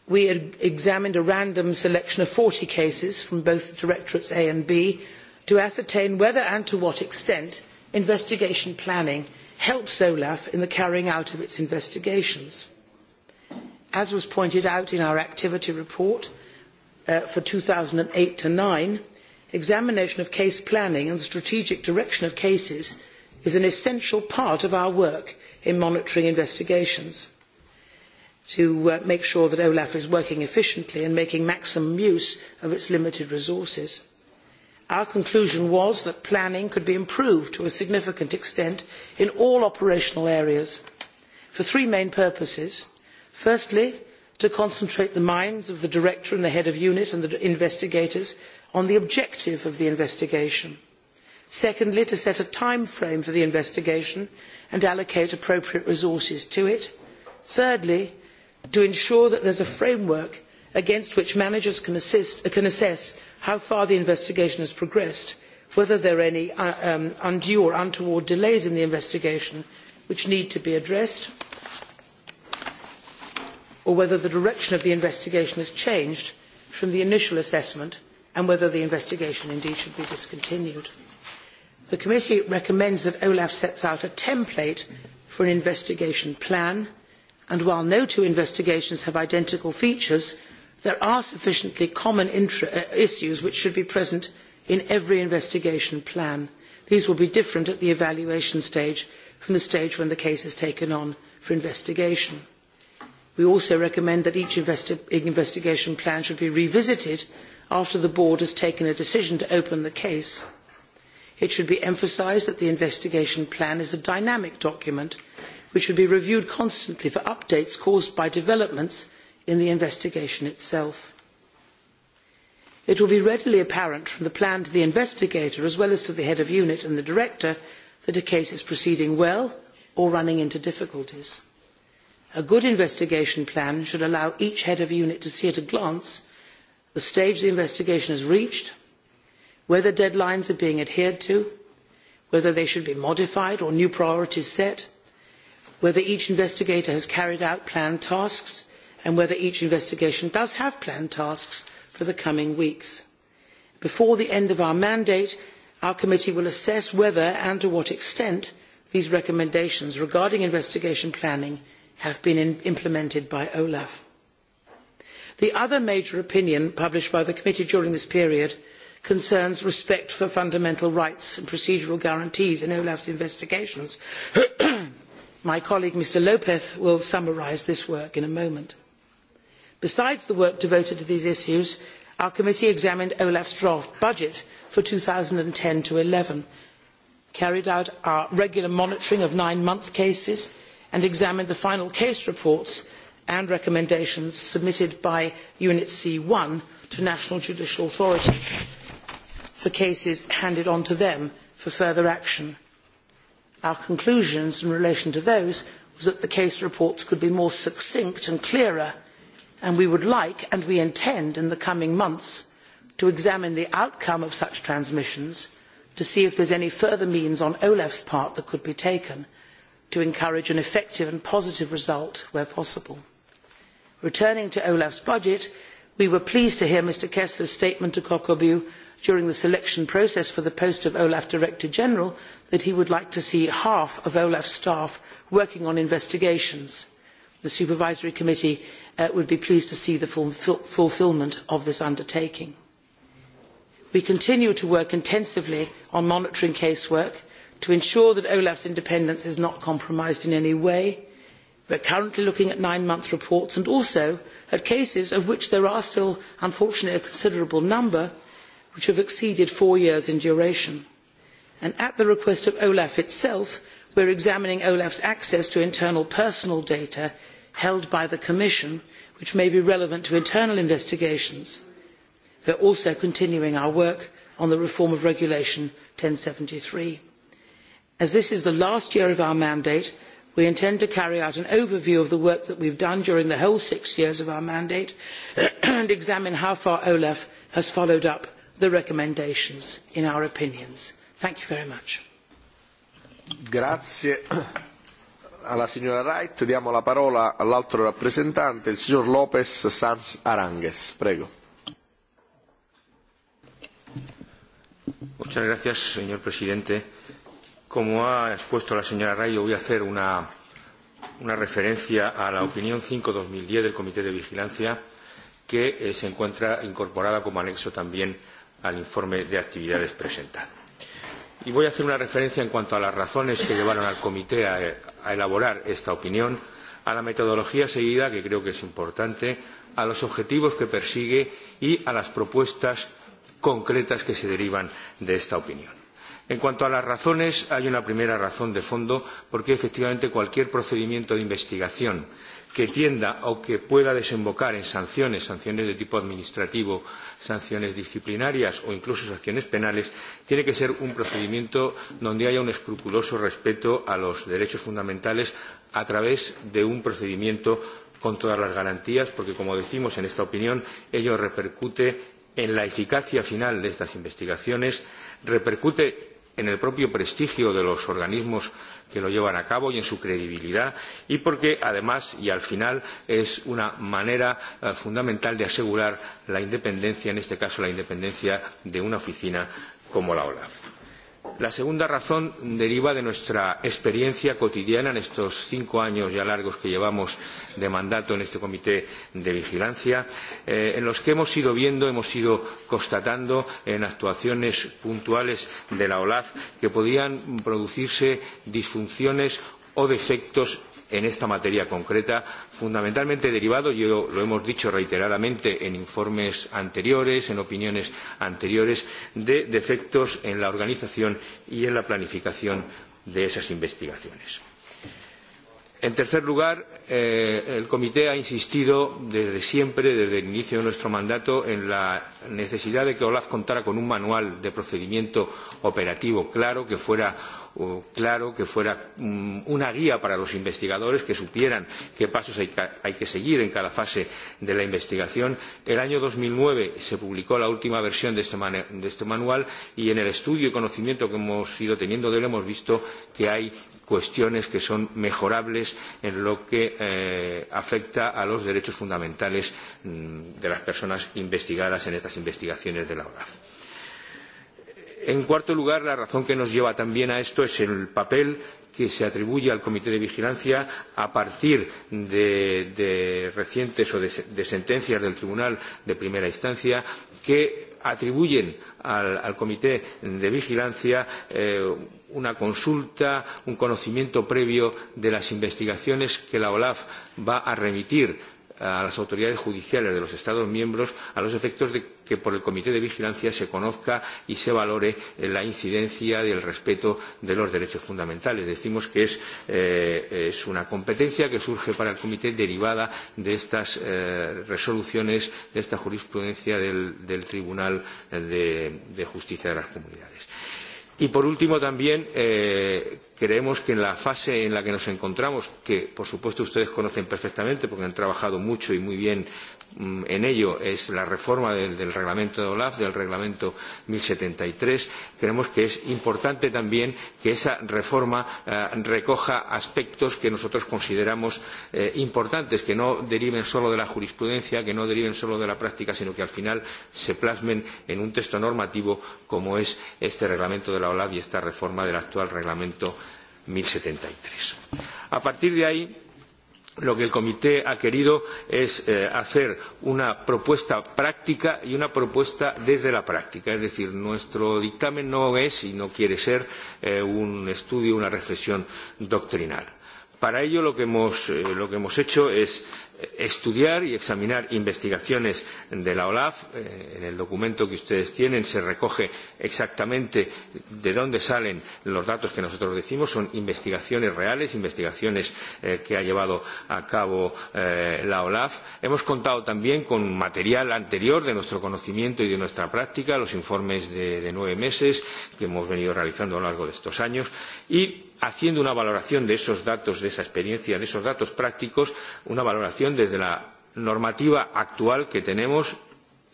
we examined a random selection of forty cases from both directorates a and b to ascertain whether and to what extent investigation planning helps olaf in the carrying out of its investigations. as was pointed out in our activity report for two thousand and eight nine examination of case planning and the strategic direction of cases is an essential part of our work in monitoring investigations to make sure that olaf is working efficiently and making maximum use of its limited resources. our conclusion was that planning could be improved to a significant extent in all operational areas for three main purposes firstly to concentrate the minds of the director and the head of unit and the investigators on the objective of the investigation; secondly to set a timeframe for the investigation and allocate appropriate resources to it; thirdly to ensure that there is a framework against which managers can assess how far the investigation has progressed whether there are any undue or untoward delays in the investigation which need to be addressed or whether the direction of the investigation has changed from the initial assessment and whether the investigation indeed should be discontinued. The committee recommends that OLAF sets out a template for an investigation plan, and while no two investigations have identical features, there are sufficiently common issues which should be present in every investigation plan. These will be different at the evaluation stage from the stage when the case is taken on for investigation. We also recommend that each investigation plan should be revisited after the board has taken a decision to open the case It should be emphasised that the investigation plan is a dynamic document which should be reviewed constantly for updates caused by developments in the investigation itself. It will be readily apparent from the plan to the investigator as well as to the head of unit and the director that a case is proceeding well or running into difficulties. A good investigation plan should allow each head of unit to see at a glance the stage the investigation has reached, whether deadlines are being adhered to, whether they should be modified or new priorities set, whether each investigator has carried out planned tasks, and whether each investigation does have planned tasks for the coming weeks. Before the end of our mandate, our committee will assess whether and to what extent these recommendations regarding investigation planning have been implemented by olaf. the other major opinion published by the committee during this period concerns respect for fundamental rights and procedural guarantees in Olaf's investigations. My colleague Mr Lopez will summarise this work in a moment. Besides the work devoted to these issues, our committee examined Olaf's draft budget for 2010 to 11, carried out our regular monitoring of nine-month cases, and examined the final case reports and recommendations submitted by Unit c one to national judicial authorities the cases handed on to them for further action. Our conclusions in relation to those was that the case reports could be more succinct and clearer, and we would like and we intend in the coming months to examine the outcome of such transmissions to see if there is any further means on Olaf's part that could be taken to encourage an effective and positive result where possible. Returning to Olaf's budget, we were pleased to hear Mr Kessler's statement to Kokobu during the selection process for the post of olaf director general that he would like to see half of olaf's staff working on investigations. the supervisory committee would be pleased to see the fulfilment of this undertaking. we continue to work intensively on monitoring casework to ensure that olaf's independence is not compromised in any way. we are currently looking at nine month reports and also at cases of which there are still unfortunately a considerable number which have exceeded four years in duration. And at the request of OLAF itself, we are examining OLAF's access to internal personal data held by the Commission, which may be relevant to internal investigations. We are also continuing our work on the reform of Regulation seventy three. As this is the last year of our mandate, we intend to carry out an overview of the work that we have done during the whole six years of our mandate and examine how far OLAF has followed up the recommendations in our opinions. Thank you very much. Grazie alla signora Wright. Diamo la parola all'altro rappresentante, il signor Lopez Sanz Arangues. Prego. Muchas gracias, señor presidente. Como ha expuesto la señora Rayo, voy a hacer una, referencia a la opinión cinco dos mil diez del Comité de Vigilancia, que se encuentra incorporada como anexo también al informe de actividades presentado. Y voy a hacer una referencia en cuanto a las razones que llevaron al comité a elaborar esta opinión, a la metodología seguida, que creo que es importante, a los objetivos que persigue y a las propuestas concretas que se derivan de esta opinión. En cuanto a las razones, hay una primera razón de fondo, porque efectivamente cualquier procedimiento de investigación que tienda o que pueda desembocar en sanciones, sanciones de tipo administrativo sanciones disciplinarias o incluso sanciones penales, tiene que ser un procedimiento donde haya un escrupuloso respeto a los derechos fundamentales a través de un procedimiento con todas las garantías, porque, como decimos en esta opinión, ello repercute en la eficacia final de estas investigaciones, repercute en el propio prestigio de los organismos que lo llevan a cabo y en su credibilidad y porque además y al final es una manera fundamental de asegurar la independencia en este caso la independencia de una oficina como la olaf. La segunda razón deriva de nuestra experiencia cotidiana en estos cinco años ya largos que llevamos de mandato en este Comité de Vigilancia, en los que hemos ido viendo, hemos ido constatando en actuaciones puntuales de la OLAF que podían producirse disfunciones o defectos en esta materia concreta, fundamentalmente derivado, y lo hemos dicho reiteradamente en informes anteriores, en opiniones anteriores, de defectos en la organización y en la planificación de esas investigaciones. En tercer lugar, el Comité ha insistido desde siempre, desde el inicio de nuestro mandato, en la necesidad de que OLAF contara con un manual de procedimiento operativo claro, que fuera claro, que fuera una guía para los investigadores, que supieran qué pasos hay, que seguir en cada fase de la investigación. El año dos mil nueve se publicó la última versión de este, manual y en el estudio y conocimiento que hemos ido teniendo de él hemos visto que hay cuestiones que son mejorables en lo que afecta a los derechos fundamentales de las personas investigadas en estas investigaciones de la OLAF. En cuarto lugar, la razón que nos lleva también a esto es el papel que se atribuye al Comité de Vigilancia a partir de, recientes o de sentencias del Tribunal de Primera Instancia que atribuyen al, Comité de Vigilancia una consulta, un conocimiento previo de las investigaciones que la OLAF va a remitir a las autoridades judiciales de los Estados miembros a los efectos de que por el Comité de Vigilancia se conozca y se valore la incidencia y el respeto de los derechos fundamentales. Decimos que es, una competencia que surge para el Comité derivada de estas resoluciones, de esta jurisprudencia del, Tribunal de Justicia de las Comunidades. Y por último también creemos que en la fase en la que nos encontramos, que por supuesto ustedes conocen perfectamente porque han trabajado mucho y muy bien en ello es la reforma del, del reglamento de OLAF, del reglamento 1073. Creemos que es importante también que esa reforma eh, recoja aspectos que nosotros consideramos eh, importantes, que no deriven solo de la jurisprudencia, que no deriven solo de la práctica, sino que al final se plasmen en un texto normativo como es este reglamento de la OLAF y esta reforma del actual reglamento 1073. A partir de ahí, lo que el comité ha querido es hacer una propuesta práctica y una propuesta desde la práctica. Es decir, nuestro dictamen no es y no quiere ser un estudio, una reflexión doctrinal. Para ello lo que hemos, hecho es estudiar y examinar investigaciones de la OLAF. En el documento que ustedes tienen se recoge exactamente de dónde salen los datos que nosotros decimos. Son investigaciones reales, investigaciones que ha llevado a cabo la OLAF. Hemos contado también con material anterior de nuestro conocimiento y de nuestra práctica, los informes de, nueve meses que hemos venido realizando a lo largo de estos años y haciendo una valoración de esos datos, de esa experiencia, de esos datos prácticos, una valoración desde la normativa actual que tenemos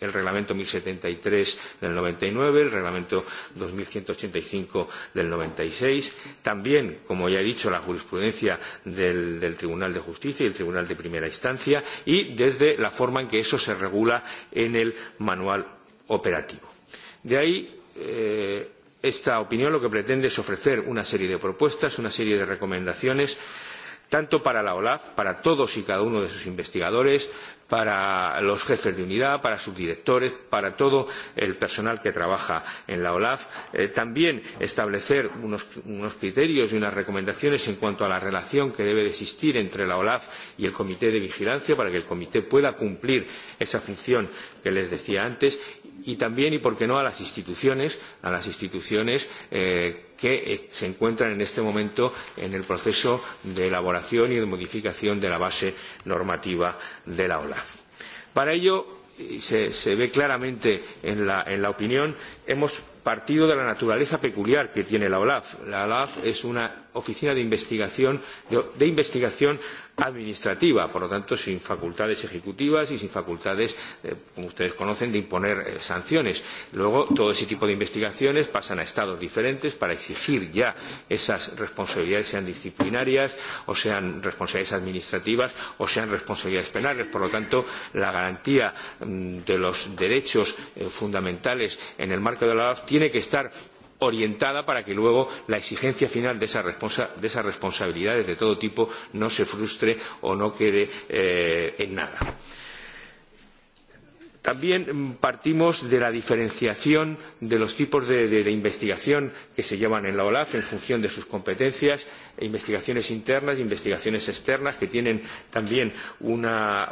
el reglamento 1073 del 99, el reglamento 2185 del 96, también, como ya he dicho, la jurisprudencia del, del Tribunal de Justicia y el Tribunal de Primera Instancia y desde la forma en que eso se regula en el manual operativo. De ahí eh, Esta opinión lo que pretende es ofrecer una serie de propuestas, una serie de recomendaciones, tanto para la OLAF, para todos y cada uno de sus investigadores, para los jefes de unidad, para sus directores, para todo el personal que trabaja en la OLAF. también establecer unos, criterios y unas recomendaciones en cuanto a la relación que debe existir entre la OLAF y el Comité de Vigilancia para que el Comité pueda cumplir esa función que les decía antes y también, y por qué no, a las instituciones, a las instituciones que se encuentran en este momento en el proceso de elaboración y de modificación de la base normativa de la OLAF. Para ello, y se, ve claramente en la opinión, hemos partido de la naturaleza peculiar que tiene la OLAF. La OLAF es una oficina de investigación, de, de investigación administrativa, por lo tanto, sin facultades ejecutivas y sin facultades, eh, como ustedes conocen, de imponer eh, sanciones. Luego, todo ese tipo de investigaciones pasan a estados diferentes para exigir ya esas responsabilidades, sean disciplinarias, o sean responsabilidades administrativas, o sean responsabilidades penales. Por lo tanto, la garantía mm, de los derechos eh, fundamentales en el marco de la OAF tiene que estar orientada para que luego la exigencia final de, esas responsabilidades de todo tipo no se frustre o no quede en nada. También partimos de la diferenciación de los tipos de, investigación que se llevan en la OLAF en función de sus competencias, investigaciones internas e investigaciones externas que tienen también una,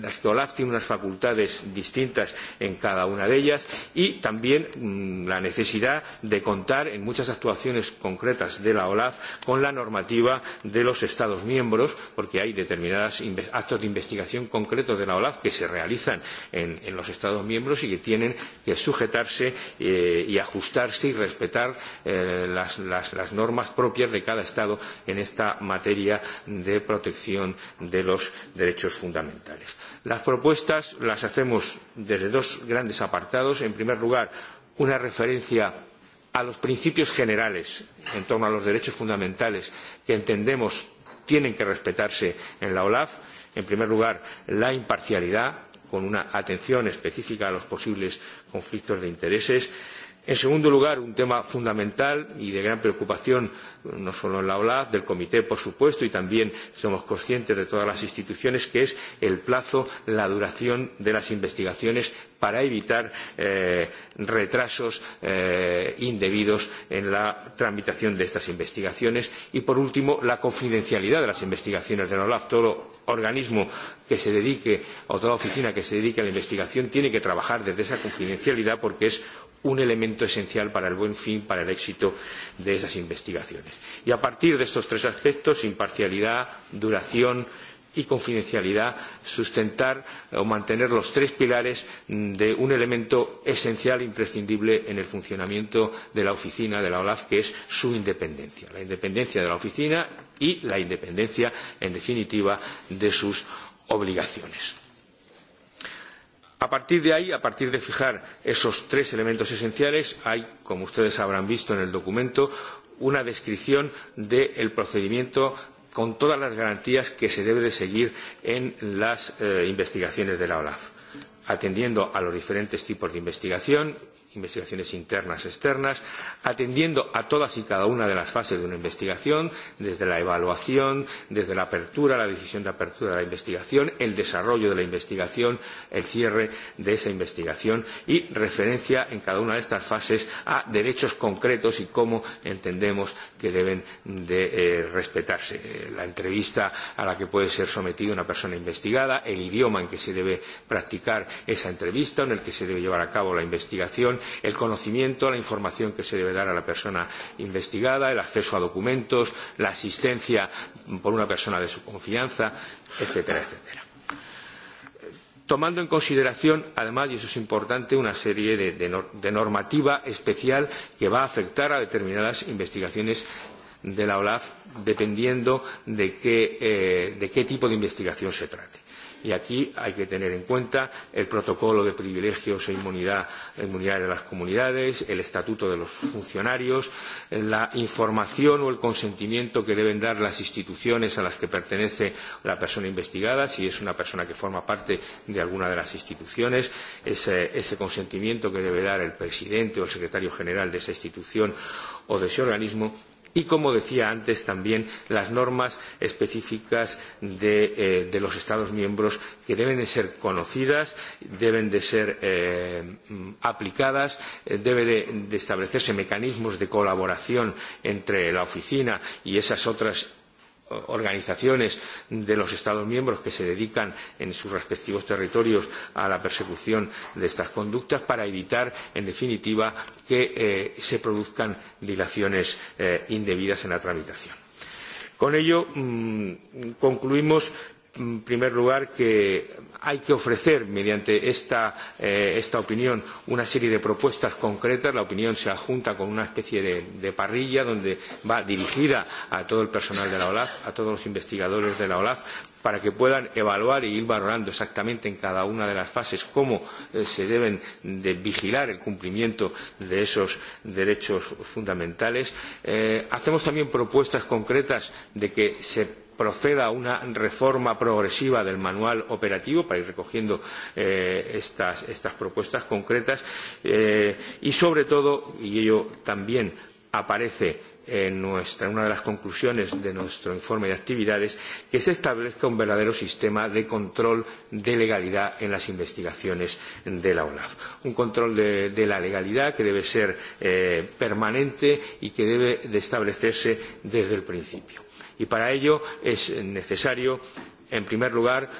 las que OLAF tiene unas facultades distintas en cada una de ellas y también la necesidad de contar en muchas actuaciones concretas de la OLAF con la normativa de los Estados miembros porque hay determinados actos de investigación concretos de la OLAF que se realizan en en los Estados miembros y que tienen que sujetarse y ajustarse y respetar las, normas propias de cada Estado en esta materia de protección de los derechos fundamentales. Las propuestas las hacemos desde dos grandes apartados. En primer lugar, una referencia a los principios generales en torno a los derechos fundamentales que entendemos tienen que respetarse en la OLAF. En primer lugar, la imparcialidad, con una atención específica a los posibles conflictos de intereses En segundo lugar, un tema fundamental y de gran preocupación, no solo en la OLAF, del Comité, por supuesto, y también somos conscientes de todas las instituciones, que es el plazo, la duración de las investigaciones para evitar retrasos indebidos en la tramitación de estas investigaciones. Y, por último, la confidencialidad de las investigaciones de la OLAF. Todo organismo que se dedique o toda oficina que se dedique a la investigación tiene que trabajar desde esa confidencialidad porque es un elemento esencial para el buen fin, para el éxito de esas investigaciones. Y a partir de estos tres aspectos, imparcialidad, duración, y confidencialidad sustentar o mantener los tres pilares de un elemento esencial e imprescindible en el funcionamiento de la oficina de la OLAF, que es su independencia, la independencia de la oficina y la independencia, en definitiva, de sus obligaciones. A partir de ahí, a partir de fijar esos tres elementos esenciales, hay, como ustedes habrán visto en el documento, una descripción del procedimiento con todas las garantías que se debe seguir en las investigaciones de la OLAF, atendiendo a los diferentes tipos de investigación investigaciones internas y externas, atendiendo a todas y cada una de las fases de una investigación, desde la evaluación, desde la apertura, la decisión de apertura de la investigación, el desarrollo de la investigación, el cierre de esa investigación y referencia en cada una de estas fases a derechos concretos y cómo entendemos que deben respetarse. La entrevista a la que puede ser sometida una persona investigada, el idioma en que se debe practicar esa entrevista, en el que se debe llevar a cabo la investigación, el conocimiento, la información que se debe dar a la persona investigada, el acceso a documentos, la asistencia por una persona de su confianza, etcétera, etcétera tomando en consideración, además, y eso es importante, una serie de, normativa especial que va a afectar a determinadas investigaciones de la OLAF dependiendo de qué tipo de investigación se trate y aquí hay que tener en cuenta el protocolo de privilegios e inmunidad, de las comunidades, el estatuto de los funcionarios, la información o el consentimiento que deben dar las instituciones a las que pertenece la persona investigada, si es una persona que forma parte de alguna de las instituciones, ese, ese consentimiento que debe dar el presidente o el secretario general de esa institución o de ese organismo y, como decía antes, también las normas específicas de, los Estados miembros que deben ser conocidas, deben ser aplicadas, deben establecerse mecanismos de colaboración entre la oficina y esas otras organizaciones de los Estados miembros que se dedican en sus respectivos territorios a la persecución de estas conductas para evitar, en definitiva, que se produzcan dilaciones indebidas en la tramitación. Con ello, concluimos en primer lugar que hay que ofrecer mediante esta, opinión una serie de propuestas concretas. La opinión se adjunta con una especie de, parrilla donde va dirigida a todo el personal de la OLAF, a todos los investigadores de la OLAF, para que puedan evaluar e ir valorando exactamente en cada una de las fases cómo se deben vigilar el cumplimiento de esos derechos fundamentales. hacemos también propuestas concretas de que se proceda a una reforma progresiva del manual operativo para ir recogiendo estas, propuestas concretas y sobre todo, y ello también aparece en una de las conclusiones de nuestro informe de actividades, que se establezca un verdadero sistema de control de legalidad en las investigaciones de la OLAF. Un control de, la legalidad que debe ser permanente y que debe establecerse desde el principio y para ello es necesario en primer lugar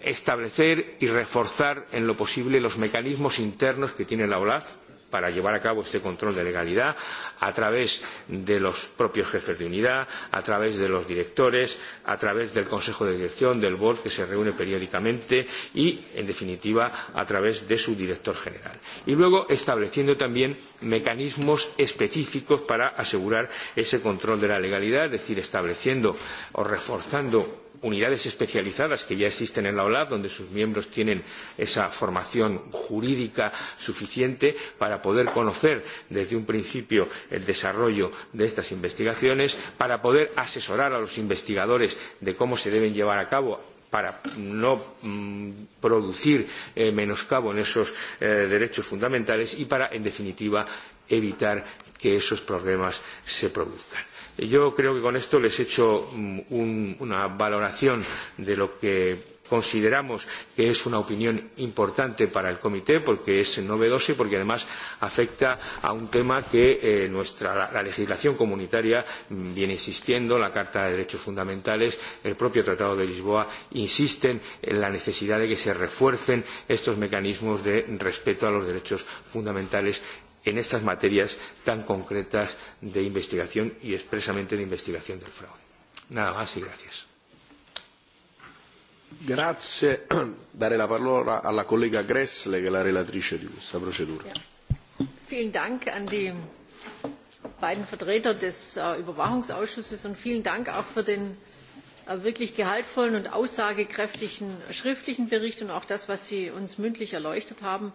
establecer y reforzar en lo posible los mecanismos internos que tiene la olaf para llevar a cabo este control de legalidad a través de los propios jefes de unidad, a través de los directores, a través del Consejo de Dirección, del Board que se reúne periódicamente y, en definitiva, a través de su director general. Y luego estableciendo también mecanismos específicos para asegurar ese control de la legalidad, es decir, estableciendo o reforzando unidades especializadas que ya existen en la OLAF, donde sus miembros tienen esa formación jurídica suficiente para poder conocer desde un principio el desarrollo de estas investigaciones, para poder asesorar a los investigadores de cómo se deben llevar a cabo para no producir menoscabo en esos derechos fundamentales y para, en definitiva, evitar que esos problemas se produzcan. Yo creo que con esto les he hecho una valoración de lo que consideramos que es una opinión importante para el comité porque es novedoso y porque además afecta a un tema que la, legislación comunitaria viene insistiendo, la Carta de Derechos Fundamentales, el propio Tratado de Lisboa insisten en la necesidad de que se refuercen estos mecanismos de respeto a los derechos fundamentales en estas materias tan concretas de investigación y expresamente de investigación del fraude. Nada más y gracias. Grazie. Dare la parola alla collega Gressle, che è la relatrice di questa procedura. Vielen Dank an die beiden Vertreter des Überwachungsausschusses und vielen Dank auch für den wirklich gehaltvollen und aussagekräftigen schriftlichen Bericht und auch das, was Sie uns mündlich erleuchtet haben.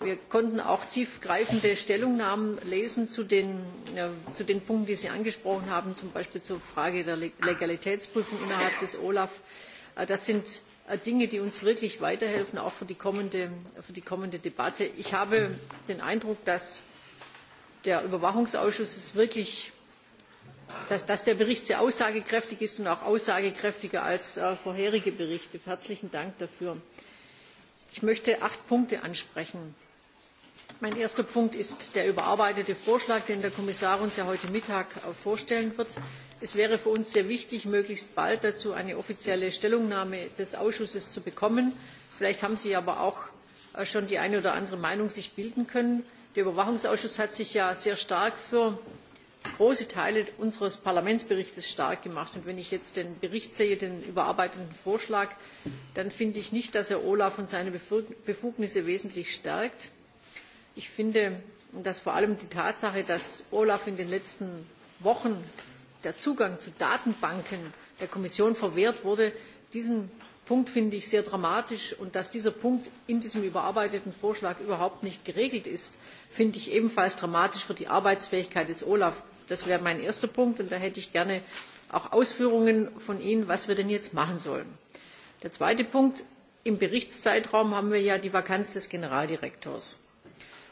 Wir konnten auch tiefgreifende Stellungnahmen lesen zu den, Punkten, die Sie angesprochen haben, zum Beispiel zur Frage der Legalitätsprüfung innerhalb des OLAF. Das sind Dinge, die uns wirklich weiterhelfen, auch für die kommende Debatte. Ich habe den Eindruck, dass der Überwachungsausschuss ist wirklich dass, der Bericht sehr aussagekräftig ist und auch aussagekräftiger als vorherige Berichte. Herzlichen Dank dafür. Ich möchte acht Punkte ansprechen. Mein erster Punkt ist der überarbeitete Vorschlag, den der Kommissar uns ja heute Mittag vorstellen wird. Es wäre für uns sehr wichtig, möglichst bald dazu eine offizielle Stellungnahme des Ausschusses zu bekommen. Vielleicht haben Sie aber auch schon die eine oder andere Meinung sich bilden können. Der Überwachungsausschuss hat sich ja sehr stark für große Teile unseres Parlamentsberichts stark gemacht. Und wenn ich jetzt den Bericht sehe, den überarbeiteten Vorschlag, dann finde ich nicht, dass er Olaf und seine Befugnisse wesentlich stärkt Ich finde, dass vor allem die Tatsache, dass Olaf in den letzten Wochen der Zugang zu Datenbanken der Kommission verwehrt wurde, diesen Punkt finde ich sehr dramatisch und dass dieser Punkt in diesem überarbeiteten Vorschlag überhaupt nicht geregelt ist, finde ich ebenfalls dramatisch für die Arbeitsfähigkeit des Olaf. Das wäre mein erster Punkt und da hätte ich gerne auch Ausführungen von Ihnen, was wir denn jetzt machen sollen. Der zweite Punkt, im Berichtszeitraum haben wir ja die Vakanz des Generaldirektors.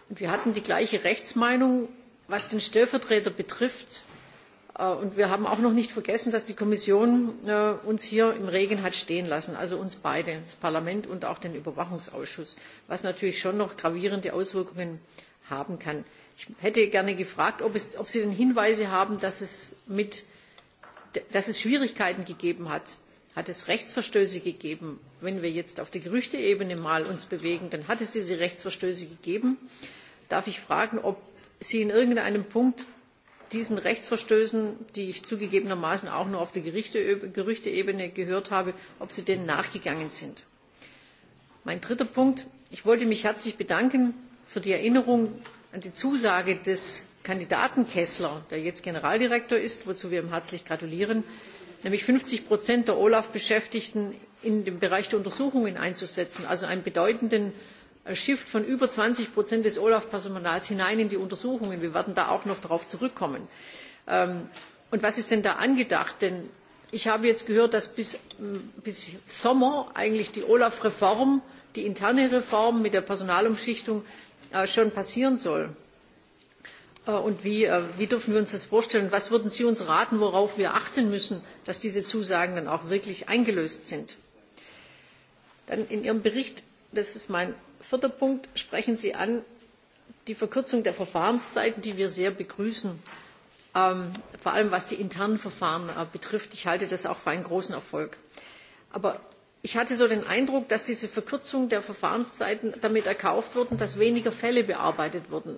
Und wir hatten die gleiche Rechtsmeinung, was den Stellvertreter betrifft. Und wir haben auch noch nicht vergessen, dass die Kommission uns hier im Regen hat stehen lassen, also uns beide, das Parlament und auch den Überwachungsausschuss, was natürlich schon noch gravierende Auswirkungen haben kann. Ich hätte gerne gefragt, ob, Sie denn Hinweise haben, dass es Schwierigkeiten gegeben hat hat es Rechtsverstöße gegeben. Wenn wir jetzt auf der Gerüchteebene mal uns bewegen, dann hat es diese Rechtsverstöße gegeben. Darf ich fragen, ob Sie in irgendeinem Punkt diesen Rechtsverstößen, die ich zugegebenermaßen auch nur auf der Gerüchteebene gehört habe, ob Sie denen nachgegangen sind? Mein dritter Punkt. Ich wollte mich herzlich bedanken für die Erinnerung an die Zusage des Kandidaten Kessler, der jetzt Generaldirektor ist, wozu wir ihm herzlich gratulieren, nämlich fünfzig der olaf beschäftigten in den bereich der untersuchungen einzusetzen also einen bedeutenden shift von über zwanzig des olaf personals hinein in die untersuchungen. wir werden da auch noch darauf zurückkommen. und was ist denn da angedacht? denn ich habe jetzt gehört dass bis sommer eigentlich die olaf reform die interne reform mit der personalumschichtung schon passieren soll. Und wie, wie dürfen wir uns das vorstellen? Was würden Sie uns raten, worauf wir achten müssen, dass diese Zusagen dann auch wirklich eingelöst sind? Dann in Ihrem Bericht, das ist mein vierter Punkt, sprechen Sie an die Verkürzung der Verfahrenszeiten, die wir sehr begrüßen, vor allem was die internen Verfahren betrifft. Ich halte das auch für einen großen Erfolg. Aber ich hatte so den Eindruck, dass diese Verkürzung der Verfahrenszeiten damit erkauft wurde, dass weniger Fälle bearbeitet wurden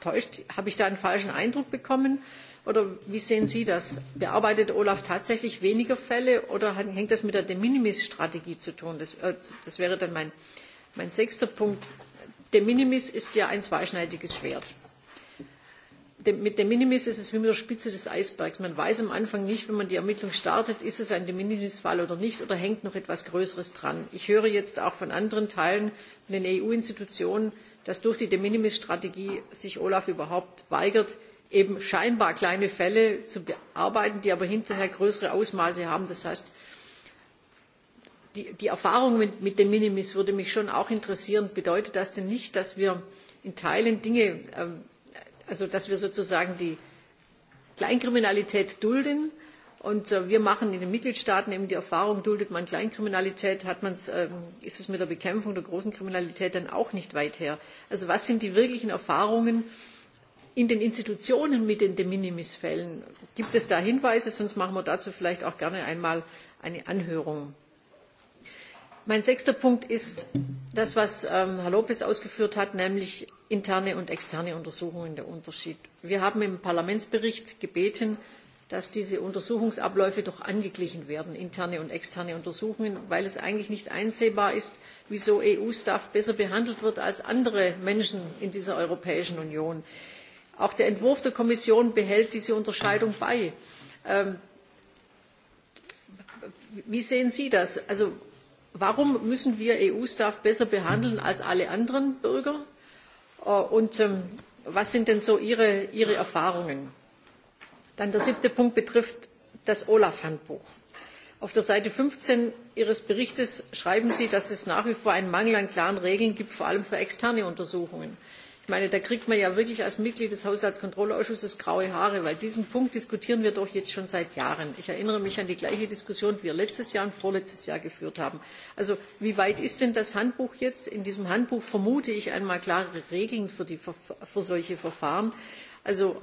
täuscht? Habe ich da einen falschen Eindruck bekommen? Oder wie sehen Sie das? Bearbeitet Olaf tatsächlich weniger Fälle oder hängt das mit der De Minimis-Strategie zu tun? Das, wäre dann mein, mein sechster Punkt. De Minimis ist ja ein zweischneidiges Schwert. Mit De Minimis ist es wie mit der Spitze des Eisbergs. Man weiß am Anfang nicht, wenn man die Ermittlung startet, ist es ein De Minimis-Fall oder nicht oder hängt noch etwas Größeres dran. Ich höre jetzt auch von anderen Teilen, von den EU-Institutionen, dass durch die De minimis Strategie sich Olaf überhaupt weigert, eben scheinbar kleine Fälle zu bearbeiten, die aber hinterher größere Ausmaße haben. Das heißt, die, Erfahrung mit, mit De minimis würde mich schon auch interessieren. Bedeutet das denn nicht, dass wir in Teilen Dinge, also dass wir sozusagen die Kleinkriminalität dulden, Und wir machen in den Mitgliedstaaten eben die Erfahrung, duldet man Kleinkriminalität, hat man's, ist es mit der Bekämpfung der großen Kriminalität dann auch nicht weit her. Also was sind die wirklichen Erfahrungen in den Institutionen mit den De Minimis-Fällen? Gibt es da Hinweise? Sonst machen wir dazu vielleicht auch gerne einmal eine Anhörung. Mein sechster Punkt ist das, was Herr Lopez ausgeführt hat, nämlich interne und externe Untersuchungen der Unterschied. Wir haben im Parlamentsbericht gebeten, dass diese Untersuchungsabläufe doch angeglichen werden, interne und externe Untersuchungen, weil es eigentlich nicht einsehbar ist, wieso EU-Staff besser behandelt wird als andere Menschen in dieser Europäischen Union. Auch der Entwurf der Kommission behält diese Unterscheidung bei. Wie sehen Sie das? Also warum müssen wir EU-Staff besser behandeln als alle anderen Bürger? Und was sind denn so Ihre, Erfahrungen? Dann der siebte Punkt betrifft das Olaf-Handbuch. Auf der Seite fünfzehn Ihres Berichts schreiben Sie, dass es nach wie vor einen Mangel an klaren Regeln gibt, vor allem für externe Untersuchungen. Ich meine, da kriegt man ja wirklich als Mitglied des Haushaltskontrollausschusses graue Haare, weil diesen Punkt diskutieren wir doch jetzt schon seit Jahren. Ich erinnere mich an die gleiche Diskussion, die wir letztes Jahr und vorletztes Jahr geführt haben. Also wie weit ist denn das Handbuch jetzt? In diesem Handbuch vermute ich einmal klare Regeln für, solche Verfahren. Also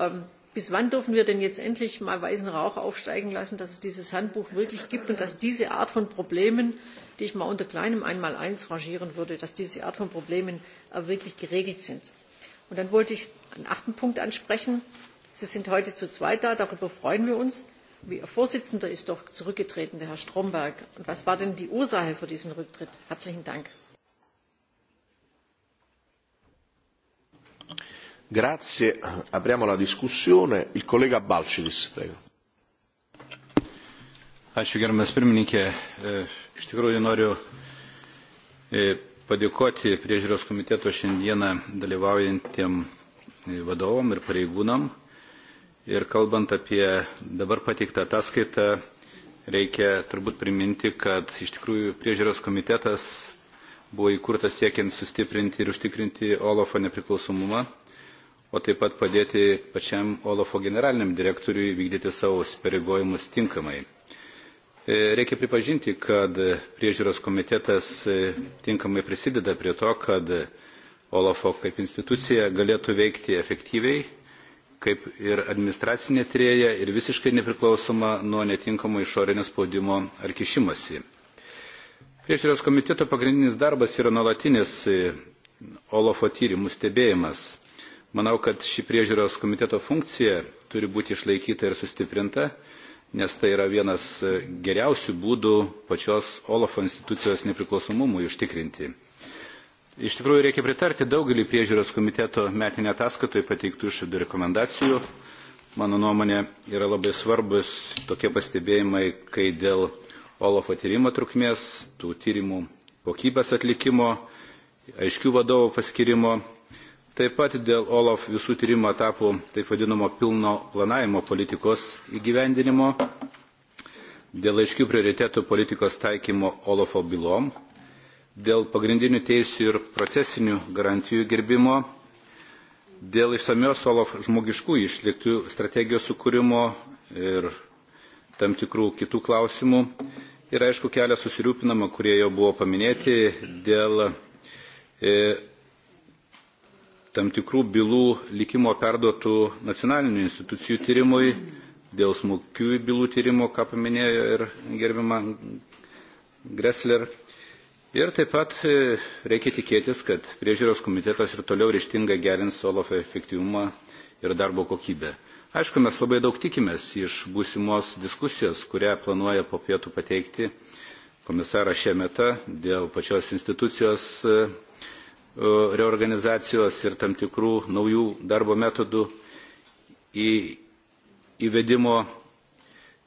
bis wann dürfen wir denn jetzt endlich mal weißen Rauch aufsteigen lassen, dass es dieses Handbuch wirklich gibt und dass diese Art von Problemen, die ich mal unter kleinem Einmaleins rangieren würde, dass diese Art von Problemen wirklich geregelt sind. Und dann wollte ich einen achten Punkt ansprechen. Sie sind heute zu zweit da, darüber freuen wir uns. Ihr Vorsitzender ist doch zurückgetreten, der Herr Stromberg. Und was war denn die Ursache für diesen Rücktritt? Herzlichen Dank. Grazie, apriamo la discussione. Il collega Balcidis, prego. Ačiū, gerbiamas pirmininkė. Iš tikrųjų noriu padėkoti priežiūros komiteto šiandieną dalyvaujantiem vadovam ir pareigūnam. Ir kalbant apie dabar pateiktą ataskaitą, reikia turbūt priminti, kad iš tikrųjų priežiūros komitetas buvo įkurtas siekiant sustiprinti ir užtikrinti Olofo nepriklausomumą o taip pat padėti pačiam Olafo generaliniam direktoriui vykdyti savo įsipareigojimus tinkamai. Reikia pripažinti, kad priežiūros komitetas tinkamai prisideda prie to, kad Olafo kaip institucija galėtų veikti efektyviai, kaip ir administracinė trėja ir visiškai nepriklausoma nuo netinkamo išorinio spaudimo ar kišimasi. Priežiūros komiteto pagrindinis darbas yra nuolatinis Olafo tyrimų stebėjimas Manau, kad ši priežiūros komiteto funkcija turi būti išlaikyta ir sustiprinta, nes tai yra vienas geriausių būdų pačios OLAF institucijos nepriklausomumui užtikrinti. Iš tikrųjų, reikia pritarti daugelį priežiūros komiteto metinę ataskaitą pateiktų išvadų rekomendacijų. Mano nuomonė yra labai svarbus tokie pastebėjimai, kai dėl Olafo tyrimo trukmės, tų tyrimų kokybės atlikimo, aiškių vadovų paskirimo Taip pat dėl OLAF visų tyrimo etapų taip vadinamo pilno planavimo politikos įgyvendinimo, dėl aiškių prioritetų politikos taikymo OLAFO bylom, dėl pagrindinių teisų ir procesinių garantijų gerbimo, dėl išsamios OLAF žmogiškų išliktų strategijos sukūrimo ir tam tikrų kitų klausimų. Ir aišku, kelias susirūpinama, kurie jau buvo paminėti, dėl tam tikrų bylų likimo perduotų nacionalinių institucijų tyrimui, dėl smulkių bylų tyrimo, ką paminėjo ir gerbima Gressler. Ir taip pat reikia tikėtis, kad priežiūros komitetas ir toliau ryštingai gerins OLAF efektyvumą ir darbo kokybę. Aišku, mes labai daug tikimės iš būsimos diskusijos, kurią planuoja po pietų pateikti komisaras Šemeta dėl pačios institucijos reorganizacijos ir tam tikrų naujų darbo metodų įvedimo.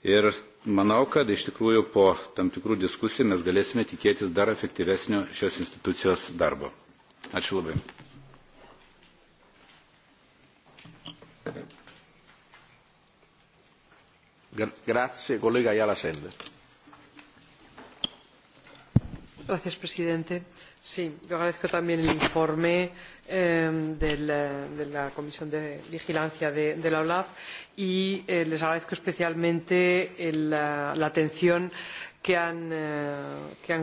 Ir manau, kad iš tikrųjų po tam tikrų diskusijų mes galėsime tikėtis dar efektyvesnio šios institucijos darbo. Ačiū labai. Grazie, colega Ayala Sender. Gracias, presidente yo agradezco también el informe de la Comisión de Vigilancia de la OLAF y les agradezco especialmente la atención que han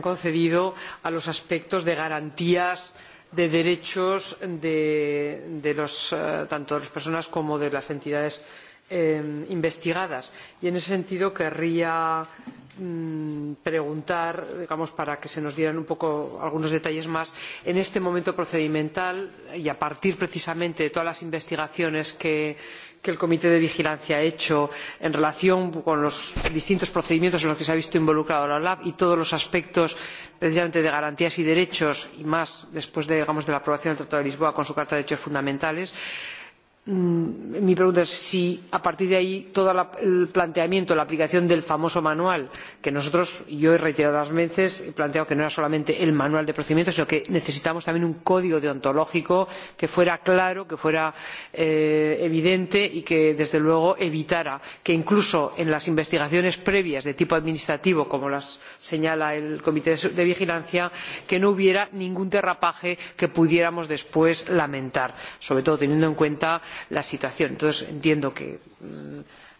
concedido a los aspectos de garantías de derechos tanto de las personas como de las entidades investigadas. Y en ese sentido querría preguntar para que se nos dieran un poco algunos detalles más en este momento procedimental y a partir precisamente de todas las investigaciones que el comité de vigilancia ha hecho en relación con los distintos procedimientos en los que se ha visto involucrada la olaf y todos los aspectos precisamente de garantías y derechos y más después de la aprobación del tratado de lisboa con su carta de derechos fundamentales mi pregunta es si a partir de ahí todo el planteamiento la aplicación del famoso manual que nosotros yo reiteradas veces he planteado que no era solamente el manual de procedimientos sino que necesitamos también un código deontológico que fuera claro que fuera evidente y que desde luego evitara que incluso en las investigaciones previas de tipo administrativo como las señala el comité de vigilancia no hubiera ningún derrapaje que pudiéramos después lamentar sobre todo teniendo en cuenta la situación. Entonces, entiendo que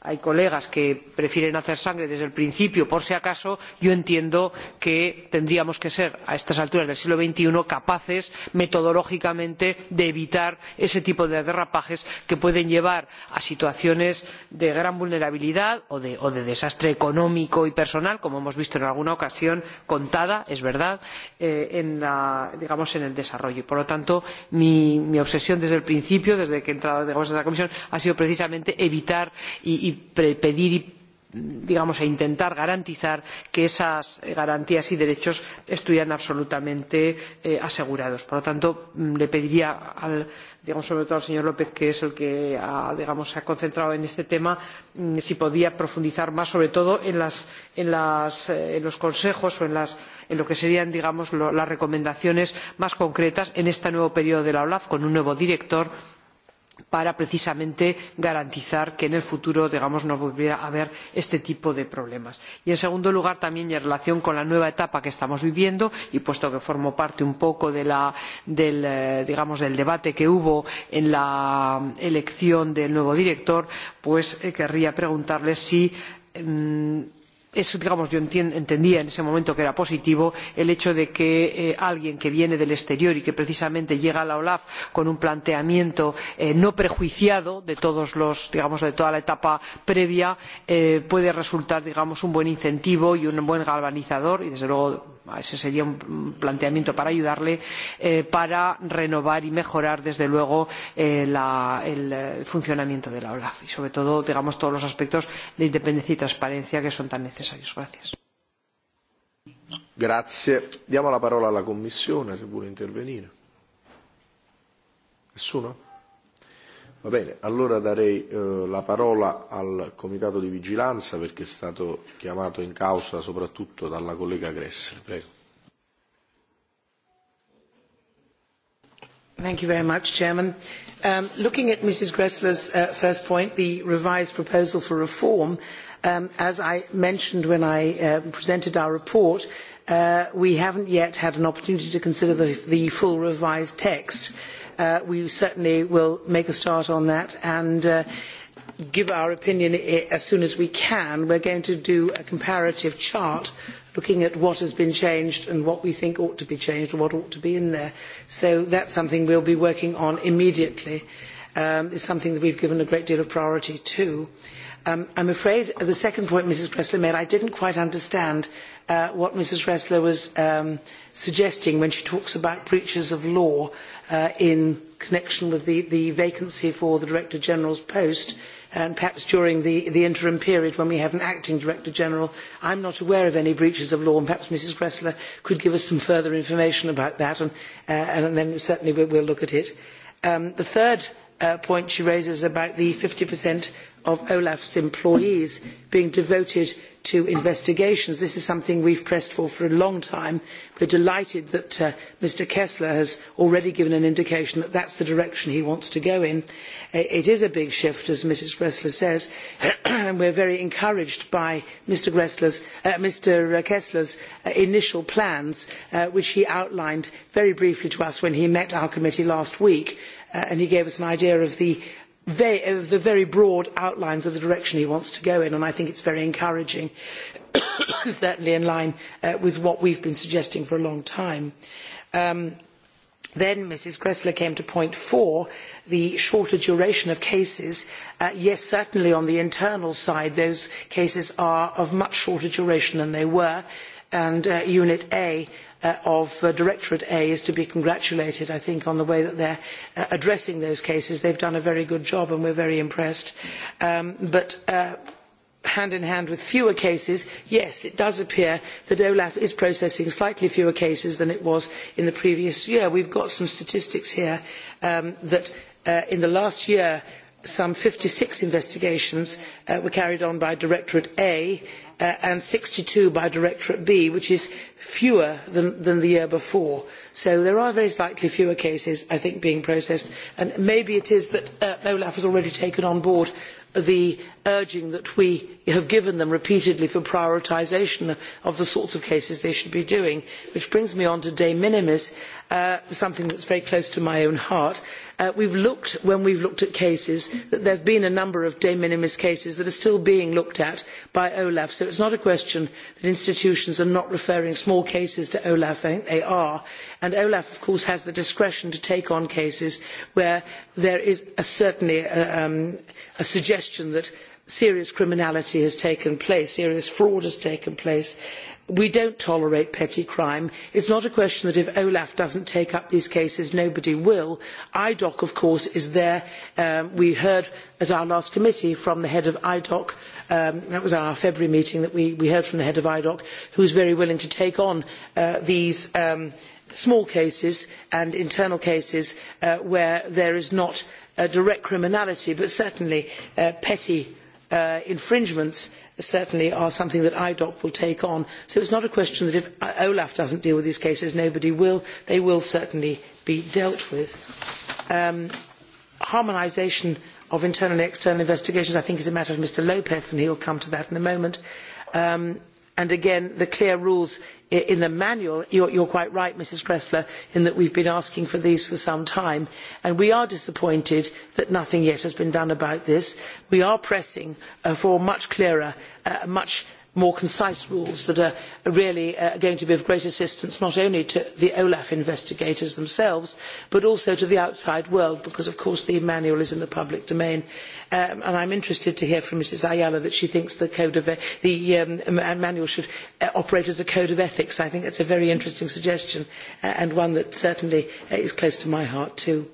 hay colegas que prefieren hacer sangre desde el principio por si acaso yo entiendo que tendríamos que ser a estas alturas del siglo xxi capaces metodológicamente de evitar ese tipo de derrapajes que pueden llevar a situaciones de gran vulnerabilidad o de desastre económico y personal como hemos visto en alguna ocasión contada es verdad en el desarrollo. por lo tanto mi obsesión desde el principio desde que he entrado a esta comisión ha sido precisamente evitar y pedir digamos, intentar garantizar que esas garantías y derechos estuvieran absolutamente asegurados. Por lo tanto, le pediría, sobre todo al señor López, que es el que se ha concentrado en este tema, si podía profundizar más, sobre todo en, los consejos o en, lo que serían, digamos, las recomendaciones más concretas en este nuevo periodo de la OLAF, con un nuevo director para precisamente garantizar que en el futuro no vuelva a haber este tipo de problemas. y en segundo lugar también y en relación con la nueva etapa que estamos viviendo y puesto que formo parte un poco del debate que hubo en la elección del nuevo director querría preguntarle si yo entendía en ese momento que era positivo el hecho de que alguien que viene del exterior y que precisamente llega a la olaf con un planteamiento no prejuiciado de toda la etapa previa puede resultar un buen incentivo y un buen galvanizador y desde luego ese sería un planteamiento para ayudarle para renovar y mejorar desde luego el funcionamiento de la olaf y sobre todo digamos todos los aspectos de independencia y transparencia que son tan necesarios. diamo la parola alla commissione se vuole intervenire. nessuno? Va bene, allora darei eh, la parola al Comitato di Vigilanza perché è stato chiamato in causa soprattutto dalla collega Gressel. Prego. Thank you very much, Chairman. Um, looking at Mrs. Gressler's uh, first point, the revised proposal for reform, um, as I mentioned when I uh, presented our report, uh, we haven't yet had an opportunity to consider the, the full revised text. Uh, we certainly will make a start on that and give our opinion as soon as we can. We are going to do a comparative chart looking at what has been changed and what we think ought to be changed and what ought to be in there. So that's something we will be working on immediately. It is something that we have given a great deal of priority to. I am afraid the second point Mrs. Presley made I did not quite understand what Mrs. Ressler was suggesting when she talks about breaches of law in connection with the, vacancy for the Director General's post and perhaps during the, interim period when we have an acting Director General. I am not aware of any breaches of law and perhaps Mrs. Gressler could give us some further information about that and, then certainly we will look at it. the third point she raises about the 50% of OLAF's employees being devoted to investigations. This is something we have pressed for for a long time. We are delighted that Mr Kessler has already given an indication that that is the direction he wants to go in. It is a big shift, as Mrs Gressler says, and we are very encouraged by Mr, Kessler's initial plans, which he outlined very briefly to us when he met our committee last week and he gave us an idea of the the very broad outlines of the direction he wants to go in, and I think it is very encouraging, certainly in line with what we have been suggesting for a long time. Then Mrs. Gressler came to point four, the shorter duration of cases. yes, certainly on the internal side, those cases are of much shorter duration than they were. And Unit A of Directorate A is to be congratulated, I think, on the way that they are addressing those cases. They have done a very good job and we are very impressed. but hand in hand with fewer cases, yes, it does appear that OLAF is processing slightly fewer cases than it was in the previous year. We have got some statistics here that in the last year some fifty six investigations were carried on by Directorate A and sixty two by Directorate B, which is fewer than, the year before. So there are very slightly fewer cases, I think, being processed. And maybe it is that OLAF has already taken on board the urging that we have given them repeatedly for prioritisation of the sorts of cases they should be doing, which brings me on to de minimis something that is very close to my own heart. We have looked, when we have looked at cases, that there have been a number of de minimis cases that are still being looked at by OLAF. So it is not a question that institutions are not referring small cases to OLAF. I think they are. And OLAF, of course, has the discretion to take on cases where there is certainly a suggestion that serious criminality has taken place, serious fraud has taken place, we do not tolerate petty crime. it is not a question that if olaf does not take up these cases nobody will. idoc of course is there. we heard at our last committee from the head of idoc that was our february meeting that we heard from the head of idoc who is very willing to take on these small cases and internal cases where there is not direct criminality but certainly petty infringements certainly are something that IDOC will take on. So it is not a question that if OLAF does not deal with these cases, nobody will. They will certainly be dealt with. harmonisation of internal and external investigations, I think, is a matter of Mr. Lopez, and he will come to that in a moment. and again, the clear rules in the manual, you are quite right, Mrs. Kressler, in that we have been asking for these for some time, and we are disappointed that nothing yet has been done about this. We are pressing for much clearer, much more concise rules that are really going to be of great assistance not only to the olaf investigators themselves but also to the outside world because of course the manual is in the public domain and i am interested to hear from mrs ayala that she thinks the manual should operate as a code of ethics. i think that is a very interesting suggestion and one that certainly is close to my heart too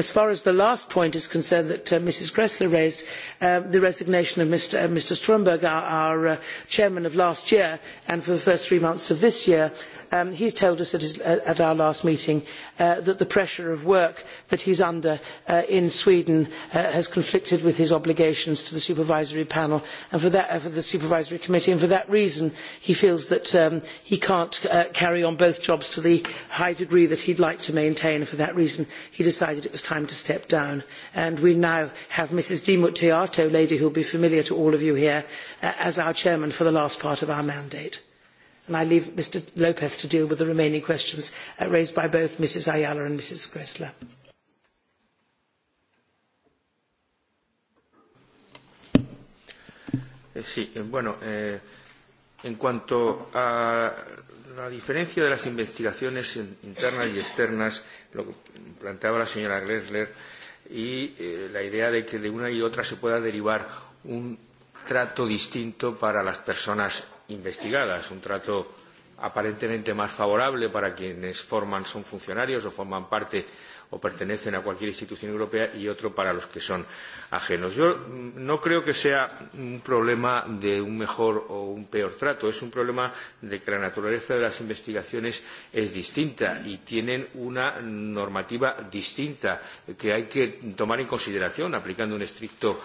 as far as the last point is concerned that Mrs. Gressler raised, the resignation of Mr. Stromberg, our, chairman of last year, and for the first three months of this year, He has told us at our last meeting that the pressure of work that he is under in Sweden has conflicted with his obligations to the supervisory panel and for the supervisory committee, and for that reason he feels that he cannot carry on both jobs to the high degree that he would like to maintain. and For that reason, he decided it was time to step down. And we now have Mrs. Dimut Teato, lady who will be familiar to all of you here, as our chairman for the last part of our mandate. And I leave Mr. Lopez to deal with the remaining questions raised by both Mrs. Ayala and Mrs. Gressler. Sí, bueno, eh, en cuanto a la diferencia de las investigaciones internas y externas, lo que planteaba la señora Gressler, y eh, la idea de que de una y otra se pueda derivar un trato distinto para las personas investigadas, un trato aparentemente más favorable para quienes forman, son funcionarios o forman parte o pertenecen a cualquier institución europea y otro para los que son ajenos. Yo no creo que sea un problema de un mejor o un peor trato, es un problema de que la naturaleza de las investigaciones es distinta y tienen una normativa distinta que hay que tomar en consideración aplicando un estricto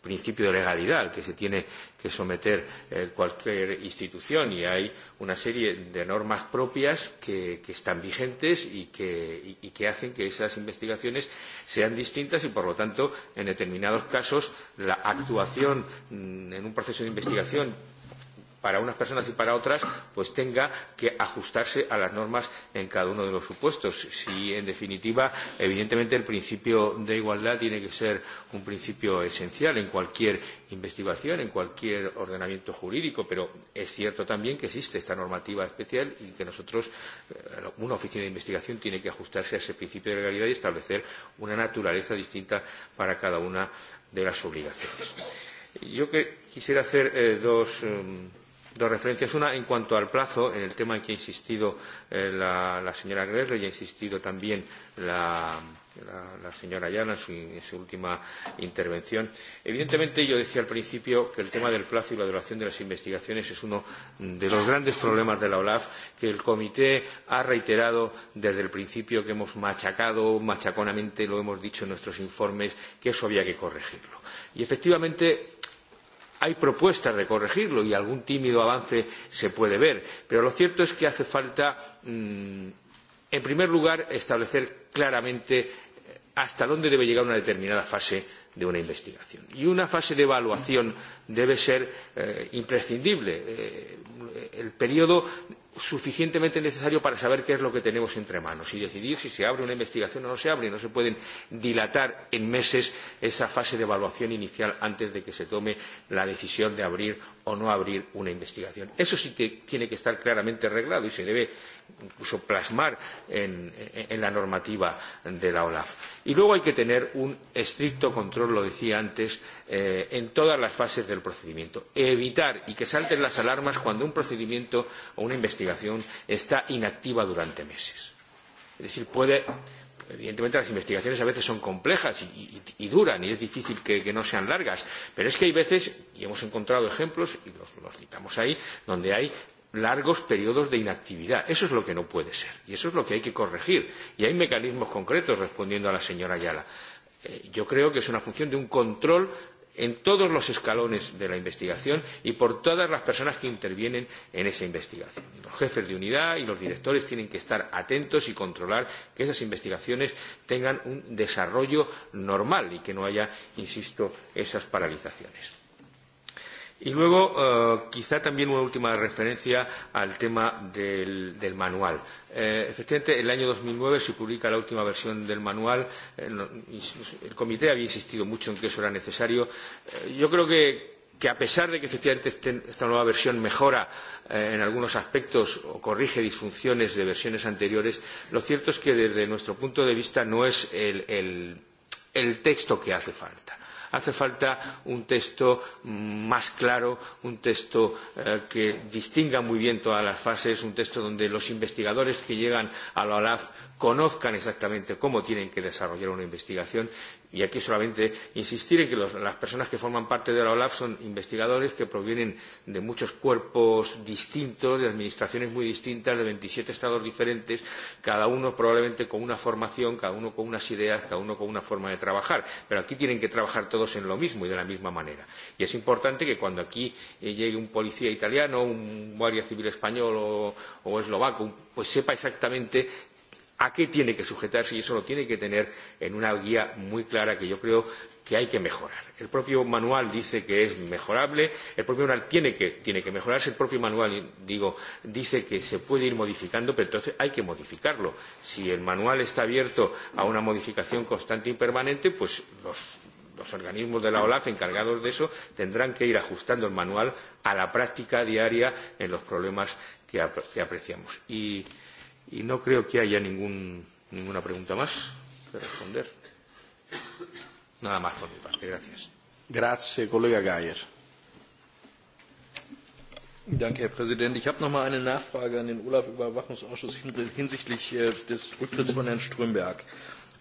principio de legalidad al que se tiene que someter eh, cualquier institución y hay una serie de normas propias que, que están vigentes y que, y, y que hacen que esas investigaciones sean distintas y, por lo tanto, en determinados casos, la actuación en un proceso de investigación para unas personas y para otras, pues tenga que ajustarse a las normas en cada uno de los supuestos. Si, en definitiva, evidentemente el principio de igualdad tiene que ser un principio esencial en cualquier investigación, en cualquier ordenamiento jurídico, pero es cierto también que existe esta normativa especial y que nosotros, una oficina de investigación, tiene que ajustarse a ese principio de legalidad y establecer una naturaleza distinta para cada una de las obligaciones. Yo que quisiera hacer eh, dos. Eh, dos referencias. Una, en cuanto al plazo, en el tema en que ha insistido eh, la, la señora Guerrero y ha insistido también la, la, la señora Ayala en su, en su última intervención. Evidentemente, yo decía al principio que el tema del plazo y la duración de las investigaciones es uno de los grandes problemas de la OLAF que el comité ha reiterado desde el principio, que hemos machacado, machaconamente lo hemos dicho en nuestros informes, que eso había que corregirlo. Y efectivamente, hay propuestas de corregirlo y algún tímido avance se puede ver, pero lo cierto es que hace falta, en primer lugar, establecer claramente hasta dónde debe llegar una determinada fase de una investigación. Y una fase de evaluación debe ser imprescindible. el periodo suficientemente necesario para saber qué es lo que tenemos entre manos y decidir si se abre una investigación o no se abre. No se pueden dilatar en meses esa fase de evaluación inicial antes de que se tome la decisión de abrir o no abrir una investigación. Eso sí que tiene que estar claramente arreglado y se debe incluso plasmar en, la normativa de la OLAF. Y luego hay que tener un estricto control Carlos lo decía antes, en todas las fases del procedimiento. Evitar y que salten las alarmas cuando un procedimiento o una investigación está inactiva durante meses. Es decir, puede, evidentemente las investigaciones a veces son complejas y, y, y duran y es difícil que, que no sean largas, pero es que hay veces, y hemos encontrado ejemplos, y los, los citamos ahí, donde hay largos periodos de inactividad. Eso es lo que no puede ser y eso es lo que hay que corregir. Y hay mecanismos concretos, respondiendo a la señora Ayala yo creo que es una función de un control en todos los escalones de la investigación y por todas las personas que intervienen en esa investigación. Los jefes de unidad y los directores tienen que estar atentos y controlar que esas investigaciones tengan un desarrollo normal y que no haya, insisto, esas paralizaciones. Y luego, eh, quizá también una última referencia al tema del, del manual. Eh, efectivamente, el año 2009 se publica la última versión del manual. Eh, no, el comité había insistido mucho en que eso era necesario. Eh, yo creo que, que a pesar de que efectivamente esta nueva versión mejora en algunos aspectos o corrige disfunciones de versiones anteriores, lo cierto es que desde nuestro punto de vista no es el, texto que hace falta. Hace falta un texto más claro, un texto que distinga muy bien todas las fases, un texto donde los investigadores que llegan a la OLAF conozcan exactamente cómo tienen que desarrollar una investigación Y aquí solamente insistir en que los, las personas que forman parte de la OLAF son investigadores que provienen de muchos cuerpos distintos, de administraciones muy distintas, de 27 estados diferentes, cada uno probablemente con una formación, cada uno con unas ideas, cada uno con una forma de trabajar. Pero aquí tienen que trabajar todos en lo mismo y de la misma manera. Y es importante que cuando aquí llegue un policía italiano, un guardia civil español o, o eslovaco, pues sepa exactamente a qué tiene que sujetarse y eso lo tiene que tener en una guía muy clara que yo creo que hay que mejorar. El propio manual dice que es mejorable, el propio manual tiene que, tiene que mejorarse, el propio manual digo, dice que se puede ir modificando, pero entonces hay que modificarlo. Si el manual está abierto a una modificación constante y permanente, pues los, los organismos de la OLAF encargados de eso tendrán que ir ajustando el manual a la práctica diaria en los problemas que, que apreciamos. Y, Y no creo que haya ningún, ninguna pregunta más que responder. Nada más por mi parte. Gracias. Gracias, colega Geier. Danke, Herr Präsident. Ich habe noch mal eine Nachfrage an den Olaf-Überwachungsausschuss hinsichtlich des Rücktritts von Herrn Strömberg.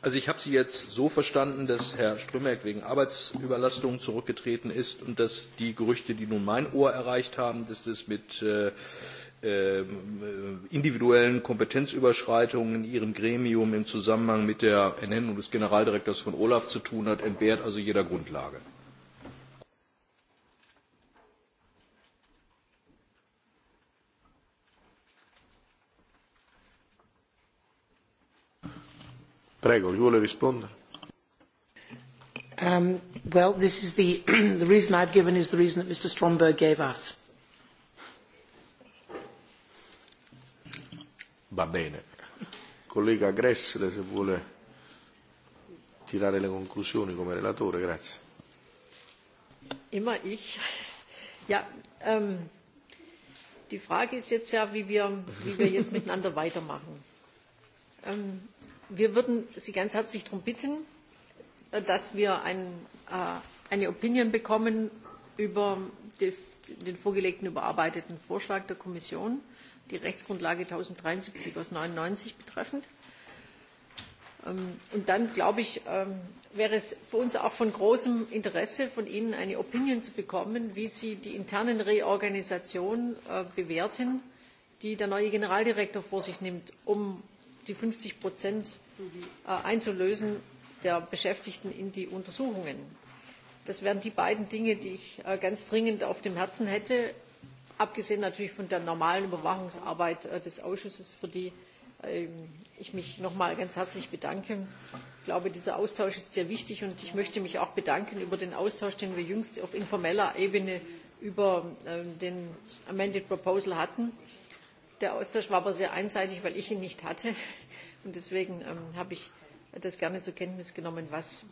Also ich habe Sie jetzt so verstanden, dass Herr Strömberg wegen Arbeitsüberlastung zurückgetreten ist und dass die Gerüchte, die nun mein Ohr erreicht haben, dass das mit individuellen Kompetenzüberschreitungen in Ihrem Gremium im Zusammenhang mit der Ernennung des Generaldirektors von Olaf zu tun hat, entbehrt also jeder Grundlage. Prego, Um, well, this is the, the reason I've given is the reason that Mr. Stromberg gave us Va bene. Collega Gressle, se vuole tirare le conclusioni come relatore, grazie. Immer ich. Ja, ähm, die Frage ist jetzt ja, wie wir, wie wir jetzt miteinander weitermachen. Ähm, wir würden Sie ganz herzlich darum bitten, dass wir ein, äh, eine Opinion bekommen über die, den vorgelegten überarbeiteten Vorschlag der Kommission die Rechtsgrundlage 1073 aus 99 betreffend. Und dann, glaube ich, wäre es für uns auch von großem Interesse, von Ihnen eine Opinion zu bekommen, wie Sie die internen Reorganisation bewerten, die der neue Generaldirektor vor sich nimmt, um die 50 Prozent einzulösen der Beschäftigten in die Untersuchungen. Das wären die beiden Dinge, die ich ganz dringend auf dem Herzen hätte abgesehen natürlich von der normalen Überwachungsarbeit des Ausschusses, für die ich mich einmal ganz herzlich bedanke. Ich glaube, dieser Austausch ist sehr wichtig und ich möchte mich auch bedanken über den Austausch, den wir jüngst auf informeller Ebene über den Amended Proposal hatten. Der Austausch war aber sehr einseitig, weil ich ihn nicht hatte. Und deswegen habe ich das gerne zur Kenntnis genommen, was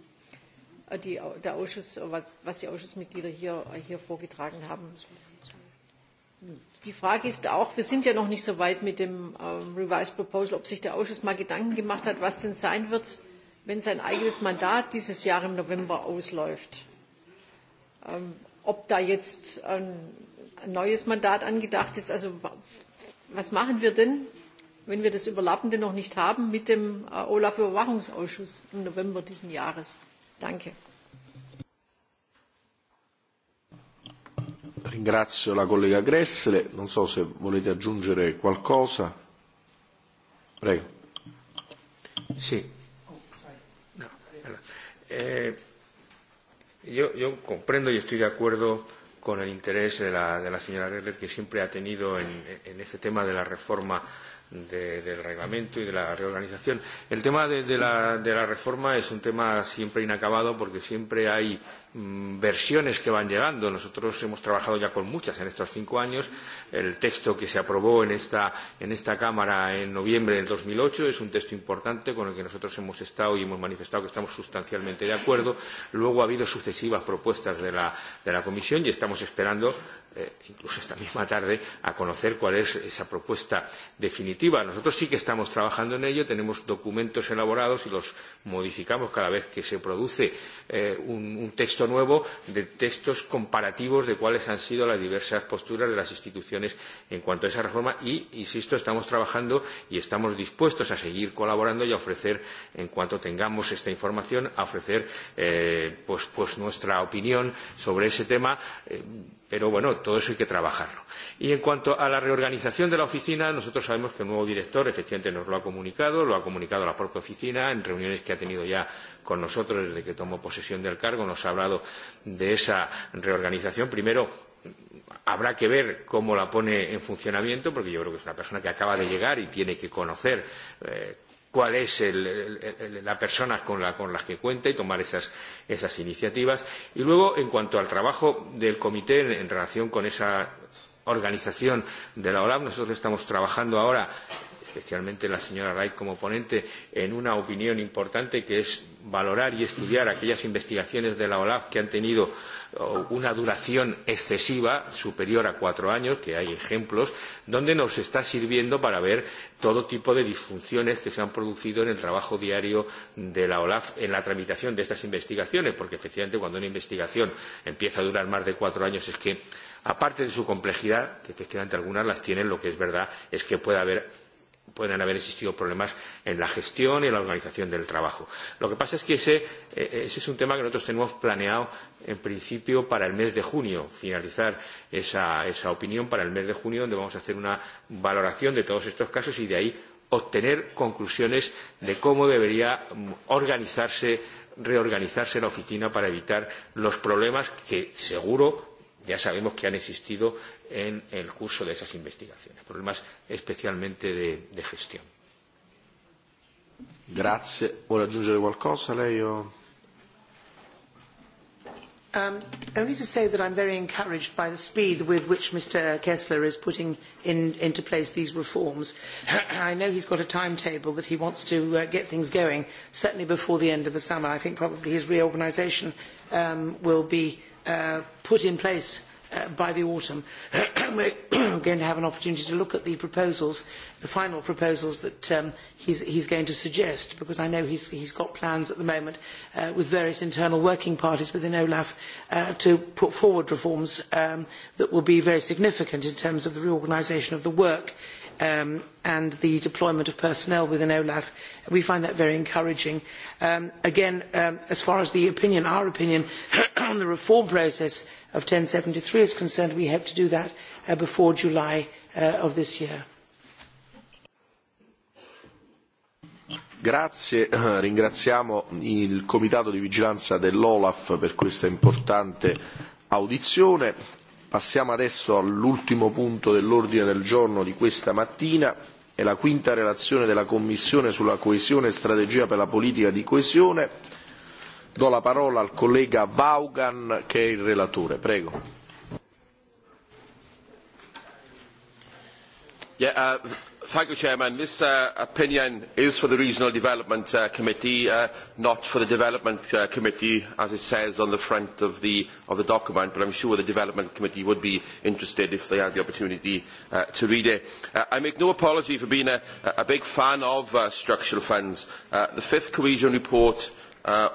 die, Ausschussmitglieder hier vorgetragen haben. Die Frage ist auch, wir sind ja noch nicht so weit mit dem Revised Proposal, ob sich der Ausschuss mal Gedanken gemacht hat, was denn sein wird, wenn sein eigenes Mandat dieses Jahr im November ausläuft. ob da jetzt ein neues Mandat angedacht ist, also was machen wir denn, wenn wir das Überlappende noch nicht haben mit dem Olaf-Überwachungsausschuss im November diesen Jahres? Danke. Ringrazio la collega Gressle, non so se volete aggiungere qualcosa. Prego. Sì. Eh, yo, yo comprendo y estoy de acuerdo con el interés de la, de la señora Gerler que siempre ha tenido en, en este tema de la reforma de, del reglamento y de la reorganización. El tema de, de, la, de la reforma es un tema siempre inacabado porque siempre hay versiones que van llegando. Nosotros hemos trabajado ya con muchas en estos cinco años. El texto que se aprobó en esta, en esta Cámara en noviembre del 2008 es un texto importante con el que nosotros hemos estado y hemos manifestado que estamos sustancialmente de acuerdo. Luego ha habido sucesivas propuestas de la, de la Comisión y estamos esperando incluso esta misma tarde, a conocer cuál es esa propuesta definitiva. Nosotros sí que estamos trabajando en ello, tenemos documentos elaborados y los modificamos cada vez que se produce un, texto nuevo de textos comparativos de cuáles han sido las diversas posturas de las instituciones en cuanto a esa reforma y, insisto, estamos trabajando y estamos dispuestos a seguir colaborando y a ofrecer, en cuanto tengamos esta información, a ofrecer nuestra opinión sobre ese tema pero bueno, todo eso hay que trabajarlo. Y en cuanto a la reorganización de la oficina, nosotros sabemos que el nuevo director efectivamente nos lo ha comunicado, lo ha comunicado la propia oficina en reuniones que ha tenido ya con nosotros desde que tomó posesión del cargo, nos ha hablado de esa reorganización. Primero, habrá que ver cómo la pone en funcionamiento, porque yo creo que es una persona que acaba de llegar y tiene que conocer cuál es el, el, la persona con la, con la que cuenta y tomar esas, esas iniciativas. Y luego, en cuanto al trabajo del comité en, en relación con esa organización de la OLAF, nosotros estamos trabajando ahora especialmente la señora Wright como ponente, en una opinión importante que es valorar y estudiar aquellas investigaciones de la OLAF que han tenido una duración excesiva superior a cuatro años, que hay ejemplos, donde nos está sirviendo para ver todo tipo de disfunciones que se han producido en el trabajo diario de la OLAF en la tramitación de estas investigaciones, porque efectivamente cuando una investigación empieza a durar más de cuatro años es que, aparte de su complejidad, que efectivamente algunas las tienen, lo que es verdad es que puede haber pueden haber existido problemas en la gestión y en la organización del trabajo. Lo que pasa es que ese, es un tema que nosotros tenemos planeado en principio para el mes de junio, finalizar esa, esa opinión para el mes de junio, donde vamos a hacer una valoración de todos estos casos y de ahí obtener conclusiones de cómo debería organizarse, reorganizarse la oficina para evitar los problemas que seguro ya sabemos que han existido en el curso de esas investigaciones, problemas especialmente de, de gestión. Grazie. Vuole aggiungere qualcosa lei o... Um, only to say that I'm very encouraged by the speed with which Mr Kessler is putting in, into place these reforms. I know he's got a timetable that he wants to uh, get things going, certainly before the end of the summer. I think probably his reorganisation um, will be uh, put in place by the autumn. We're going to have an opportunity to look at the proposals, the final proposals that um, he's, he's going to suggest, because I know he's, he's got plans at the moment uh, with various internal working parties within OLAF uh, to put forward reforms um, that will be very significant in terms of the reorganisation of the work and the deployment of personnel within OLAF. We find that very encouraging. again, as far as the opinion, our opinion on the reform process of seventy three is concerned, we hope to do that before July of this year. Grazie, ringraziamo il Comitato di Vigilanza dell'Olaf per questa importante audizione Passiamo adesso all'ultimo punto dell'ordine del giorno di questa mattina, è la quinta relazione della Commissione sulla coesione e strategia per la politica di coesione. Do la parola al collega Vaughan che è il relatore. Prego. Yeah, uh... Mr President, this opinion is for the Regional Development Committee, not for the Development Committee, as it says on the front of the, document, but I am sure the Development Committee would be interested if they had the opportunity to read it. I make no apology for being a, big fan of structural funds. the fifth cohesion report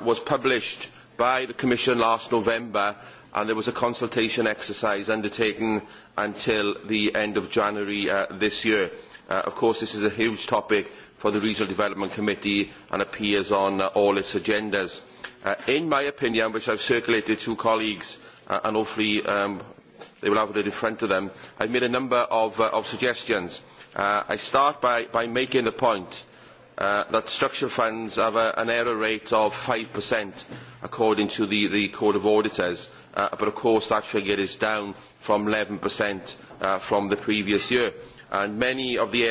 was published by the Commission last November and there was a consultation exercise undertaken until the end of January this year of course this is a huge topic for the regional development committee and appears on all its agendas. in my opinion which i have circulated to colleagues and hopefully they will have it in front of them i have made a number of suggestions. i start by making the point that structural funds have an error rate of five according to the court of auditors but of course that figure is down from eleven from the previous year and many of the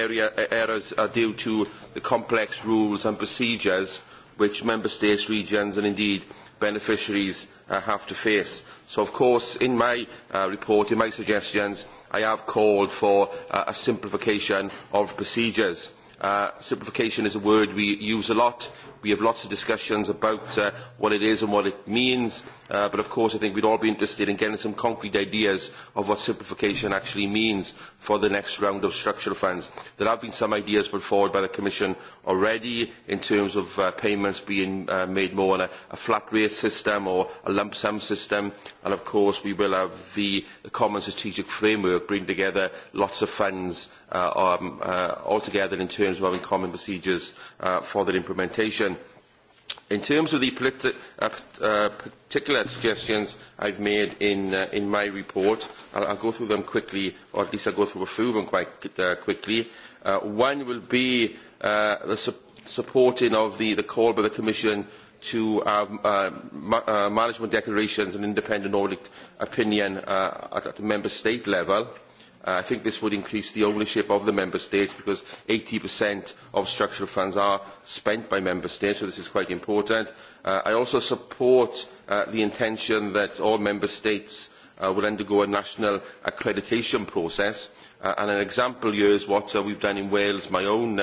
errors are due to the complex rules and procedures which member states, regions and indeed beneficiaries have to face. So of course in my report, in my suggestions, I have called for a simplification of procedures. simplification is a word we use a lot We have lots of discussions about uh, what it is and what it means, uh, but of course I think we'd all be interested in getting some concrete ideas of what simplification actually means for the next round of structural funds. There have been some ideas put forward by the Commission already in terms of uh, payments being uh, made more on a, a flat rate system or a lump sum system, and of course we will have the, the common strategic framework bring together lots of funds uh, um, uh, altogether in terms of having common procedures uh, for their implementation. In terms of the politi- uh, uh, particular suggestions I've made in, uh, in my report, I'll, I'll go through them quickly, or at least I'll go through a few of them quite uh, quickly. Uh, one will be uh, the su- supporting of the, the call by the Commission to have uh, ma- uh, management declarations and independent audit opinion uh, at, at the member state level. Uh, I think this would increase the ownership of the Member States because 80% of structural funds are spent by Member States, so this is quite important. I also support the intention that all Member States will undergo a national accreditation process. and an example here is what we have done in Wales, my own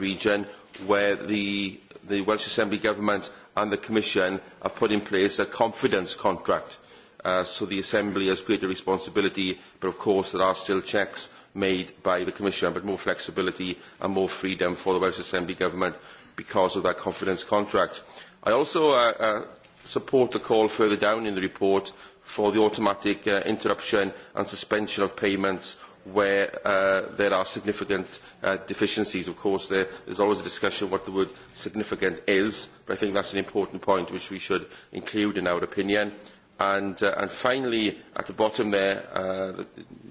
region, where the, Welsh Assembly Government and the Commission have put in place a confidence contract so the Assembly has greater responsibility, but of course there are still checks made by the Commission, but more flexibility and more freedom for the Welsh Assembly Government because of that confidence contract. I also support the call further down in the report for the automatic interruption and suspension of payments where there are significant deficiencies. Of course, there is always a discussion what the word significant is, but I think that is an important point which we should include in our opinion. And, uh, and finally, at the bottom there, uh,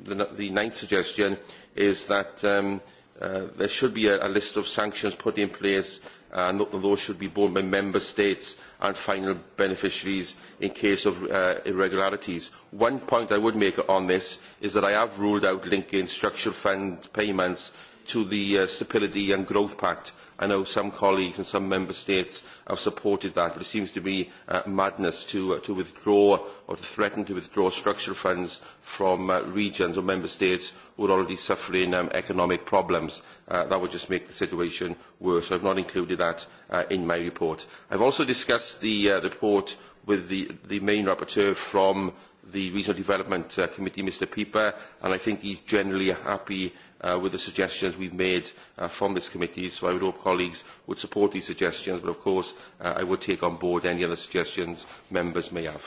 the, the ninth suggestion is that um, uh, there should be a, a list of sanctions put in place uh, and those should be borne by member states and final beneficiaries in case of uh, irregularities. One point I would make on this is that I have ruled out linking structural fund payments to the Stability and Growth Pact. I know some colleagues and some member states have supported that, but it seems to be madness to, withdraw or to threaten to withdraw structural funds from regions or member states who are already suffering economic problems. that would just make the situation worse. I have not included that in my report. I have also discussed the report with the, main rapporteur from the Regional Development Committee, Mr Pieper, and I think he is generally happy with the suggestions we have made from this committee. So I would hope colleagues would support these suggestions, but of course I would take on board any other suggestions members may have.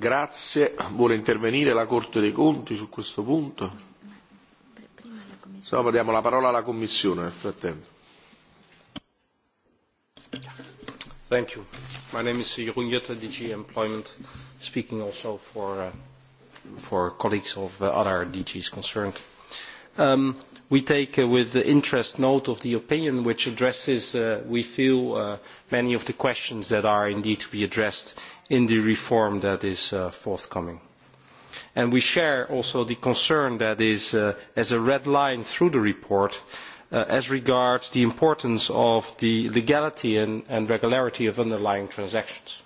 Grazie. Vuole intervenire la Corte dei Conti su questo punto? No, diamo la parola alla Commissione nel frattempo. Thank you. My name is Jeroen Jutta, DG Employment, speaking also for for colleagues of other DGs concerned. we take with interest note of the opinion which addresses, we feel, many of the questions that are indeed to be addressed in the reform that is forthcoming. And we share also the concern that is as a red line through the report as regards the importance of the legality and regularity of underlying transactions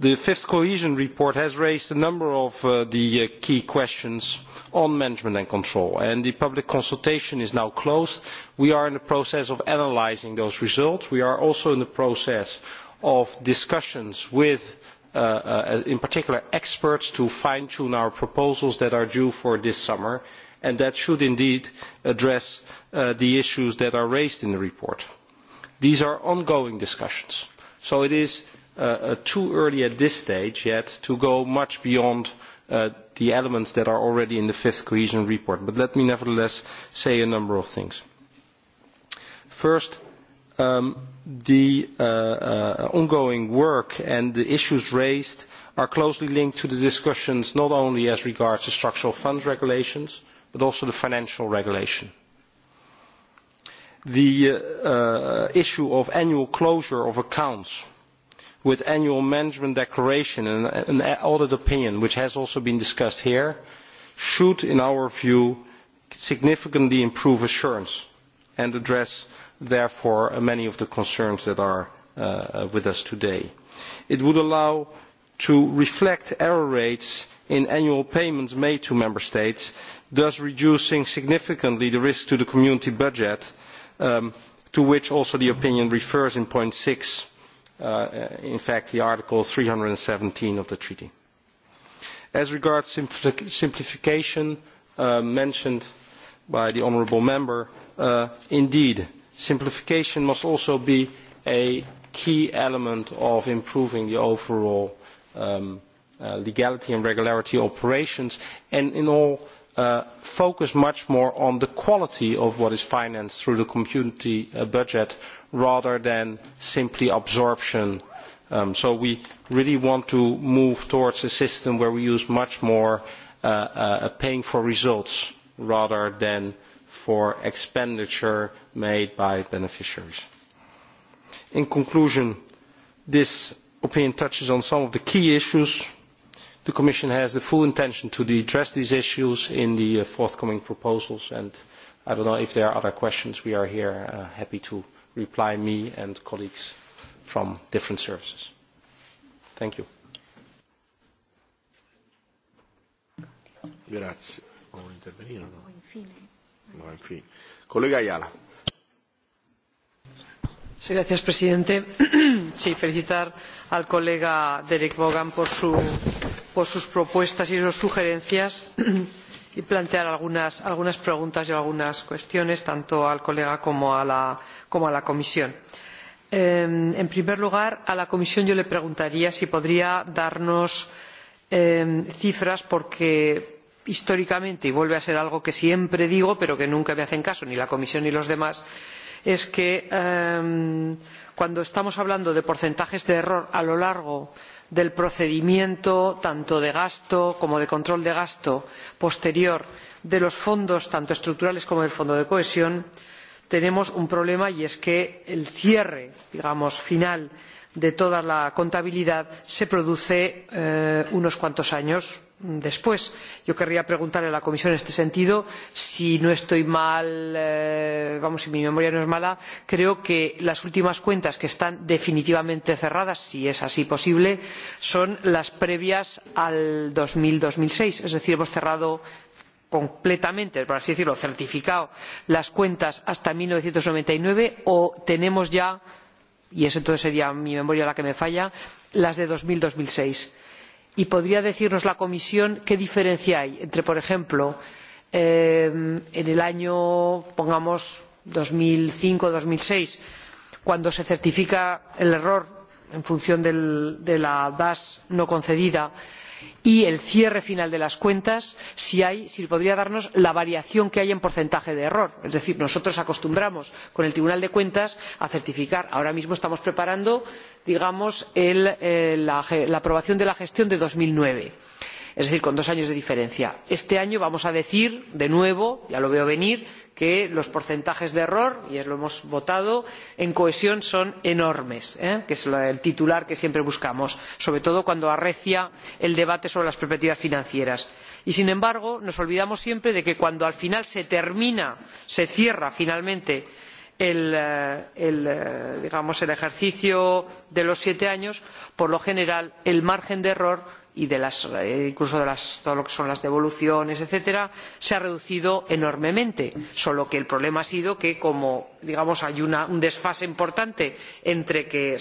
The fifth cohesion report has raised a number of the key questions on management and control, and the public consultation is now closed. We are in the process of analysing those results. We are also in the process of discussions with, in particular, experts to fine-tune our proposals that are due for this summer, and that should indeed address the issues that are raised in the report. These are ongoing discussions. So it is too early at this stage yet to go much beyond the elements that are already in the fifth cohesion report. But let me nevertheless say a number of things. First, the ongoing work and the issues raised are closely linked to the discussions not only as regards the structural funds regulations, but also the financial regulation. The issue of annual closure of accounts – with annual management declaration and an audit opinion, which has also been discussed here, should, in our view, significantly improve assurance and address, therefore, many of the concerns that are with us today. It would allow to reflect error rates in annual payments made to member states, thus reducing significantly the risk to the community budget, to which also the opinion refers in point six in fact, the Article three hundred and seventeen of the treaty. As regards simplification mentioned by the honourable member, indeed, simplification must also be a key element of improving the overall legality and regularity operations and in all focus much more on the quality of what is financed through the community budget rather than simply absorption. so we really want to move towards a system where we use much more paying for results rather than for expenditure made by beneficiaries. In conclusion, this opinion touches on some of the key issues. The Commission has the full intention to address these issues in the forthcoming proposals, and I don't know if there are other questions. We are here happy to reply me and colleagues from different services. Thank you. Grazie. Señor presidente, sí, felicitar al colega Derek Vaughan por, sus propuestas y sus sugerencias y plantear algunas preguntas y algunas cuestiones tanto al colega como a la comisión. en primer lugar a la comisión yo le preguntaría si podría darnos cifras porque históricamente y vuelve a ser algo que siempre digo pero que nunca me hacen caso ni la comisión ni los demás es que cuando estamos hablando de porcentajes de error a lo largo de del procedimiento tanto de gasto como de control de gasto posterior de los fondos tanto estructurales como del fondo de cohesión tenemos un problema y es que el cierre digamos final de toda la contabilidad se produce unos cuantos años después. yo querría preguntarle a la comisión en este sentido si no estoy mal vamos si mi memoria no es mala creo que las últimas cuentas que están definitivamente cerradas si es así posible son las previas al dos mil dos mil seis es decir hemos cerrado completamente por así decirlo certificado las cuentas hasta mil novecientos noventa y nueve o tenemos ya y eso entonces sería mi memoria la que me falla las de dos mil dos mil seis y podría decirnos la comisión qué diferencia hay entre por ejemplo en el año pongamos dos mil cinco o dos mil seis cuando se certifica el error en función de la das no concedida y y el cierre final de las cuentas si podría darnos la variación que hay en porcentaje de error es decir nosotros acostumbramos con el tribunal de cuentas a certificar ahora mismo estamos preparando la aprobación de la gestión de dos mil nueve es decir con dos años de diferencia. este año vamos a decir de nuevo ya lo veo venir que los porcentajes de error y lo hemos votado en cohesión son enormes que es el titular que siempre buscamos sobre todo cuando arrecia el debate sobre las perspectivas financieras y sin embargo nos olvidamos siempre de que cuando al final se termina se cierra finalmente el ejercicio de los siete años por lo general el margen de error y incluso de todo lo que son las devoluciones etcétera se ha reducido enormemente solo que el problema ha sido que como digamos hay un desfase importante entre que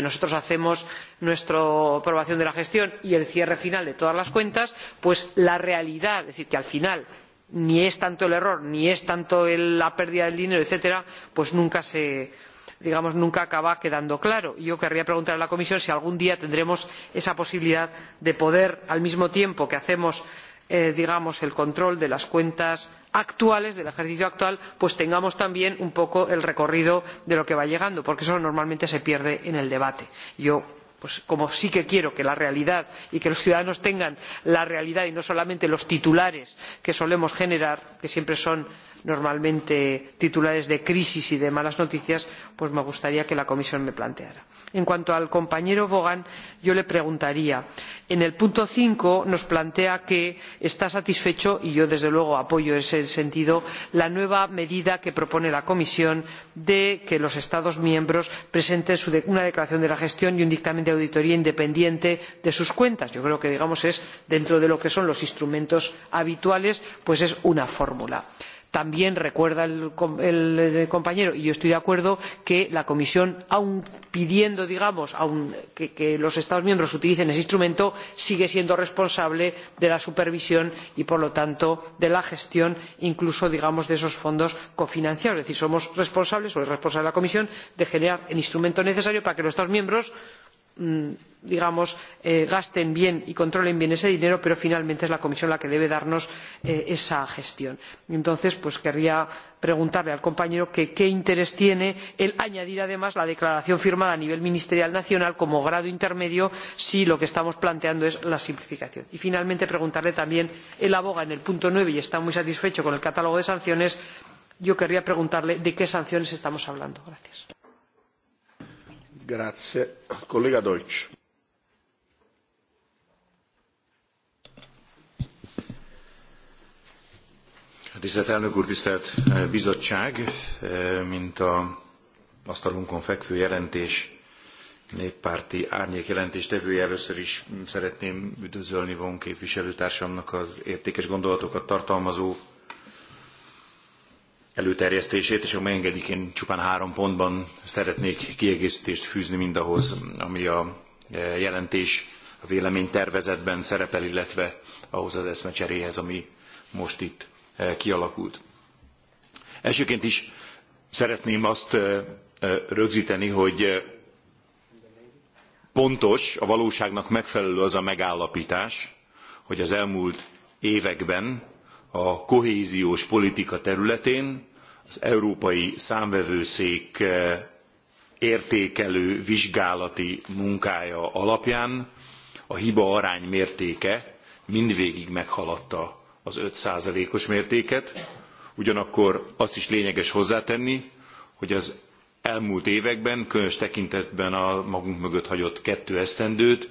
nosotros hacemos nuestra aprobación de la gestión y el cierre final de todas las cuentas pues la realidad es decir que al final ni es tanto el error ni es tanto la pérdida del dinero etcétera pues nunca se digamos nunca acaba quedando claro. y yo querría preguntar a la comisión si algún día tendremos esa posibilidad de poder al mismo tiempo que hacemos digamos el control de las cuentas actuales del ejercicio actual pues tengamos también un poco el recorrido de lo que va llegando porque eso normalmente se pierde en el debate. yo como sí que quiero que la realidad y que los ciudadanos tengan la realidad y no solamente los titulares que solemos generar que siempre son normalmente titulares de crisis y de malas noticias pues me gustaría que la comisión me planteara. en cuanto al compañero vaughan yo le preguntaría en el punto cinco nos plantea que está satisfecho y yo desde luego apoyo ese sentido la nueva medida que propone la comisión de que los estados miembros presenten una declaración de la gestión y un dictamen de auditoría independiente de sus cuentas. yo creo que digamos es dentro de lo que son los instrumentos habituales pues es una fórmula también recuerda el compañero y yo estoy de acuerdo que la comisión aun pidiendo que los estados miembros utilicen ese instrumento sigue siendo responsable de la supervisión y por lo tanto de la gestión incluso de esos fondos cofinanciados es decir somos responsables o es responsable la comisión de generar el instrumento necesario para que los estados miembros digamos gasten bien y controlen bien ese dinero pero finalmente es la comisión la que debe darnos esa gestión. entonces querría preguntarle al compañero qué interés tiene el añadir además la declaración firmada a nivel ministerial nacional como grado intermedio si lo que estamos planteando es la simplificación. y finalmente preguntarle también él aboga en el punto nueve y está muy satisfecho con el catálogo de sanciones yo querría preguntarle de qué sanciones estamos hablando. gracias. Grazie. Collega Deutsch. Tisztelt elnök úr, tisztelt bizottság! Mint a asztalunkon fekvő jelentés néppárti árnyék jelentéstevője először is szeretném üdvözölni von képviselőtársamnak az értékes gondolatokat tartalmazó előterjesztését, és ha megengedik, én csupán három pontban szeretnék kiegészítést fűzni mindahhoz, ami a jelentés a véleménytervezetben szerepel, illetve ahhoz az eszmecseréhez, ami most itt kialakult. Elsőként is szeretném azt rögzíteni, hogy pontos, a valóságnak megfelelő az a megállapítás, hogy az elmúlt években a kohéziós politika területén az Európai Számvevőszék értékelő vizsgálati munkája alapján a hiba arány mértéke mindvégig meghaladta az 5%-os mértéket, ugyanakkor azt is lényeges hozzátenni, hogy az elmúlt években, különös tekintetben a magunk mögött hagyott kettő esztendőt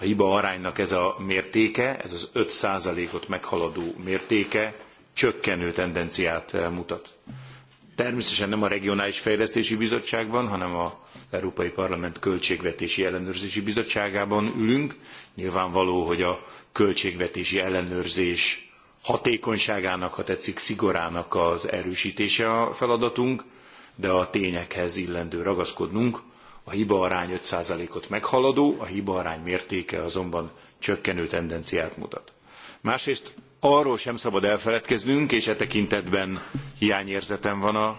a hiba aránynak ez a mértéke, ez az 5%-ot meghaladó mértéke csökkenő tendenciát mutat. Természetesen nem a Regionális Fejlesztési Bizottságban, hanem az Európai Parlament Költségvetési Ellenőrzési Bizottságában ülünk. Nyilvánvaló, hogy a költségvetési ellenőrzés hatékonyságának, ha tetszik, szigorának az erősítése a feladatunk, de a tényekhez illendő ragaszkodnunk, a hibaarány 5%-ot meghaladó, a hibaarány mértéke azonban csökkenő tendenciát mutat. Másrészt arról sem szabad elfeledkeznünk, és e tekintetben hiányérzetem van a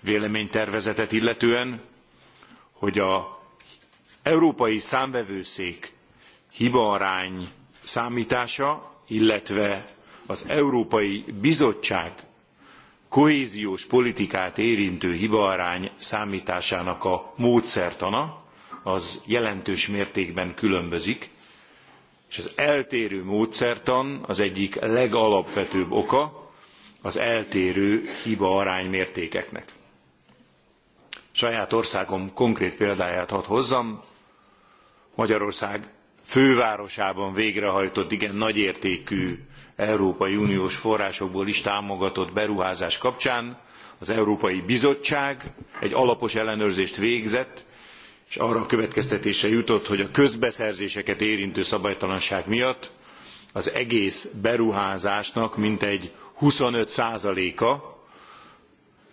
véleménytervezetet illetően, hogy az Európai Számvevőszék hibaarány számítása, illetve az Európai Bizottság kohéziós politikát érintő hibaarány számításának a módszertana az jelentős mértékben különbözik, és az eltérő módszertan az egyik legalapvetőbb oka az eltérő hibaarány mértékeknek. Saját országom konkrét példáját hadd hozzam. Magyarország fővárosában végrehajtott igen nagyértékű Európai Uniós forrásokból is támogatott beruházás kapcsán az Európai Bizottság egy alapos ellenőrzést végzett, és arra a következtetése jutott, hogy a közbeszerzéseket érintő szabálytalanság miatt az egész beruházásnak mintegy 25%-a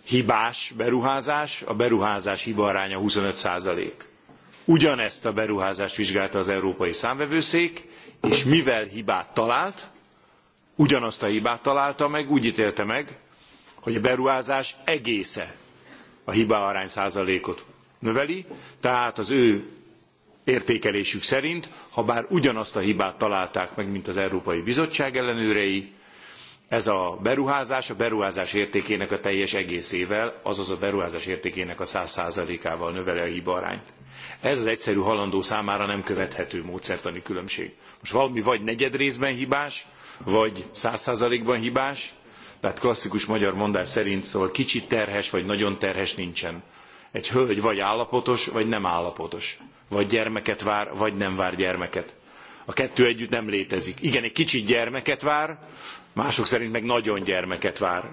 hibás beruházás, a beruházás hibaaránya 25%. Ugyanezt a beruházást vizsgálta az Európai Számvevőszék, és mivel hibát talált, ugyanazt a hibát találta meg, úgy ítélte meg, hogy a beruházás egésze a hibaarány százalékot növeli, tehát az ő értékelésük szerint, ha bár ugyanazt a hibát találták meg, mint az Európai Bizottság ellenőrei, ez a beruházás a beruházás értékének a teljes egészével, azaz a beruházás értékének a száz százalékával növeli a hibaarányt. Ez az egyszerű halandó számára nem követhető módszertani különbség. Most valami vagy negyed részben hibás, vagy száz ban hibás, tehát klasszikus magyar mondás szerint, szóval kicsit terhes vagy nagyon terhes nincsen. Egy hölgy vagy állapotos, vagy nem állapotos. Vagy gyermeket vár, vagy nem vár gyermeket. A kettő együtt nem létezik. Igen, egy kicsit gyermeket vár, mások szerint meg nagyon gyermeket vár.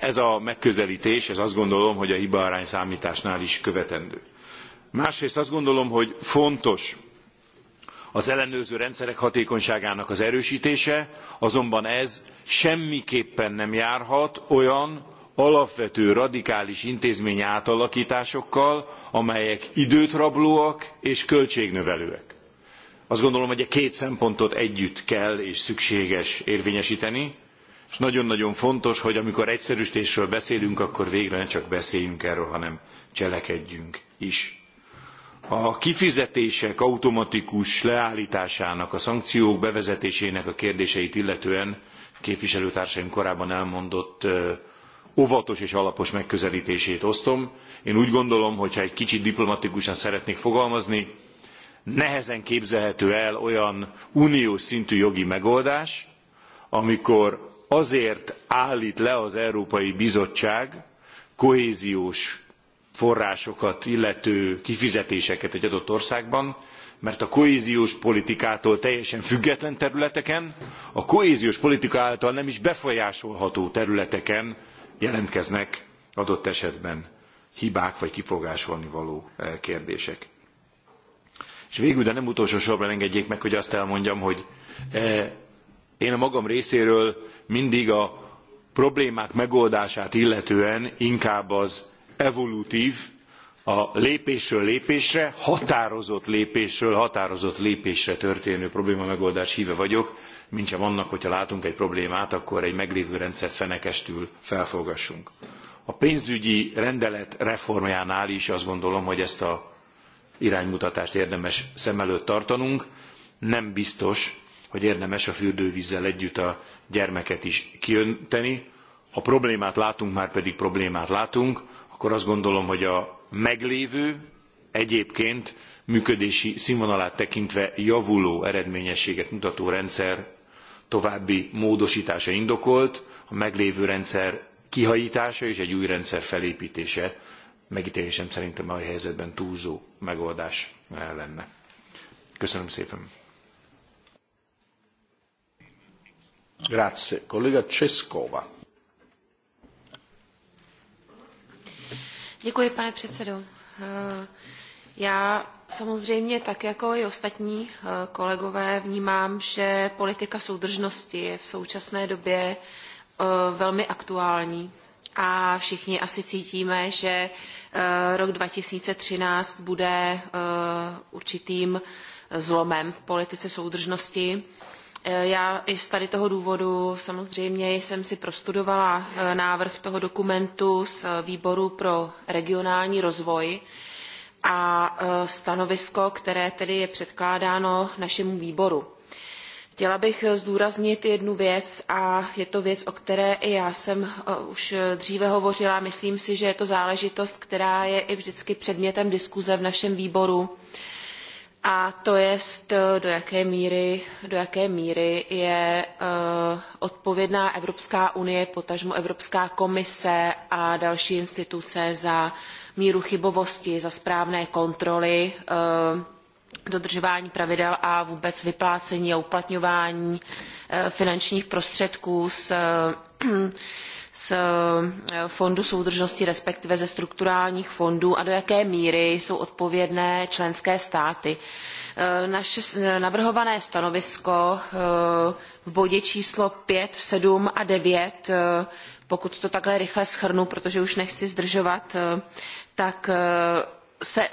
Ez a megközelítés, ez azt gondolom, hogy a hibaarány számításnál is követendő. Másrészt azt gondolom, hogy fontos az ellenőrző rendszerek hatékonyságának az erősítése, azonban ez semmiképpen nem járhat olyan alapvető radikális intézmény átalakításokkal, amelyek időt rablóak és költségnövelőek. Azt gondolom, hogy a két szempontot együtt kell és szükséges érvényesíteni, és nagyon-nagyon fontos, hogy amikor egyszerűsítésről beszélünk, akkor végre ne csak beszéljünk erről, hanem cselekedjünk is. A kifizetések automatikus leállításának, a szankciók bevezetésének a kérdéseit illetően képviselőtársaim korábban elmondott óvatos és alapos megközelítését osztom. Én úgy gondolom, hogy ha egy kicsit diplomatikusan szeretnék fogalmazni, nehezen képzelhető el olyan uniós szintű jogi megoldás, amikor azért állít le az Európai Bizottság kohéziós forrásokat illető kifizetéseket egy adott országban, mert a kohéziós politikától teljesen független területeken, a kohéziós politika által nem is befolyásolható területeken jelentkeznek adott esetben hibák vagy kifogásolni való kérdések. És végül, de nem utolsó sorban engedjék meg, hogy azt elmondjam, hogy én a magam részéről mindig a problémák megoldását illetően inkább az evolutv a lépésről lépésre, határozott lépésről határozott lépésre történő probléma megoldás híve vagyok, mintsem annak, hogyha látunk egy problémát, akkor egy meglévő rendszert fenekestül felfogassunk. A pénzügyi rendelet reformjánál is azt gondolom, hogy ezt a iránymutatást érdemes szem előtt tartanunk. Nem biztos, hogy érdemes a fürdővízzel együtt a gyermeket is kiönteni. Ha problémát látunk, már pedig problémát látunk, akkor azt gondolom, hogy a meglévő, egyébként működési színvonalát tekintve javuló eredményességet mutató rendszer további módosítása indokolt, a meglévő rendszer kihajítása és egy új rendszer felépítése megítélésem szerint a mai helyzetben túlzó megoldás lenne. Köszönöm szépen. Grazie. Děkuji, pane předsedo. Já samozřejmě tak jako i ostatní kolegové vnímám, že politika soudržnosti je v současné době velmi aktuální a všichni asi cítíme, že rok 2013 bude určitým zlomem v politice soudržnosti Já i z tady toho důvodu samozřejmě jsem si prostudovala návrh toho dokumentu z výboru pro regionální rozvoj a stanovisko, které tedy je předkládáno našemu výboru. Chtěla bych zdůraznit jednu věc a je to věc, o které i já jsem už dříve hovořila. Myslím si, že je to záležitost, která je i vždycky předmětem diskuze v našem výboru a to je do jaké míry, do jaké míry je odpovědná Evropská unie, potažmo Evropská komise a další instituce za míru chybovosti, za správné kontroly, dodržování pravidel a vůbec vyplácení a uplatňování finančních prostředků z z Fondu soudržnosti, respektive ze strukturálních fondů a do jaké míry jsou odpovědné členské státy. Naše navrhované stanovisko v bodě číslo 5, 7 a 9 pokud to takhle rychle schrnu, protože už nechci zdržovat, tak se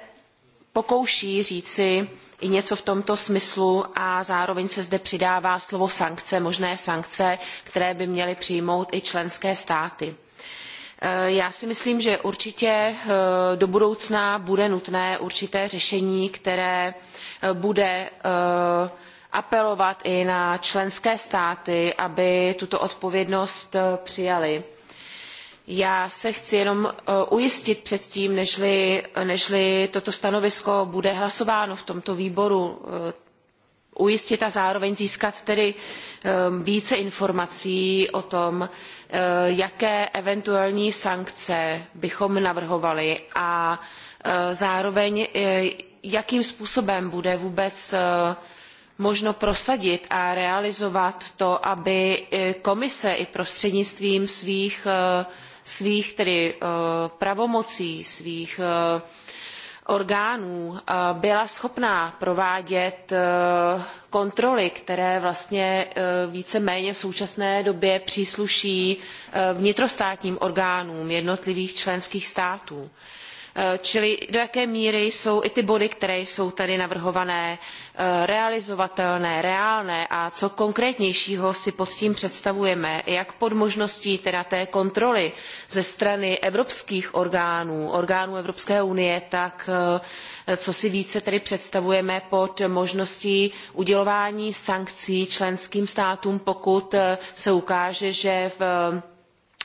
pokouší říci i něco v tomto smyslu a zároveň se zde přidává slovo sankce, možné sankce, které by měly přijmout i členské státy. Já si myslím, že určitě do budoucna bude nutné určité řešení, které bude apelovat i na členské státy, aby tuto odpovědnost přijali Já se chci jenom ujistit před tím, nežli toto stanovisko bude hlasováno v tomto výboru, ujistit a zároveň získat tedy více informací o tom, jaké eventuální sankce bychom navrhovali a zároveň jakým způsobem bude vůbec možno prosadit a realizovat to, aby komise i prostřednictvím svých uh, svých tedy pravomocí, svých orgánů byla schopná provádět kontroly, které vlastně víceméně v současné době přísluší vnitrostátním orgánům jednotlivých členských států. Čili do jaké míry jsou i ty body, které jsou tady navrhované, realizovatelné, reálné a co konkrétnějšího si pod tím představujeme, jak pod možností teda té kontroly ze strany evropských orgánů, orgánů Evropské unie, tak co si více tedy představujeme pod možností udělování sankcí členským státům, pokud se ukáže, že v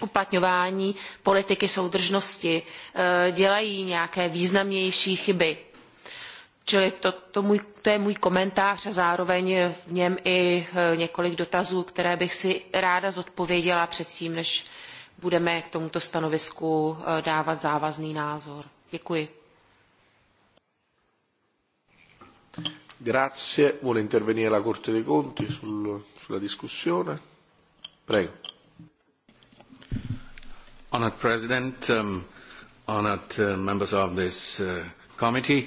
uplatňování politiky soudržnosti dělají nějaké významnější chyby Čili to, je můj komentář a zároveň v něm i několik dotazů, které bych si ráda zodpověděla předtím, než budeme k tomuto stanovisku dávat závazný názor. Děkuji. Grazie. Vuole intervenire la Corte dei Conti sulla discussione? Prego. Honored President, um, honored members of this committee,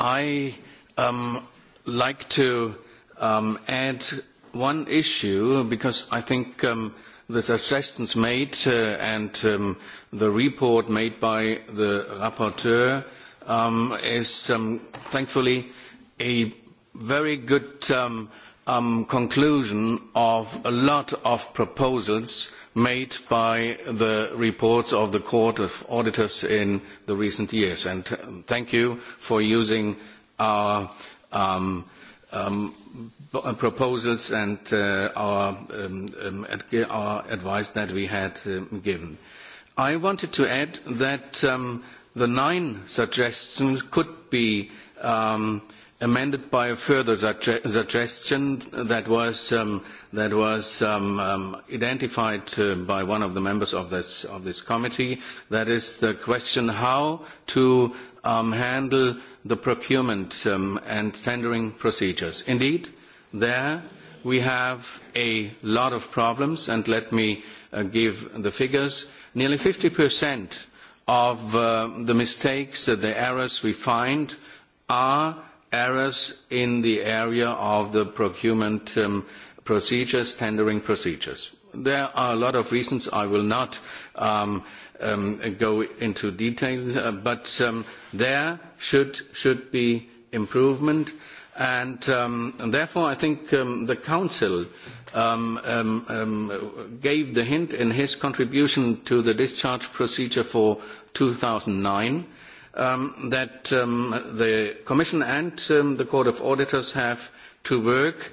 I um, like to um, add one issue because I think um, the suggestions made uh, and um, the report made by the rapporteur um, is um, thankfully a very good um, um, conclusion of a lot of proposals made by the reports of the Court of Auditors in the recent years. And thank you for using our proposals and our advice that we had given. I wanted to add that the nine suggestions could be um, amended by a further suggestion that was identified by one of the members of this committee. That is the question how to handle the procurement and tendering procedures. Indeed, there we have a lot of problems, and let me give the figures. Nearly 50% of the mistakes, the errors we find are errors in the area of the procurement procedures, tendering procedures. There are a lot of reasons. I will not go into detail, but there should be improvement. and Therefore, I think the council gave the hint in his contribution to the discharge procedure for 2009 that the Commission and the Court of Auditors have to work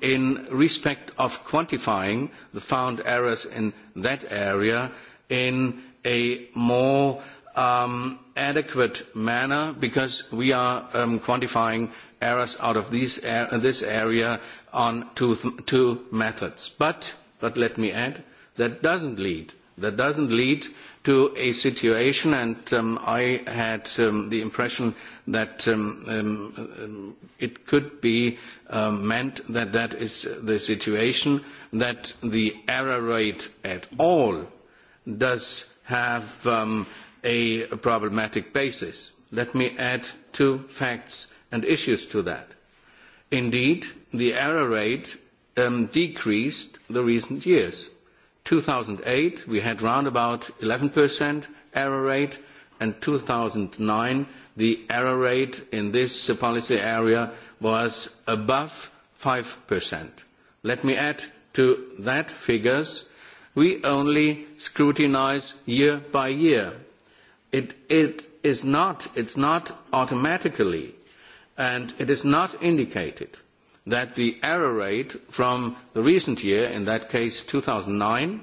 in respect of quantifying the found errors in that area in a more adequate manner because we are quantifying errors out of this area on two methods. But let me add, that doesn't lead to a situation, and I had the impression that it could be meant that that is the situation, that the error rate at all does have a problematic basis. Let me add two facts and issues to that. Indeed, the error rate decreased the recent years two thousand eight we had round about 11% error rate, and two thousand nine the error rate in this policy area was above 5%. Let me add to that figures, we only scrutinise year by year. It is not automatically, and it is not indicated that the error rate from the recent year, in that case 2009,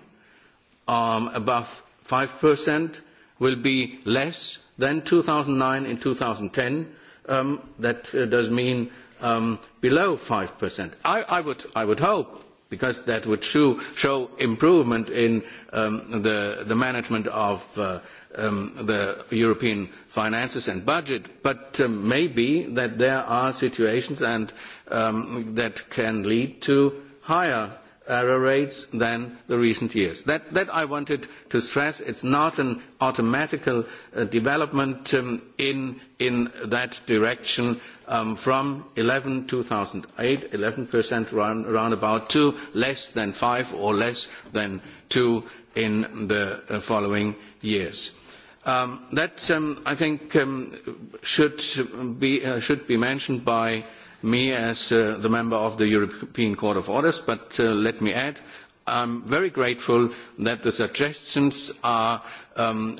um, above 5%, will be less than 2009 in 2010. Um, that uh, does mean um, below 5%. I, I, would, I would hope, because that would show, show improvement in um, the, the management of uh, um, the European finances and budget, but uh, maybe that there are situations and uh, that can lead to higher error rates than the recent years. That, that I wanted to stress. It's not an automatical development in, in that direction um, from 11, 2008, 11% round, roundabout to less than 5 or less than 2 in the following years. that, I think, should, be, should be mentioned by me as the member of the European Court of Auditors, but let me add, I am very grateful that the suggestions are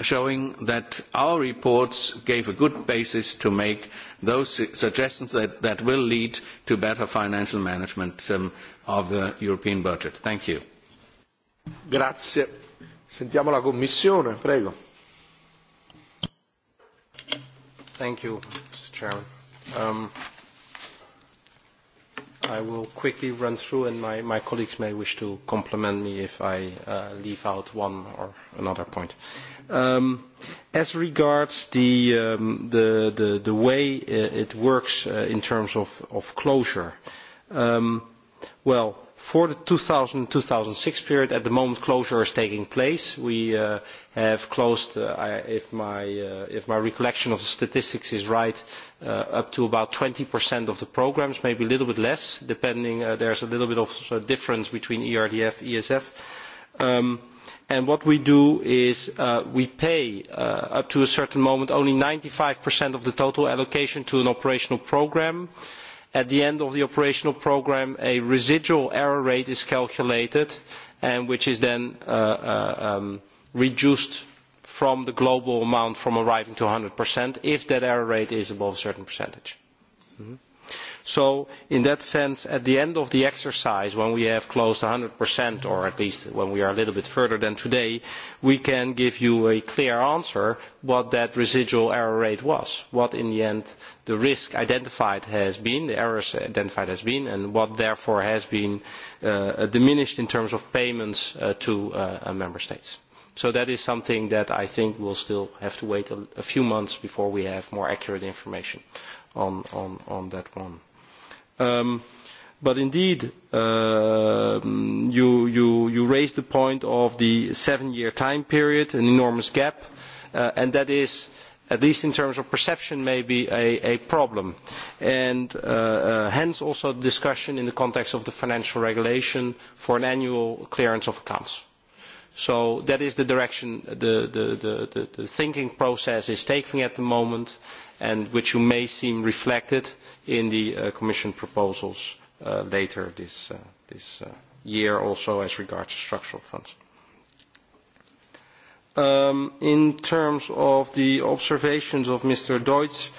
showing that our reports gave a good basis to make those suggestions that, will lead to better financial management of the European budget. Thank you. Sentiamo la Commissione, prego. Thank you, Mr. Chairman. I will quickly run through, and my, my colleagues may wish to complement me if I uh, leave out one or another point. Um, as regards the, um, the, the, the way it works uh, in terms of, of closure, um, well, For the 2000-2006 period, at the moment closure is taking place. We have closed, if my recollection of the statistics is right, up to about 20% of the programs, maybe a little bit less, depending. There's a little bit of difference between ERDF, ESF. And what we do is we pay up to a certain moment only 95% of the total allocation to an operational program. Uh, At the end of the operational programme, a residual error rate is calculated, and which is then reduced from the global amount from arriving to 100% if that error rate is above a certain percentage. Mm-hmm So in that sense, at the end of the exercise, when we have closed hundred or at least when we are a little bit further than today, we can give you a clear answer what that residual error rate was, what in the end the risk identified has been, the errors identified has been, and what therefore has been diminished in terms of payments to member states. So that is something that I think we'll still have to wait a few months before we have more accurate information on that one but indeed, you raised the point of the seven-year time period, an enormous gap, and that is, at least in terms of perception, maybe a problem. And hence also discussion in the context of the financial regulation for an annual clearance of accounts. So that is the direction the thinking process is taking at the moment, and which you may see reflected in the Commission proposals later this, year also as regards structural funds. in terms of the observations of Mr. Deutsch,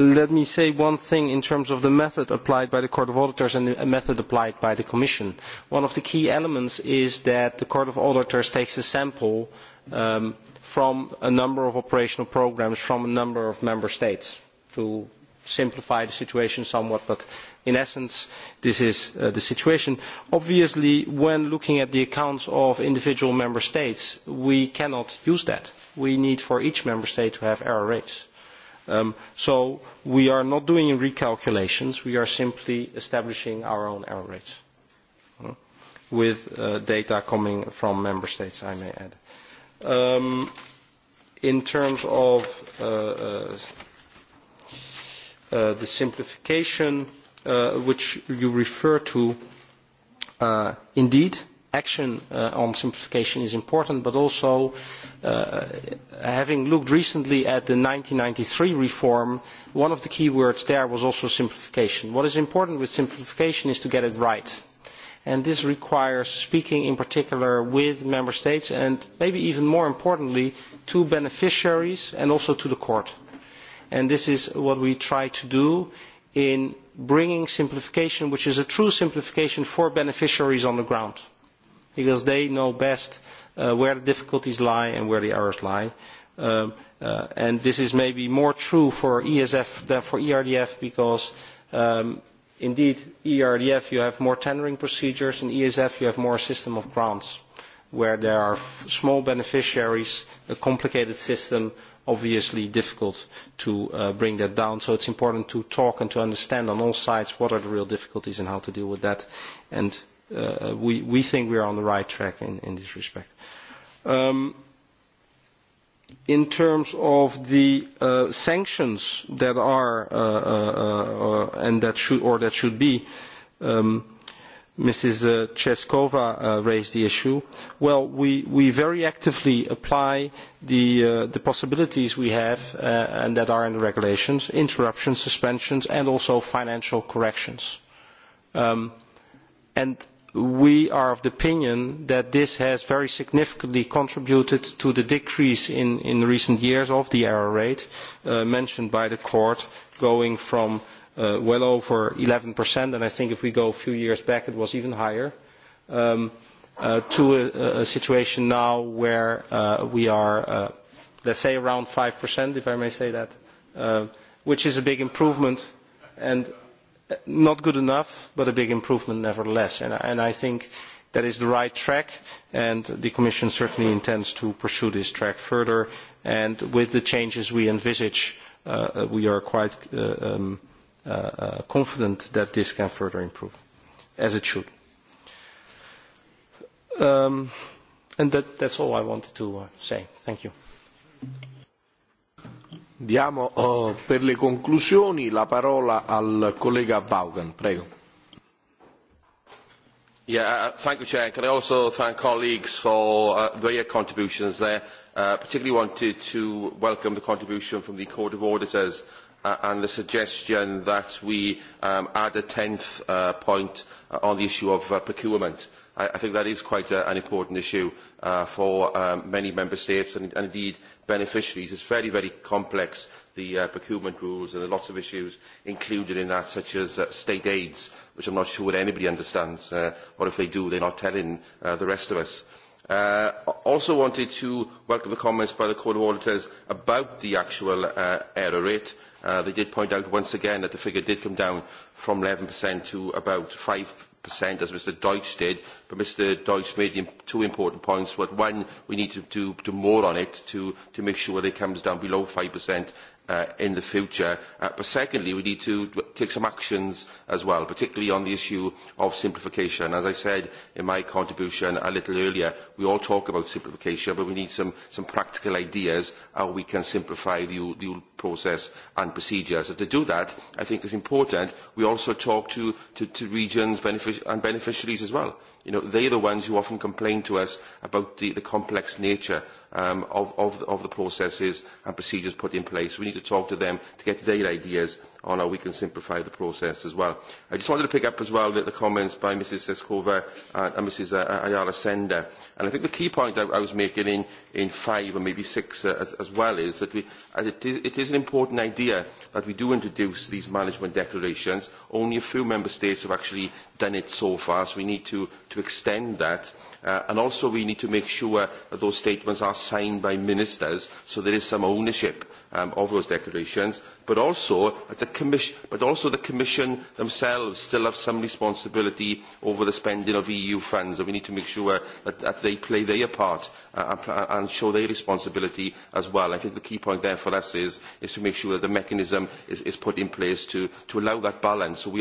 let me say one thing in terms of the method applied by the Court of Auditors and the method applied by the Commission. One of the key elements is that the Court of Auditors takes a sample from a number of operational programmes from a number of member states to simplify the situation somewhat, but in essence, this is the situation. Obviously, when looking at the accounts of individual member states, we cannot use that. We need for each member state to have error rates so we are not doing recalculations. We are simply establishing our own error rates with data coming from member states, I may add. in terms of the simplification which you refer to, indeed, action on simplification is important, but also having looked recently at the ninety three reform, one of the key words there was also simplification. What is important with simplification is to get it right. And this requires speaking in particular with member states and maybe even more importantly to beneficiaries and also to the court. And this is what we try to do in bringing simplification, which is a true simplification for beneficiaries on the ground because they know best where the difficulties lie and where the errors lie. and this is maybe more true for ESF than for ERDF because indeed ERDF you have more tendering procedures and ESF you have more system of grants where there are small beneficiaries, a complicated system, obviously difficult to bring that down. So it's important to talk and to understand on all sides what are the real difficulties and how to deal with that. And we, think we are on the right track in, this respect. in terms of the sanctions that are and that should or that should be, Mrs. Cheskova raised the issue. Well, we, very actively apply the, possibilities we have and that are in the regulations, interruptions, suspensions, and also financial corrections. and we are of the opinion that this has very significantly contributed to the decrease in recent years of the error rate mentioned by the court, going from well over 11%, and I think if we go a few years back, it was even higher, to a situation now where we are, let's say, around 5%, if I may say that, which is a big improvement. and not good enough, but a big improvement nevertheless. And, I think that is the right track, and the Commission certainly intends to pursue this track further. And with the changes we envisage, we are quite confident that this can further improve, as it should. and that, that's all I wanted to say. Thank you. Diamo per le conclusioni la parola al collega Vaughan. Prego. Yeah, thank you, Chair. Can I also thank colleagues for uh, their contributions there? Uh, particularly wanted to welcome the contribution from the Court of Auditors uh, and the suggestion that we um, add a tenth uh, point on the issue of uh, procurement. I, I think that is quite a, an important issue uh, for um, many Member States and, and indeed beneficiaries. It's very, very complex, the uh, procurement rules, and there are lots of issues included in that, such as uh, state aids, which I'm not sure anybody understands, uh, or if they do, they're not telling uh, the rest of us. I also wanted to welcome the comments by the Court of Auditors about the actual error rate. they did point out once again that the figure did come down from eleven to about five percent as Mr Deutsch did, but Mr Deutsch made two important points. One, we need to do more on it to, make sure that it comes down below five percent in the future. but secondly, we need to take some actions as well, particularly on the issue of simplification. As I said in my contribution a little earlier, we all talk about simplification, but we need some, practical ideas on how we can simplify the, the process and procedures. to do that, I think it is important we also talk to, regions and beneficiaries as well. They are the ones who often complain to us about the complex nature um, of, of, of the processes and procedures put in place. We need to talk to them to get their ideas on how we can simplify the process as well. I just wanted to pick up as well the, the comments by Mrs Seskova and, and Mrs Ayala Sender. And I think the key point I, I was making in, in five and maybe six uh, as, as well is that we, it, is, it is an important idea that we do introduce these management declarations. Only a few member states have actually done it so far, so we need to, to extend that and also we need to make sure that those statements are signed by ministers so there is some ownership of those declarations, but also, the Commission themselves still have some responsibility over the spending of EU funds, and we need to make sure that, they play their part and, show their responsibility as well. I think the key point there for us is, to make sure that the mechanism is, put in place to, allow that balance. So we,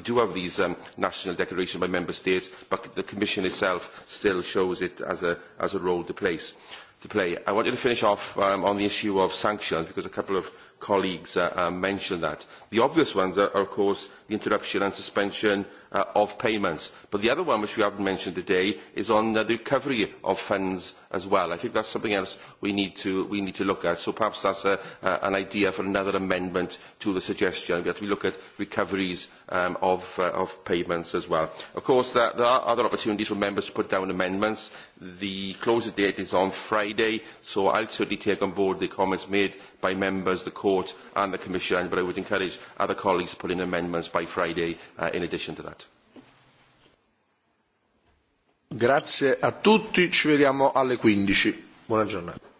do have these national declarations by Member States, but the Commission itself still shows it as a, role to place to play. I wanted to finish off um, on the issue of sanctions because a couple of colleagues uh, mentioned that. The obvious ones are, are, of course, the interruption and suspension uh, of payments. But the other one, which we haven't mentioned today, is on uh, the recovery of funds as well. I think that's something else we need to, we need to look at. So perhaps that's a, uh, an idea for another amendment to the suggestion that we look at recoveries of, payments as well. Of course, there, are other opportunities for members to put down amendments. The closing date is on Friday, so I will certainly take on board the comments made by members, the court and the commission, but I would encourage other colleagues to put in amendments by Friday in addition to that. Grazie a tutti, ci vediamo alle 15. Buona giornata.